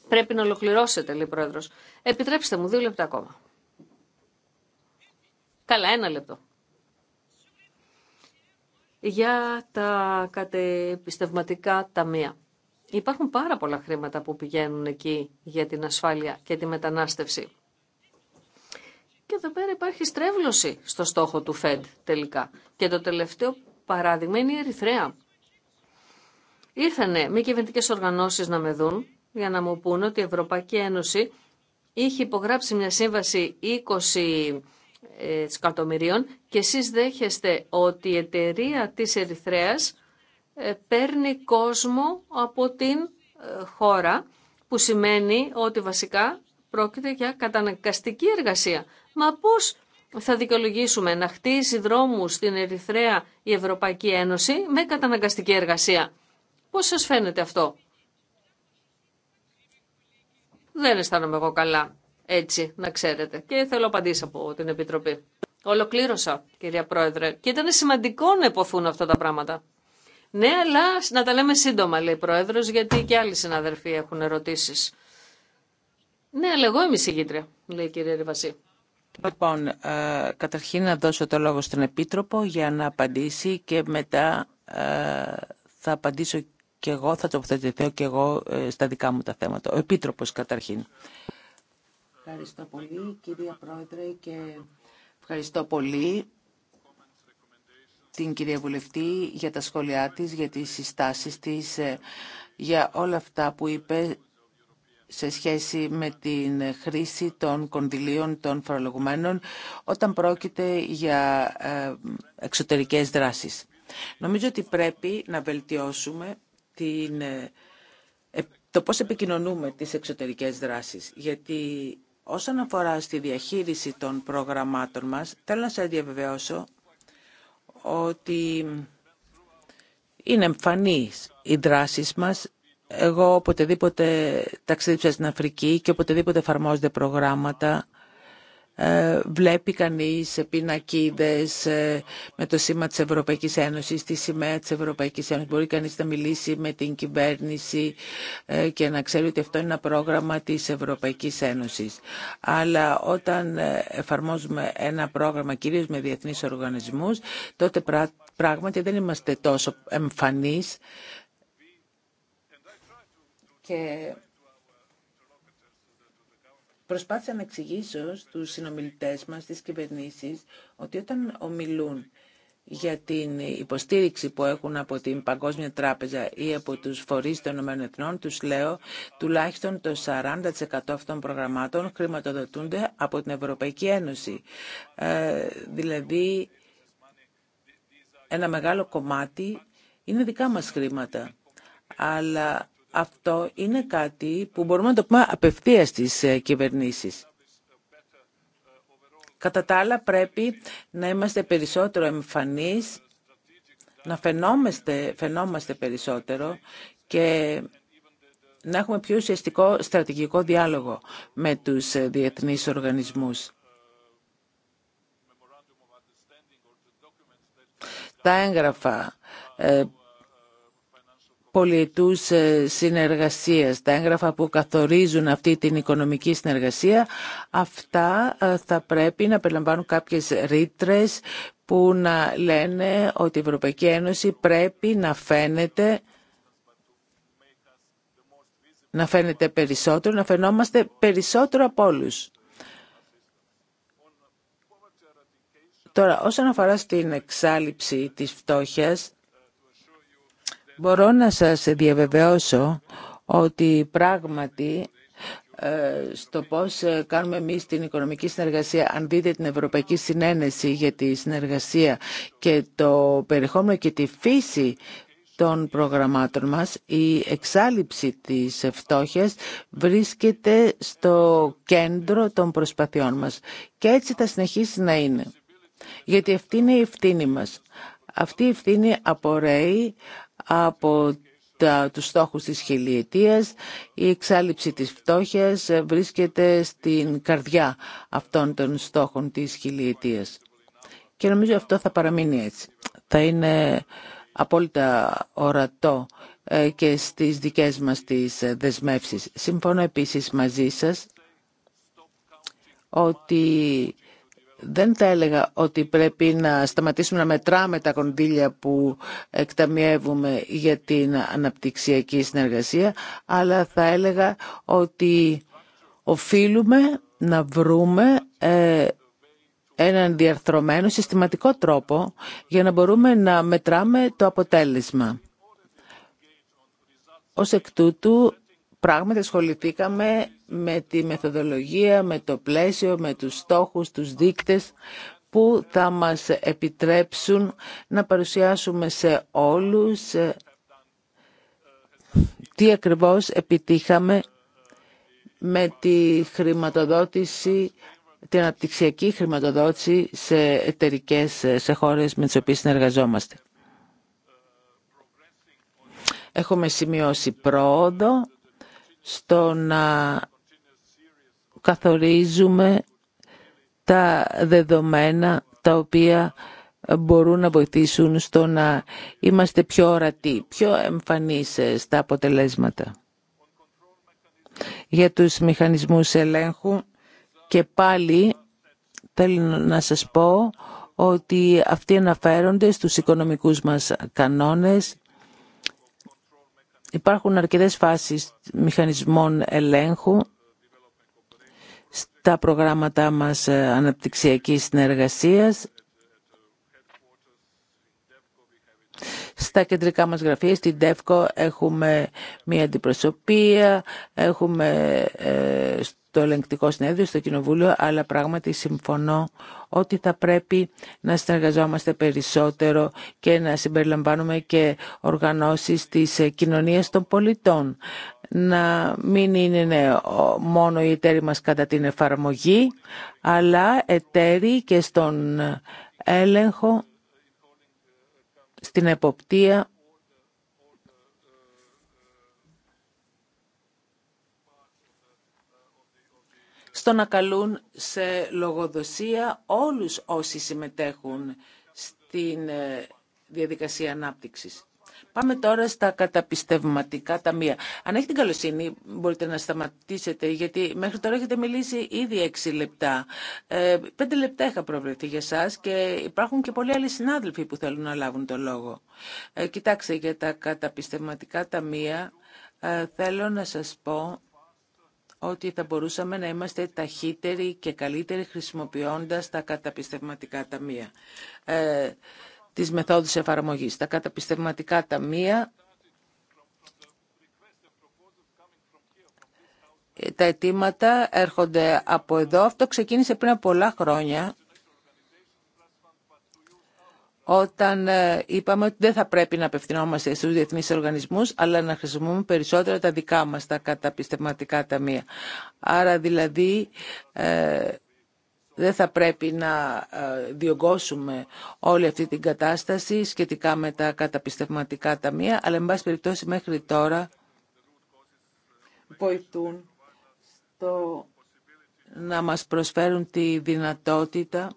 Πρέπει να ολοκληρώσετε, λέει ο Πρόεδρος. Επιτρέψτε μου δύο λεπτά ακόμα. Καλά, ένα λεπτό. Για τα κατεπιστευματικά ταμεία. Υπάρχουν πάρα πολλά χρήματα που πηγαίνουν εκεί για την ασφάλεια και τη μετανάστευση. Και εδώ πέρα υπάρχει στρέβλωση στο στόχο του ΦΕΔ τελικά. Και το τελευταίο παράδειγμα είναι η Ερυθρέα. Ήρθανε μη κυβερνητικέ οργανώσεις να με δουν για να μου πούνε ότι η Ευρωπαϊκή Ένωση είχε υπογράψει μια σύμβαση 20 σκατομμυρίων και εσείς δέχεστε ότι η εταιρεία της Ερυθρέας ε, παίρνει κόσμο από την ε, χώρα που σημαίνει ότι βασικά πρόκειται για καταναγκαστική εργασία. Μα πώς θα δικαιολογήσουμε να χτίζει δρόμους στην Ερυθρέα η Ευρωπαϊκή Ένωση με καταναγκαστική εργασία. Πώς σας φαίνεται αυτό. Δεν αισθάνομαι εγώ καλά. Έτσι, να ξέρετε. Και θέλω απαντήσει από την Επιτροπή. Ολοκλήρωσα, κυρία Πρόεδρε. Και ήταν σημαντικό να υποθούν αυτά τα πράγματα. Ναι, αλλά να τα λέμε σύντομα, λέει η Πρόεδρος, γιατί και άλλοι συναδελφοί έχουν ερωτήσεις. Ναι, αλλά εγώ είμαι συγκίτρια, λέει η κυρία Ριβασί. Λοιπόν, ε, καταρχήν να δώσω το λόγο στον Επίτροπο για να απαντήσει και μετά ε, θα απαντήσω και εγώ, θα τοποθετηθώ και εγώ ε, στα δικά μου τα θέματα. Ο Επίτροπος καταρχήν. Ευχαριστώ πολύ, κυρία Πρόεδρε, και ευχαριστώ πολύ την κυρία Βουλευτή για τα σχόλιά της, για τις συστάσεις της, ε, για όλα αυτά που είπε σε σχέση με την χρήση των κονδυλίων των φορολογουμένων όταν πρόκειται για ε, εξωτερικές δράσεις. Νομίζω ότι πρέπει να βελτιώσουμε την, ε, το πώς επικοινωνούμε τις εξωτερικές δράσεις, γιατί Όσον αφορά στη διαχείριση των προγραμμάτων μας, θέλω να σας διαβεβαιώσω ότι είναι εμφανής η δράσεις μας. Εγώ οποτεδήποτε ταξίδεψα στην Αφρική και οποτεδήποτε εφαρμόζονται προγράμματα ε, βλέπει κανείς πινακίδες ε, με το σήμα της Ευρωπαϊκής Ένωσης, τη σημαία της Ευρωπαϊκής Ένωσης. Μπορεί κανείς να μιλήσει με την κυβέρνηση ε, και να ξέρει ότι αυτό είναι ένα πρόγραμμα της Ευρωπαϊκής Ένωσης. Αλλά όταν εφαρμόζουμε ένα πρόγραμμα κυρίως με διεθνείς οργανισμούς, τότε πράγματι δεν είμαστε τόσο εμφανείς Προσπάθησα να εξηγήσω στους συνομιλητές μας, στις κυβερνήσεις, ότι όταν ομιλούν για την υποστήριξη που έχουν από την Παγκόσμια Τράπεζα ή από τους φορείς των ΗΕ, τους λέω, τουλάχιστον το 40% αυτών των προγραμμάτων χρηματοδοτούνται από την Ευρωπαϊκή Ένωση. Ε, δηλαδή, ένα μεγάλο κομμάτι είναι δικά μας χρήματα. Αλλά αυτό είναι κάτι που μπορούμε να το πούμε απευθεία στις ε, κυβερνήσεις. Κατά τα άλλα πρέπει να είμαστε περισσότερο εμφανείς, να φαινόμαστε, φαινόμαστε περισσότερο και να έχουμε πιο ουσιαστικό στρατηγικό διάλογο με τους ε, διεθνείς οργανισμούς. Τα έγγραφα ε, πολιετούς ε, συνεργασίας, τα έγγραφα που καθορίζουν αυτή την οικονομική συνεργασία, αυτά ε, θα πρέπει να περιλαμβάνουν κάποιες ρήτρε που να λένε ότι η Ευρωπαϊκή Ένωση πρέπει να φαίνεται να φαίνεται περισσότερο, να φαινόμαστε περισσότερο από όλους. Τώρα, όσον αφορά στην εξάλληψη της φτώχειας, Μπορώ να σας διαβεβαιώσω ότι πράγματι ε, στο πώς ε, κάνουμε εμείς την οικονομική συνεργασία. Αν δείτε την Ευρωπαϊκή Συνένεση για τη συνεργασία και το περιεχόμενο και τη φύση των προγραμμάτων μας, η εξάλληψη της φτώχειας βρίσκεται στο κέντρο των προσπαθειών μας. Και έτσι θα συνεχίσει να είναι. Γιατί αυτή είναι η ευθύνη μας. Αυτή η ευθύνη απορρέει από τα, τους στόχους της χιλιετίας. Η εξάλληψη της φτώχειας βρίσκεται στην καρδιά αυτών των στόχων της χιλιετίας. Και νομίζω αυτό θα παραμείνει έτσι. Θα είναι απόλυτα ορατό ε, και στις δικές μας τις δεσμεύσεις. Συμφωνώ επίσης μαζί σας ότι δεν θα έλεγα ότι πρέπει να σταματήσουμε να μετράμε τα κονδύλια που εκταμιεύουμε για την αναπτυξιακή συνεργασία, αλλά θα έλεγα ότι οφείλουμε να βρούμε ε, έναν διαρθρωμένο, συστηματικό τρόπο για να μπορούμε να μετράμε το αποτέλεσμα. Ως εκ τούτου Πράγματι ασχοληθήκαμε με τη μεθοδολογία, με το πλαίσιο, με τους στόχους, τους δείκτες που θα μας επιτρέψουν να παρουσιάσουμε σε όλους ε, τι ακριβώς επιτύχαμε με τη χρηματοδότηση, την αναπτυξιακή χρηματοδότηση σε εταιρικές, ε, σε χώρες με τις οποίες συνεργαζόμαστε. Έχουμε σημειώσει πρόοδο στο να καθορίζουμε τα δεδομένα τα οποία μπορούν να βοηθήσουν στο να είμαστε πιο ορατοί, πιο εμφανείς ε, στα αποτελέσματα. Για τους μηχανισμούς ελέγχου και πάλι θέλω να σας πω ότι αυτοί αναφέρονται στους οικονομικούς μας κανόνες Υπάρχουν αρκετές φάσεις μηχανισμών ελέγχου στα προγράμματα μας ε, αναπτυξιακής συνεργασίας, Στα κεντρικά μας γραφεία, στην ΤΕΦΚΟ, έχουμε μία αντιπροσωπεία, έχουμε ε, το ελεγκτικό συνέδριο, στο κοινοβούλιο, αλλά πράγματι συμφωνώ ότι θα πρέπει να συνεργαζόμαστε περισσότερο και να συμπεριλαμβάνουμε και οργανώσεις της κοινωνίας των πολιτών. Να μην είναι ναι, μόνο οι εταίροι μας κατά την εφαρμογή, αλλά εταίροι και στον έλεγχο, στην εποπτεία στο να καλούν σε λογοδοσία όλους όσοι συμμετέχουν στην ε, διαδικασία ανάπτυξης. Πάμε τώρα στα καταπιστευματικά ταμεία. Αν έχετε καλοσύνη μπορείτε να σταματήσετε γιατί μέχρι τώρα έχετε μιλήσει ήδη έξι λεπτά. Ε, πέντε λεπτά είχα προβλεφθεί για εσά και υπάρχουν και πολλοί άλλοι συνάδελφοι που θέλουν να λάβουν το λόγο. Ε, κοιτάξτε για τα καταπιστευματικά ταμεία θέλω να σας πω ότι θα μπορούσαμε να είμαστε ταχύτεροι και καλύτεροι χρησιμοποιώντας τα καταπιστευματικά ταμεία, ε, τις μεθόδους εφαρμογής. Τα καταπιστευματικά ταμεία ε, τα αιτήματα έρχονται από εδώ. Αυτό ξεκίνησε πριν από πολλά χρόνια όταν ε, είπαμε ότι δεν θα πρέπει να απευθυνόμαστε στους διεθνείς οργανισμούς, αλλά να χρησιμοποιούμε περισσότερα τα δικά μας, τα καταπιστευματικά ταμεία. Άρα δηλαδή ε, δεν θα πρέπει να ε, διωγγώσουμε όλη αυτή την κατάσταση σχετικά με τα καταπιστευματικά ταμεία, αλλά εν πάση περιπτώσει μέχρι τώρα βοηθούν στο να μας προσφέρουν τη δυνατότητα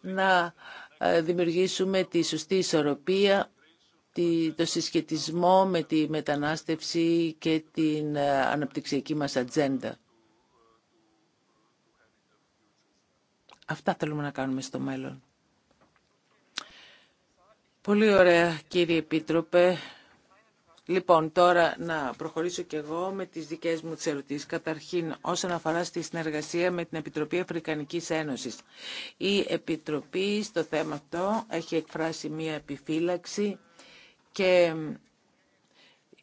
να ε, δημιουργήσουμε τη σωστή ισορροπία, το συσχετισμό με τη μετανάστευση και την ε, αναπτυξιακή μας ατζέντα. Αυτά θέλουμε να κάνουμε στο μέλλον. Πολύ ωραία κύριε Επίτροπε. Λοιπόν, τώρα να προχωρήσω και εγώ με τις δικές μου τις ερωτήσεις. Καταρχήν, όσον αφορά στη συνεργασία με την Επιτροπή Αφρικανικής Ένωσης. Η Επιτροπή στο θέμα αυτό έχει εκφράσει μία επιφύλαξη και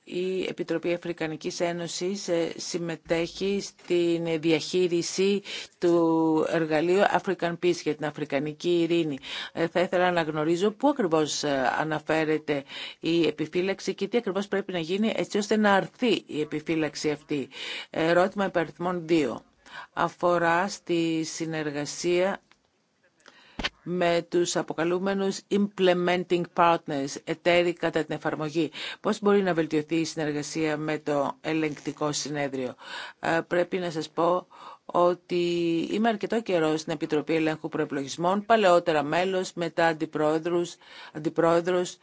η Επιτροπή Αφρικανικής Ένωσης ε, συμμετέχει στην διαχείριση του εργαλείου African Peace για την Αφρικανική Ειρήνη. Ε, θα ήθελα να γνωρίζω πού ακριβώς ε, αναφέρεται η επιφύλαξη και τι ακριβώς πρέπει να γίνει έτσι ώστε να αρθεί η επιφύλαξη αυτή. Ερώτημα υπαριθμών 2 αφορά στη συνεργασία με τους αποκαλούμενους implementing partners, εταίροι κατά την εφαρμογή. Πώς μπορεί να βελτιωθεί η συνεργασία με το ελεγκτικό συνέδριο. Ε, πρέπει να σας πω ότι είμαι αρκετό καιρό στην Επιτροπή Ελέγχου Προεπλογισμών, παλαιότερα μέλος, μετά αντιπρόεδρος, αντιπρόεδρος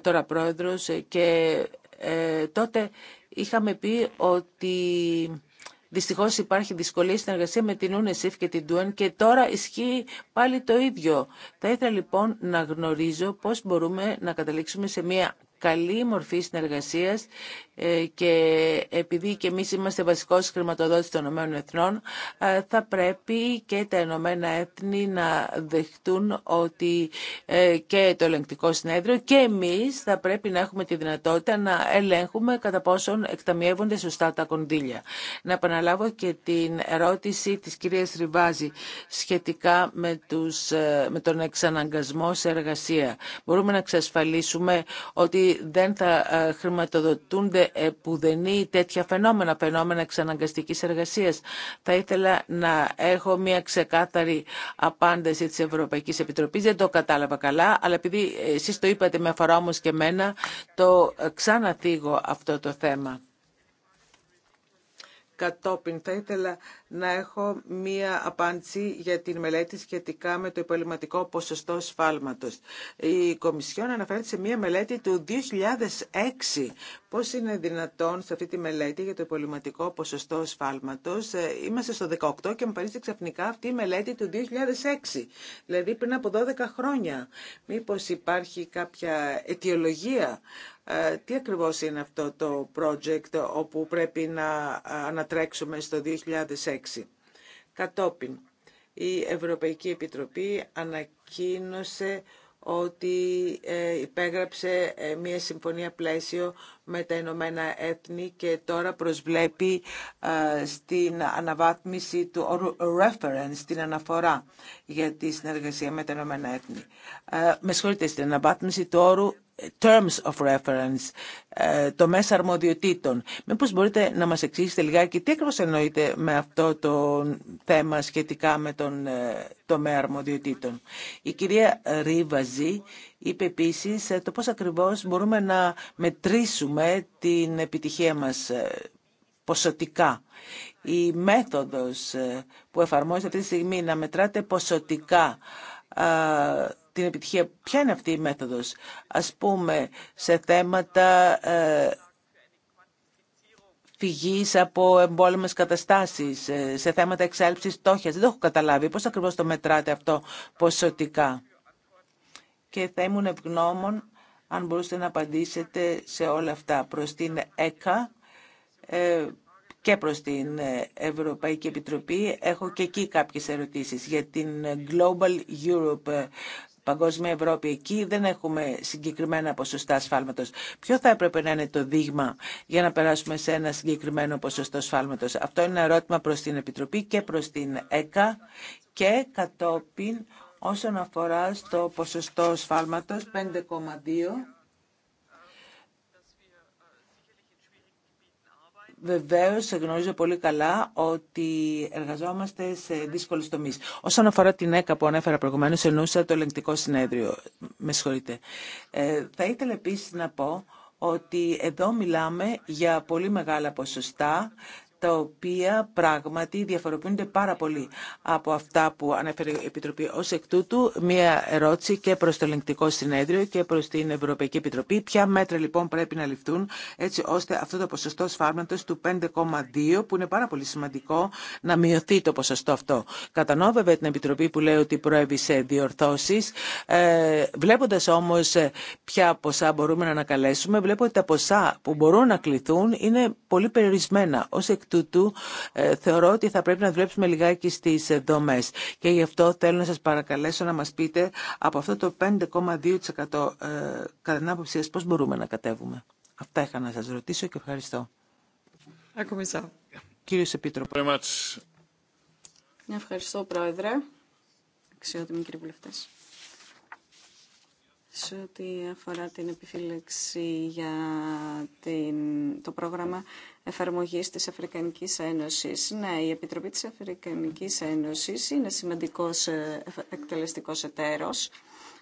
τώρα πρόεδρος ε, και ε, τότε είχαμε πει ότι Δυστυχώ υπάρχει δυσκολία στην εργασία με την UNICEF και την DUEN και τώρα ισχύει πάλι το ίδιο. Θα ήθελα λοιπόν να γνωρίζω πώ μπορούμε να καταλήξουμε σε μια καλή μορφή συνεργασία. Ε, και επειδή και εμείς είμαστε βασικός χρηματοδότης των Ηνωμένων Εθνών, ε, θα πρέπει και τα Ηνωμένα Έθνη να δεχτούν ότι ε, και το ελεγκτικό συνέδριο και εμείς θα πρέπει να έχουμε τη δυνατότητα να ελέγχουμε κατά πόσον εκταμιεύονται σωστά τα κονδύλια. Να επαναλάβω και την ερώτηση της κυρίας Ριβάζη σχετικά με, τους, με τον εξαναγκασμό σε εργασία. Μπορούμε να εξασφαλίσουμε ότι δεν θα χρηματοδοτούνται δεν είναι τέτοια φαινόμενα, φαινόμενα εξαναγκαστικής εργασίας. Θα ήθελα να έχω μια ξεκάθαρη απάντηση της Ευρωπαϊκής Επιτροπής. Δεν το κατάλαβα καλά, αλλά επειδή εσείς το είπατε με αφορά όμως και εμένα, το ξαναθίγω αυτό το θέμα. Κατόπιν θα ήθελα να έχω μία απάντηση για την μελέτη σχετικά με το υπολοιματικό ποσοστό σφάλματος. Η Κομισιόν αναφέρεται σε μία μελέτη του 2006. Πώς είναι δυνατόν σε αυτή τη μελέτη για το υπολοιματικό ποσοστό σφάλματος. Ε, είμαστε στο 18 και μου παρήσε ξαφνικά αυτή η μελέτη του 2006. Δηλαδή πριν από 12 χρόνια. Μήπως υπάρχει κάποια αιτιολογία ε, τι ακριβώς είναι αυτό το project όπου πρέπει να ε, ανατρέξουμε στο 2006. Κατόπιν, η Ευρωπαϊκή Επιτροπή ανακοίνωσε ότι ε, υπέγραψε μία συμφωνία πλαίσιο με τα Ηνωμένα Έθνη και τώρα προσβλέπει στην αναβάθμιση του όρου reference, την αναφορά για τη συνεργασία με τα Ηνωμένα Έθνη. Με συγχωρείτε, στην αναβάθμιση του όρου terms of reference, ε, μέσα αρμοδιοτήτων. Μήπως μπορείτε να μας εξηγήσετε λιγάκι τι ακριβώς εννοείτε με αυτό το θέμα σχετικά με τον ε, τομέα αρμοδιοτήτων. Η κυρία Ρίβαζη είπε επίσης ε, το πώς ακριβώς μπορούμε να μετρήσουμε την επιτυχία μας ποσοτικά. Η μέθοδος που εφαρμόζεται αυτή τη στιγμή να μετράτε ποσοτικά την επιτυχία. Ποια είναι αυτή η μέθοδος, ας πούμε, σε θέματα ε, φυγής από εμπόλεμες καταστάσεις, ε, σε θέματα εξάλληψης τόχιας. Δεν το έχω καταλάβει. Πώς ακριβώς το μετράτε αυτό ποσοτικά. Και θα ήμουν ευγνώμων αν μπορούσατε να απαντήσετε σε όλα αυτά προς την ΕΚΑ ε, και προς την Ευρωπαϊκή Επιτροπή. Έχω και εκεί κάποιες ερωτήσεις για την Global Europe παγκόσμια Ευρώπη. Εκεί δεν έχουμε συγκεκριμένα ποσοστά σφάλματος. Ποιο θα έπρεπε να είναι το δείγμα για να περάσουμε σε ένα συγκεκριμένο ποσοστό σφάλματος. Αυτό είναι ένα ερώτημα προς την Επιτροπή και προς την ΕΚΑ και κατόπιν όσον αφορά στο ποσοστό σφάλματος 5,2 Βεβαίως γνωρίζω πολύ καλά ότι εργαζόμαστε σε δύσκολους τομείς. Όσον αφορά την ΕΚΑ που ανέφερα προηγουμένως, εννοούσα το ελεγκτικό συνέδριο. Με συγχωρείτε. Ε, θα ήθελα επίσης να πω ότι εδώ μιλάμε για πολύ μεγάλα ποσοστά τα οποία πράγματι διαφοροποιούνται πάρα πολύ από αυτά που ανέφερε η Επιτροπή. Ως εκ τούτου, μία ερώτηση και προς το Ελεγκτικό Συνέδριο και προς την Ευρωπαϊκή Επιτροπή. Ποια μέτρα λοιπόν πρέπει να ληφθούν έτσι ώστε αυτό το ποσοστό σφάρματος του 5,2 που είναι πάρα πολύ σημαντικό να μειωθεί το ποσοστό αυτό. Κατανοώ βέβαια την Επιτροπή που λέει ότι προέβησε διορθώσει, διορθώσεις. Ε, βλέποντας όμως ποια ποσά μπορούμε να ανακαλέσουμε, βλέπω ότι τα ποσά που μπορούν να κληθούν είναι πολύ περιορισμένα. Ως τούτου ε, θεωρώ ότι θα πρέπει να δουλέψουμε λιγάκι στις ε, δομές. Και γι' αυτό θέλω να σας παρακαλέσω να μας πείτε από αυτό το 5,2% ε, κατά την άποψή σας πώς μπορούμε να κατέβουμε. Αυτά είχα να σας ρωτήσω και ευχαριστώ. Κύριος Επίτροπο. Ευχαριστώ, Πρόεδρε. Αξιότιμοι κύριοι βουλευτές. Σε ό,τι αφορά την επιφύλαξη για το πρόγραμμα εφαρμογή της Αφρικανικής Ένωση. Ναι, η Επιτροπή της Αφρικανικής Ένωση είναι σημαντικός ε, εκτελεστικό εταίρος.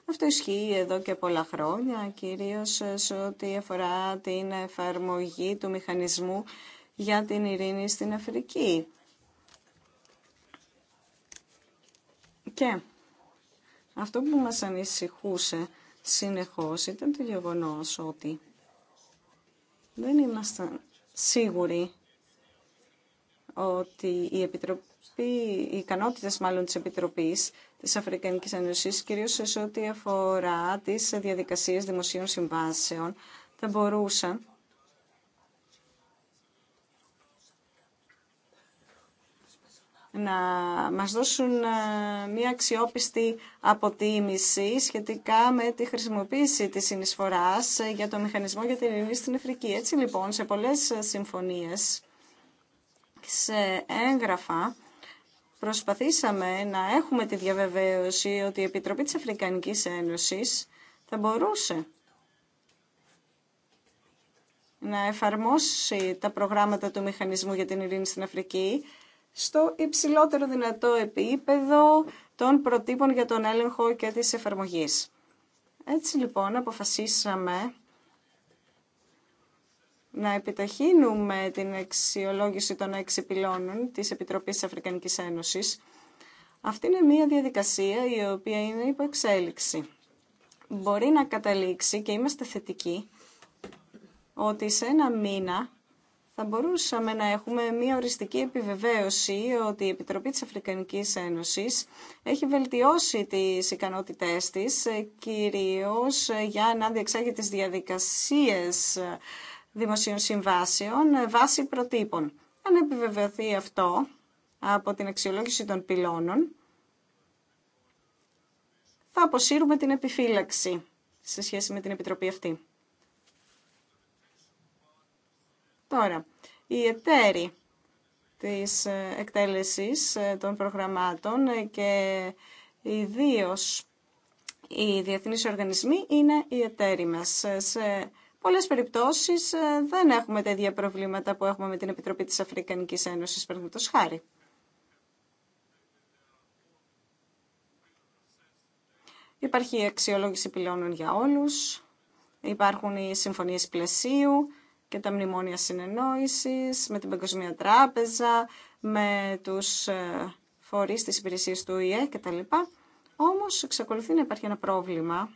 Αυτό ισχύει εδώ και πολλά χρόνια, κυρίως ε, σε ό,τι αφορά την εφαρμογή του μηχανισμού για την ειρήνη στην Αφρική. Και αυτό που μας ανησυχούσε συνεχώς ήταν το γεγονός ότι δεν ήμασταν σίγουροι ότι η Επιτροπή οι ικανότητε μάλλον της Επιτροπής της Αφρικανικής Ένωση, κυρίω σε ό,τι αφορά τις διαδικασίες δημοσίων συμβάσεων, θα μπορούσαν να μας δώσουν ε, μια αξιόπιστη αποτίμηση σχετικά με τη χρησιμοποίηση της συνεισφοράς ε, για το μηχανισμό για την ειρηνή στην Αφρική. Έτσι λοιπόν, σε πολλές ε, συμφωνίες, σε έγγραφα, προσπαθήσαμε να έχουμε τη διαβεβαίωση ότι η Επιτροπή της Αφρικανικής Ένωσης θα μπορούσε να εφαρμόσει τα προγράμματα του Μηχανισμού για την Ειρήνη στην Αφρική στο υψηλότερο δυνατό επίπεδο των προτύπων για τον έλεγχο και της εφαρμογής. Έτσι λοιπόν αποφασίσαμε να επιταχύνουμε την αξιολόγηση των έξι πυλώνων της Επιτροπής Αφρικανικής Ένωσης. Αυτή είναι μια διαδικασία η οποία είναι υπό εξέλιξη. Μπορεί να καταλήξει και είμαστε θετικοί ότι σε ένα μήνα θα μπορούσαμε να έχουμε μια οριστική επιβεβαίωση ότι η Επιτροπή της Αφρικανικής Ένωσης έχει βελτιώσει τις ικανότητές της, ε, κυρίως ε, για να διεξάγει τις διαδικασίες ε, δημοσίων συμβάσεων βάσει προτύπων. Αν επιβεβαιωθεί αυτό από την αξιολόγηση των πυλώνων, θα αποσύρουμε την επιφύλαξη σε σχέση με την Επιτροπή αυτή. Τώρα, οι εταίροι της ε, εκτέλεσης ε, των προγραμμάτων ε, και ιδίω οι διεθνείς οργανισμοί είναι οι εταίροι μας. Σε πολλές περιπτώσεις δεν έχουμε τα ίδια προβλήματα που έχουμε με την Επιτροπή της Αφρικανικής Ένωσης, παραδείγματος χάρη. Υπάρχει αξιολόγηση πυλώνων για όλους, υπάρχουν οι συμφωνίες πλαισίου, και τα μνημόνια συνεννόησης, με την Παγκοσμία Τράπεζα, με τους ε, φορείς της υπηρεσίας του ΙΕ κτλ. Όμως εξακολουθεί να υπάρχει ένα πρόβλημα,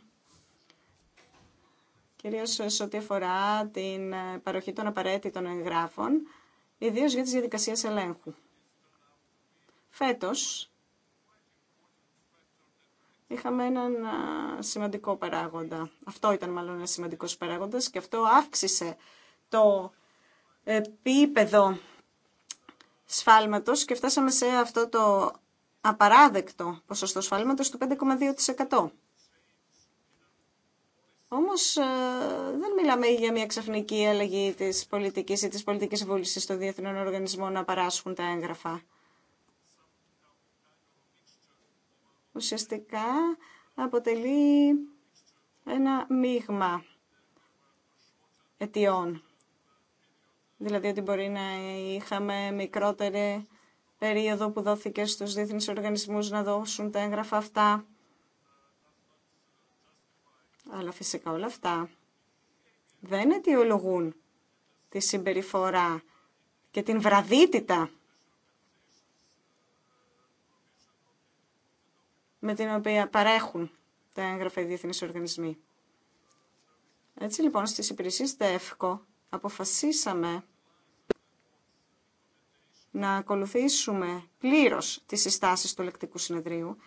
κυρίως σε ό,τι αφορά την ε, παροχή των απαραίτητων εγγράφων, ιδίως για τις διαδικασίες ελέγχου. Φέτος, είχαμε έναν ε, σημαντικό παράγοντα. Αυτό ήταν μάλλον ένα σημαντικός παράγοντας και αυτό αύξησε το επίπεδο σφάλματος και φτάσαμε σε αυτό το απαράδεκτο ποσοστό σφάλματος του 5,2%. Όμως ε, δεν μιλάμε για μια ξαφνική αλλαγή της πολιτικής ή της πολιτικής βούλησης των διεθνών οργανισμών να παράσχουν τα έγγραφα. Ουσιαστικά αποτελεί ένα μείγμα αιτιών. Δηλαδή ότι μπορεί να είχαμε μικρότερη περίοδο που δόθηκε στους διεθνείς οργανισμούς να δώσουν τα έγγραφα αυτά. Αλλά φυσικά όλα αυτά δεν αιτιολογούν τη συμπεριφορά και την βραδύτητα με την οποία παρέχουν τα έγγραφα οι διεθνείς οργανισμοί. Έτσι λοιπόν στις υπηρεσίες ΤΕΦΚΟ αποφασίσαμε να ακολουθήσουμε πλήρως τις συστάσεις του Λεκτικού Συνεδρίου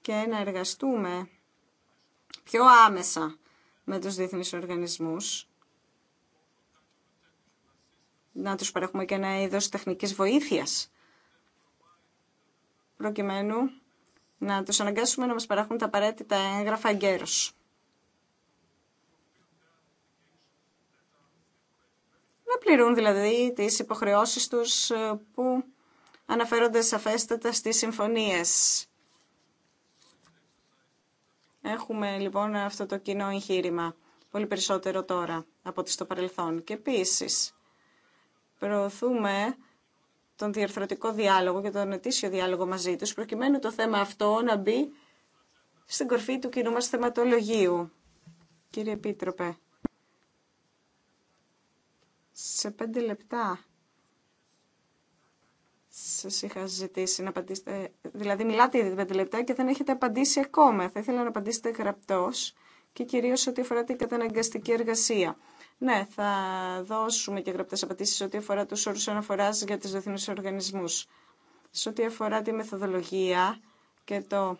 και να εργαστούμε πιο άμεσα με τους διεθνείς οργανισμούς, να τους παρέχουμε και ένα είδος τεχνικής βοήθειας, προκειμένου να τους αναγκάσουμε να μας παρέχουν τα απαραίτητα έγγραφα εγκαίρως. να πληρούν δηλαδή τις υποχρεώσεις τους ε, που αναφέρονται σαφέστατα στις συμφωνίες. Έχουμε λοιπόν αυτό το κοινό εγχείρημα πολύ περισσότερο τώρα από ό,τι στο παρελθόν. Και επίσης προωθούμε τον διαρθρωτικό διάλογο και τον ετήσιο διάλογο μαζί τους προκειμένου το θέμα αυτό να μπει στην κορφή του κοινού μας θεματολογίου. Κύριε Επίτροπε, σε πέντε λεπτά Σα είχα ζητήσει να απαντήσετε, δηλαδή μιλάτε ήδη πέντε λεπτά και δεν έχετε απαντήσει ακόμα. Θα ήθελα να απαντήσετε γραπτό και κυρίω ό,τι αφορά την καταναγκαστική εργασία. Ναι, θα δώσουμε και γραπτέ απαντήσει ό,τι αφορά του όρου αναφορά για του διεθνεί οργανισμού. Σε ό,τι αφορά τη μεθοδολογία και το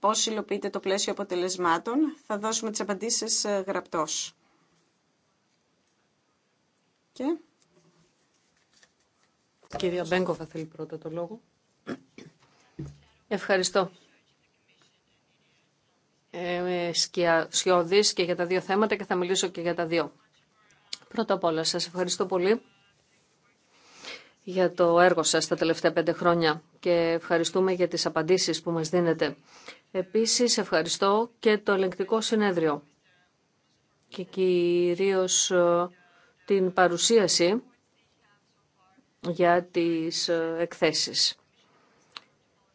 πώς υλοποιείται το πλαίσιο αποτελεσμάτων, θα δώσουμε τις απαντήσεις ε, γραπτώς. Και... Κυρία θα θέλει πρώτα το λόγο. Ευχαριστώ. Ε, σκιώδης και για τα δύο θέματα και θα μιλήσω και για τα δύο. Πρώτα απ' όλα σας ευχαριστώ πολύ για το έργο σας τα τελευταία πέντε χρόνια και ευχαριστούμε για τις απαντήσεις που μας δίνετε. Επίσης ευχαριστώ και το ελεγκτικό συνέδριο και κυρίως ε, την παρουσίαση για τις ε, εκθέσεις.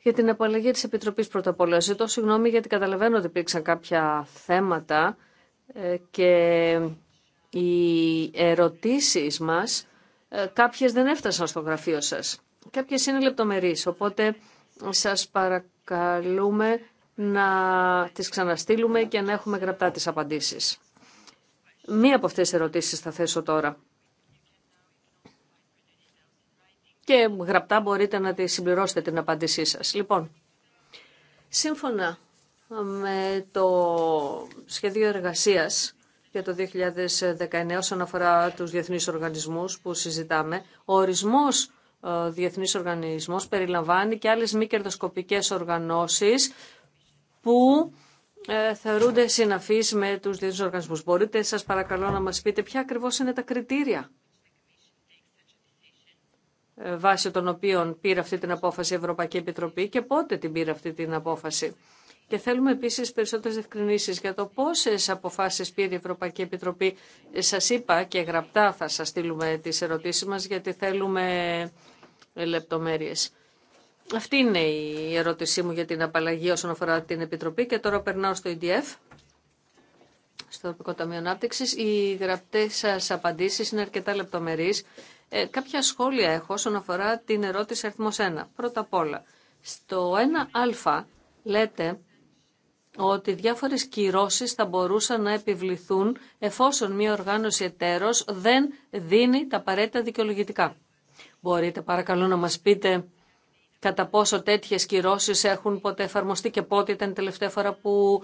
Για την απαλλαγή της Επιτροπής πρώτα απ' όλα. Ζητώ συγγνώμη γιατί καταλαβαίνω ότι υπήρξαν κάποια θέματα ε, και οι ερωτήσεις μας ε, κάποιες δεν έφτασαν στο γραφείο σας. Κάποιες είναι λεπτομερείς, οπότε σας παρακαλούμε να τις ξαναστείλουμε και να έχουμε γραπτά τις απαντήσεις. Μία από αυτές τις ερωτήσεις θα θέσω τώρα. Και γραπτά μπορείτε να τη συμπληρώσετε την απάντησή σας. Λοιπόν, σύμφωνα με το σχέδιο εργασίας για το 2019 όσον αφορά τους διεθνείς οργανισμούς που συζητάμε, ο ορισμός διεθνείς διεθνής οργανισμός περιλαμβάνει και άλλες μη κερδοσκοπικές οργανώσεις που ε, θεωρούνται συναφείς με τους διεθνείς οργανισμούς. Μπορείτε σας παρακαλώ να μας πείτε ποια ακριβώς είναι τα κριτήρια ε, βάσει των οποίων πήρε αυτή την απόφαση η Ευρωπαϊκή Επιτροπή και πότε την πήρε αυτή την απόφαση. Και θέλουμε επίση περισσότερε διευκρινήσει για το πόσε αποφάσει πήρε η Ευρωπαϊκή Επιτροπή. Ε, σα είπα και γραπτά θα σα στείλουμε τι ερωτήσει μα, γιατί θέλουμε λεπτομέρειες. Αυτή είναι η ερώτησή μου για την απαλλαγή όσον αφορά την Επιτροπή και τώρα περνάω στο EDF, στο Ευρωπαϊκό Ταμείο Ανάπτυξης. Οι γραπτές σας απαντήσεις είναι αρκετά λεπτομερείς. Ε, κάποια σχόλια έχω όσον αφορά την ερώτηση αριθμός 1. Πρώτα απ' όλα, στο 1α λέτε ότι διάφορες κυρώσεις θα μπορούσαν να επιβληθούν εφόσον μια οργάνωση εταίρος δεν δίνει τα απαραίτητα δικαιολογητικά. Μπορείτε παρακαλώ να μας πείτε κατά πόσο τέτοιες κυρώσεις έχουν ποτέ εφαρμοστεί και πότε ήταν τελευταία φορά που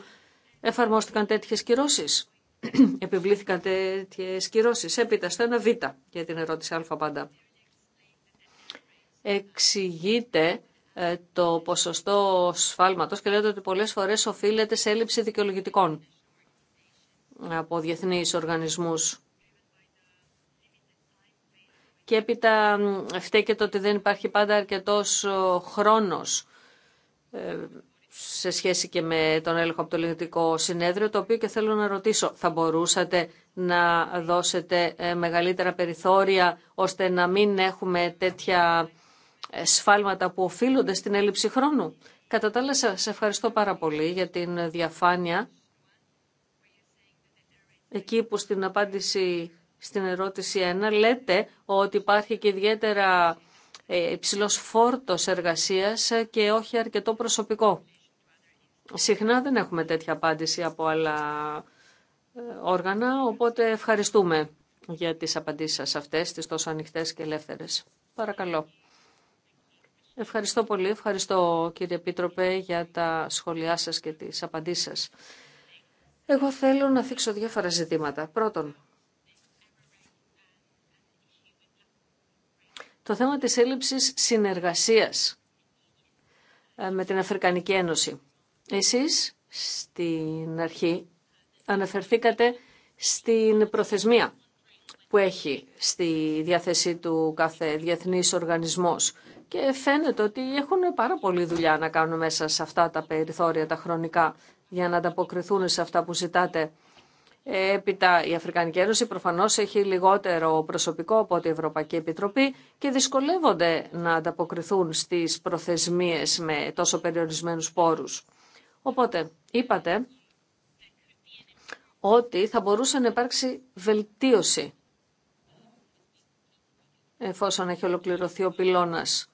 εφαρμόστηκαν τέτοιες κυρώσεις. Επιβλήθηκαν τέτοιες κυρώσεις. Έπειτα στο ένα β για την ερώτηση α πάντα. Εξηγείται ε, το ποσοστό σφάλματος και λέτε ότι πολλές φορές οφείλεται σε έλλειψη δικαιολογητικών από διεθνείς οργανισμούς και έπειτα φταίει και το ότι δεν υπάρχει πάντα αρκετός χρόνος ε, σε σχέση και με τον έλεγχο από το Ελληνικό Συνέδριο, το οποίο και θέλω να ρωτήσω, θα μπορούσατε να δώσετε ε, μεγαλύτερα περιθώρια ώστε να μην έχουμε τέτοια ε, σφάλματα που οφείλονται στην έλλειψη χρόνου. Κατά τα άλλα, ευχαριστώ πάρα πολύ για την διαφάνεια. Εκεί που στην απάντηση στην ερώτηση 1 λέτε ότι υπάρχει και ιδιαίτερα ε, υψηλό φόρτο εργασίας και όχι αρκετό προσωπικό. Συχνά δεν έχουμε τέτοια απάντηση από άλλα ε, όργανα, οπότε ευχαριστούμε για τις απαντήσεις σας αυτές, τις τόσο ανοιχτές και ελεύθερες. Παρακαλώ. Ευχαριστώ πολύ. Ευχαριστώ κύριε πίτροπε για τα σχόλιά σας και τις απαντήσεις σας. Εγώ θέλω να θίξω διάφορα ζητήματα. Πρώτον, το θέμα της έλλειψης συνεργασίας ε, με την Αφρικανική Ένωση. Εσείς στην αρχή αναφερθήκατε στην προθεσμία που έχει στη διάθεσή του κάθε διεθνής οργανισμός και φαίνεται ότι έχουν πάρα πολλή δουλειά να κάνουν μέσα σε αυτά τα περιθώρια τα χρονικά για να ανταποκριθούν σε αυτά που ζητάτε. Έπειτα η Αφρικανική Ένωση προφανώς έχει λιγότερο προσωπικό από την Ευρωπαϊκή Επιτροπή και δυσκολεύονται να ανταποκριθούν στις προθεσμίες με τόσο περιορισμένους πόρους. Οπότε είπατε ότι θα μπορούσε να υπάρξει βελτίωση εφόσον έχει ολοκληρωθεί ο πυλώνας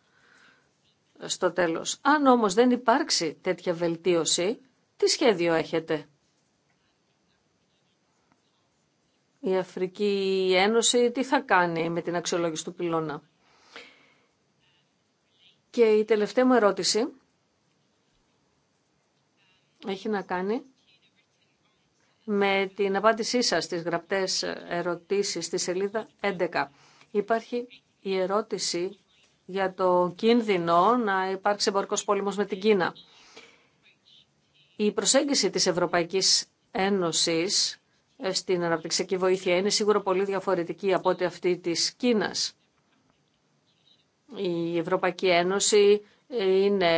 στο τέλος. Αν όμως δεν υπάρξει τέτοια βελτίωση, τι σχέδιο έχετε η Αφρική Ένωση τι θα κάνει με την αξιολόγηση του πυλώνα. Και η τελευταία μου ερώτηση έχει να κάνει με την απάντησή σας στις γραπτές ερωτήσεις στη σελίδα 11. Υπάρχει η ερώτηση για το κίνδυνο να υπάρξει εμπορικός πόλεμος με την Κίνα. Η προσέγγιση της Ευρωπαϊκής Ένωσης ε, στην αναπτυξιακή βοήθεια είναι σίγουρα πολύ διαφορετική από ό,τι αυτή της Κίνας. Η Ευρωπαϊκή Ένωση ε, είναι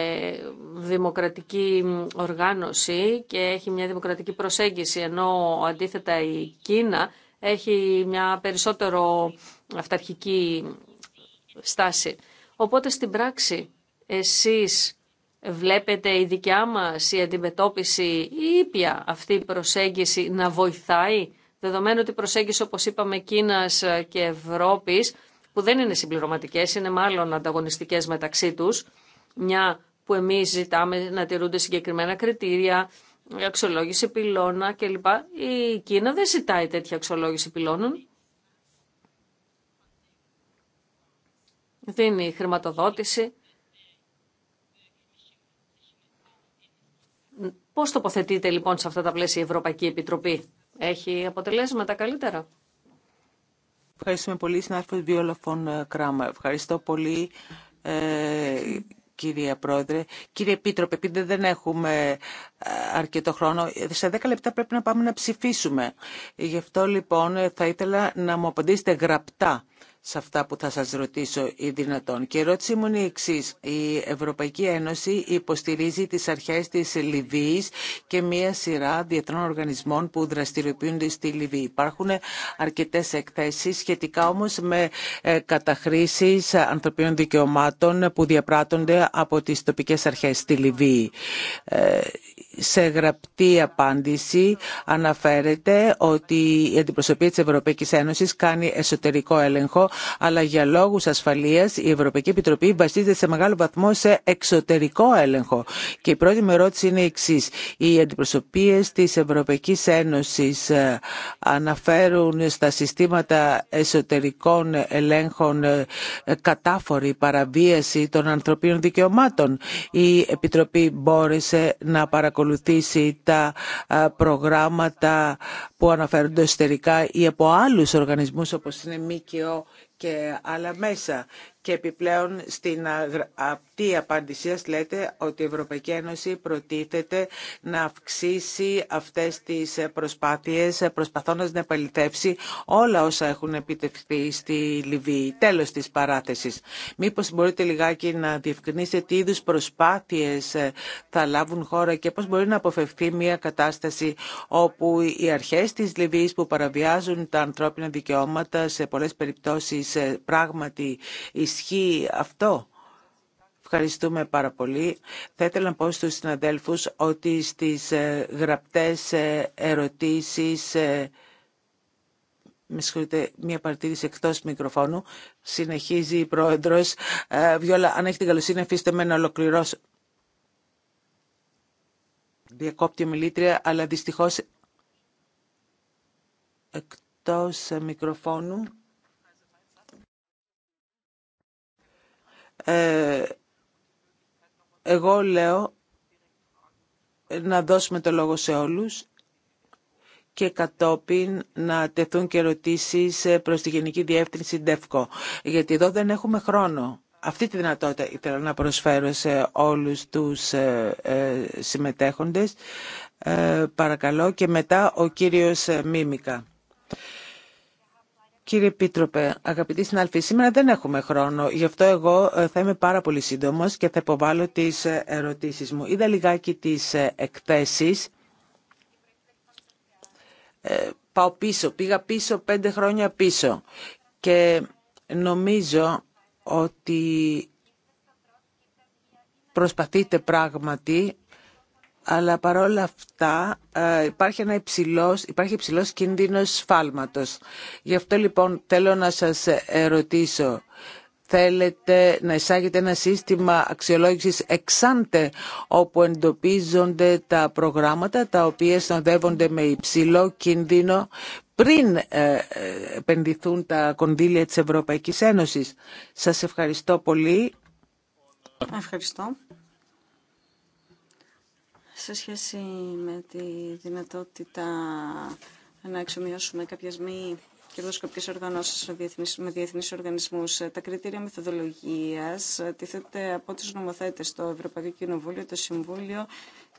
δημοκρατική οργάνωση και έχει μια δημοκρατική προσέγγιση, ενώ αντίθετα η Κίνα έχει μια περισσότερο αυταρχική στάση. Οπότε στην πράξη εσείς Βλέπετε η δικιά μας η αντιμετώπιση η ήπια αυτή η προσέγγιση να βοηθάει, δεδομένου ότι η προσέγγιση όπως είπαμε Κίνας και Ευρώπης, που δεν είναι συμπληρωματικές, είναι μάλλον ανταγωνιστικές μεταξύ τους, μια που εμείς ζητάμε να τηρούνται συγκεκριμένα κριτήρια, αξιολόγηση πυλώνα κλπ. Η Κίνα δεν ζητάει τέτοια αξιολόγηση πυλώνων. Δίνει χρηματοδότηση Πώς τοποθετείτε λοιπόν σε αυτά τα πλαίσια η Ευρωπαϊκή Επιτροπή. Έχει αποτελέσματα καλύτερα. Ευχαριστούμε πολύ, Βιόλα Φων ε, Κράμα. Ευχαριστώ πολύ, ε, κυρία Πρόεδρε. Κύριε Επίτροπε, επειδή δεν έχουμε ε, αρκετό χρόνο, σε 10 λεπτά πρέπει να πάμε να ψηφίσουμε. Γι' αυτό λοιπόν θα ήθελα να μου απαντήσετε γραπτά σε αυτά που θα σας ρωτήσω ή δυνατόν. Και η ερώτησή μου είναι η εξή. Η Ευρωπαϊκή Ένωση υποστηρίζει τις αρχές της Λιβύης και μία σειρά διεθνών οργανισμών που δραστηριοποιούνται στη Λιβύη. Υπάρχουν αρκετές εκθέσεις σχετικά όμως με ε, καταχρήσεις ανθρωπίνων δικαιωμάτων που διαπράττονται από τις τοπικές αρχές στη Λιβύη. Ε, σε γραπτή απάντηση αναφέρεται ότι η αντιπροσωπεία της Ευρωπαϊκής Ένωσης κάνει εσωτερικό έλεγχο, αλλά για λόγους ασφαλείας η Ευρωπαϊκή Επιτροπή βασίζεται σε μεγάλο βαθμό σε εξωτερικό έλεγχο. Και η πρώτη μου ερώτηση είναι η εξή. Οι αντιπροσωπείες της Ευρωπαϊκής Ένωσης ε, αναφέρουν στα συστήματα εσωτερικών ελέγχων ε, κατάφορη παραβίαση των ανθρωπίνων δικαιωμάτων. Η Επιτροπή μπόρεσε να παρακολουθήσει τα προγράμματα που αναφέρονται εσωτερικά ή από άλλους οργανισμούς όπως είναι ΜΚΟ και άλλα μέσα και επιπλέον στην απτή απάντησή λέτε ότι η Ευρωπαϊκή Ένωση προτίθεται να αυξήσει αυτές τις προσπάθειες προσπαθώντας να επαληθεύσει όλα όσα έχουν επιτευχθεί στη Λιβύη. Τέλος της παράθεσης. Μήπως μπορείτε λιγάκι να διευκρινίσετε τι είδους προσπάθειες ε, θα λάβουν χώρα και πώς μπορεί να αποφευθεί μια κατάσταση όπου οι αρχές της Λιβύης που παραβιάζουν τα ανθρώπινα δικαιώματα σε πολλές περιπτώσεις ε, πράγματι Ισχύει αυτό. Ευχαριστούμε πάρα πολύ. Θα ήθελα να πω στους συναδέλφους ότι στις ε, γραπτές ε, ερωτήσεις ε, με συγχωρείτε, μια παρατήρηση εκτό μικροφώνου. Συνεχίζει η πρόεδρο. Βιόλα, αν έχετε καλοσύνη, αφήστε με να ολοκληρώσω. Διακόπτει η μιλήτρια, αλλά δυστυχώ εκτό μικροφώνου. Ε, εγώ λέω να δώσουμε το λόγο σε όλους και κατόπιν να τεθούν και ερωτήσεις προς τη Γενική Διεύθυνση ΔΕΦΚΟ. Γιατί εδώ δεν έχουμε χρόνο. Αυτή τη δυνατότητα ήθελα να προσφέρω σε όλους τους ε, ε, συμμετέχοντες. Παρακαλώ και μετά ο κύριος Μίμικα. Κύριε Επίτροπε, αγαπητοί συνάλφοι, σήμερα δεν έχουμε χρόνο. Γι' αυτό εγώ ε, θα είμαι πάρα πολύ σύντομος και θα υποβάλω τις ε, ερωτήσεις μου. Είδα λιγάκι τις ε, εκθέσεις. Ε, πάω πίσω, πήγα πίσω πέντε χρόνια πίσω. Και νομίζω ότι προσπαθείτε πράγματι αλλά παρόλα αυτά ε, υπάρχει ένα υψηλός, υπάρχει υψηλός κίνδυνος σφάλματος. Γι' αυτό λοιπόν θέλω να σας ερωτήσω, θέλετε να εισάγετε ένα σύστημα αξιολόγησης εξάντε όπου εντοπίζονται τα προγράμματα τα οποία συνοδεύονται με υψηλό κίνδυνο πριν ε, ε, επενδυθούν τα κονδύλια της Ευρωπαϊκής Ένωσης. Σας ευχαριστώ πολύ. Ευχαριστώ σε σχέση με τη δυνατότητα να εξομοιώσουμε κάποιες μη κερδοσκοπικές οργανώσεις με διεθνείς οργανισμούς. Τα κριτήρια μεθοδολογίας τίθεται από τους νομοθέτες το Ευρωπαϊκό Κοινοβούλιο, το Συμβούλιο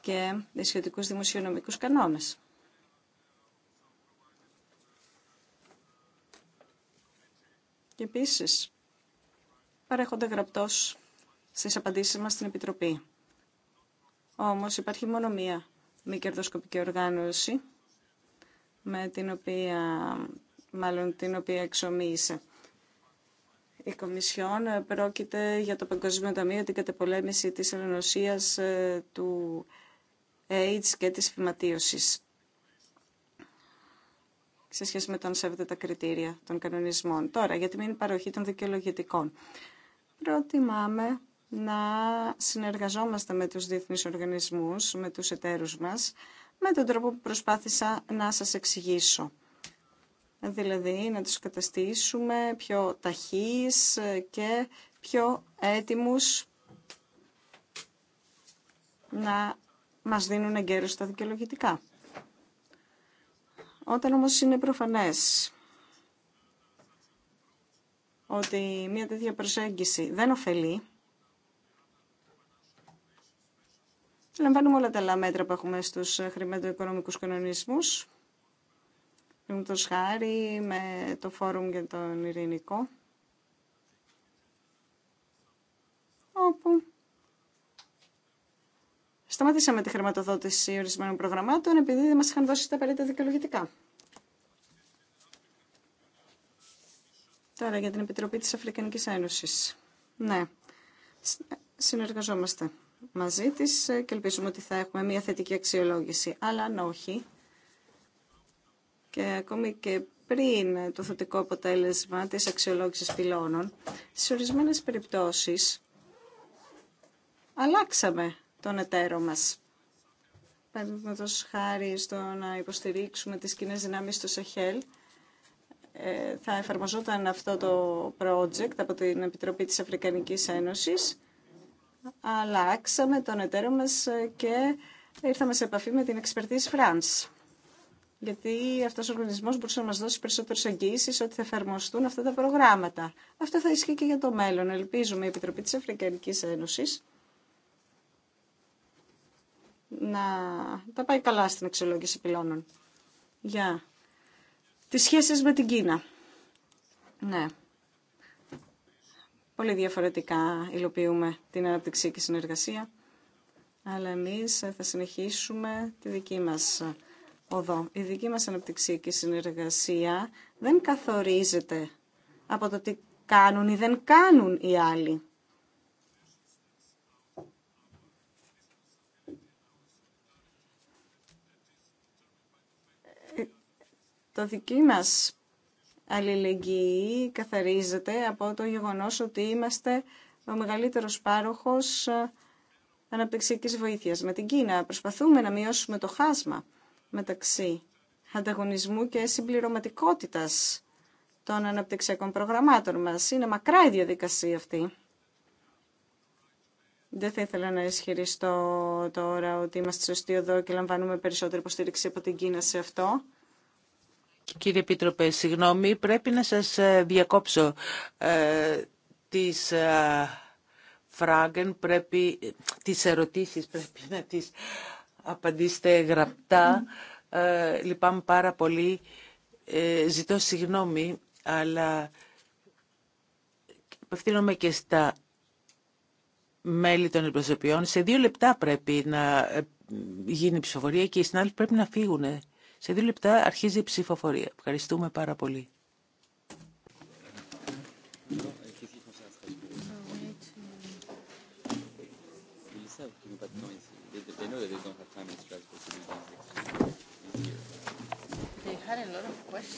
και οι σχετικούς δημοσιονομικούς κανόνες. Και επίσης παρέχονται γραπτός στις απαντήσεις μας στην Επιτροπή. Όμως υπάρχει μόνο μία μη κερδοσκοπική οργάνωση με την οποία, μάλλον την οποία εξομοίησε. Η Κομισιόν πρόκειται για το Παγκόσμιο Ταμείο την κατεπολέμηση της ελληνοσίας ε, του AIDS και της φυματίωσης σε σχέση με το σέβεται τα κριτήρια των κανονισμών. Τώρα, για τη μην παροχή των δικαιολογητικών. Προτιμάμε να συνεργαζόμαστε με τους διεθνείς οργανισμούς, με τους εταίρους μας, με τον τρόπο που προσπάθησα να σας εξηγήσω. Δηλαδή να τους καταστήσουμε πιο ταχείς και πιο έτοιμους να μας δίνουν εγκαίρους τα δικαιολογητικά. Όταν όμως είναι προφανές ότι μια τέτοια προσέγγιση δεν ωφελεί, Λαμβάνουμε όλα τα άλλα μέτρα που έχουμε στους χρηματοοικονομικούς κανονισμούς. Με το σχάρι με το φόρουμ για τον ειρηνικό. Όπου σταματήσαμε τη χρηματοδότηση ορισμένων προγραμμάτων επειδή δεν μας είχαν δώσει τα απαραίτητα δικαιολογητικά. Τώρα για την Επιτροπή της Αφρικανικής Ένωσης. Ναι, συνεργαζόμαστε μαζί της ε, και ελπίζουμε ότι θα έχουμε μια θετική αξιολόγηση. Αλλά αν όχι, και ακόμη και πριν το θετικό αποτέλεσμα της αξιολόγησης πυλώνων, σε ορισμένες περιπτώσεις αλλάξαμε τον εταίρο μας. Παραδείγματο χάρη στο να υποστηρίξουμε τις κοινέ δυνάμεις στο ΣΑΧΕΛ, ε, θα εφαρμοζόταν αυτό το project από την Επιτροπή της Αφρικανικής Ένωσης αλλάξαμε τον εταίρο μας ε, και ήρθαμε σε επαφή με την Expertise France. Γιατί αυτός ο οργανισμός μπορούσε να μας δώσει περισσότερες εγγύησεις ότι θα εφαρμοστούν αυτά τα προγράμματα. Αυτό θα ισχύει και για το μέλλον. Ελπίζουμε η Επιτροπή της Αφρικανικής Ένωσης να τα πάει καλά στην αξιολόγηση πυλώνων. Για τις σχέσεις με την Κίνα. Ναι, Πολύ διαφορετικά υλοποιούμε την αναπτυξιακή συνεργασία, αλλά εμείς θα συνεχίσουμε τη δική μας οδό. Η δική μας αναπτυξιακή συνεργασία δεν καθορίζεται από το τι κάνουν ή δεν κάνουν οι άλλοι. Ε, το δική μας αλληλεγγύη καθαρίζεται από το γεγονός ότι είμαστε ο μεγαλύτερος πάροχος ε, αναπτυξιακής βοήθειας. Με την Κίνα προσπαθούμε να μειώσουμε το χάσμα μεταξύ ανταγωνισμού και συμπληρωματικότητας των αναπτυξιακών προγραμμάτων μας. Είναι μακρά η διαδικασία αυτή. Δεν θα ήθελα να ισχυριστώ τώρα ότι είμαστε σωστοί εδώ και λαμβάνουμε περισσότερη υποστήριξη από την Κίνα σε αυτό. Κύριε Επίτροπε, συγγνώμη, πρέπει να σας ε, διακόψω. Ε, τις ε, πρέπει, τις ερωτήσεις πρέπει να τις απαντήσετε γραπτά. Ε, λυπάμαι πάρα πολύ. Ε, ζητώ συγγνώμη, αλλά απευθύνομαι και στα μέλη των Σε δύο λεπτά πρέπει να ε, γίνει η ψηφοφορία και οι συνάδελφοι πρέπει να φύγουν. Σε δύο λεπτά αρχίζει η ψηφοφορία. Ευχαριστούμε πάρα πολύ.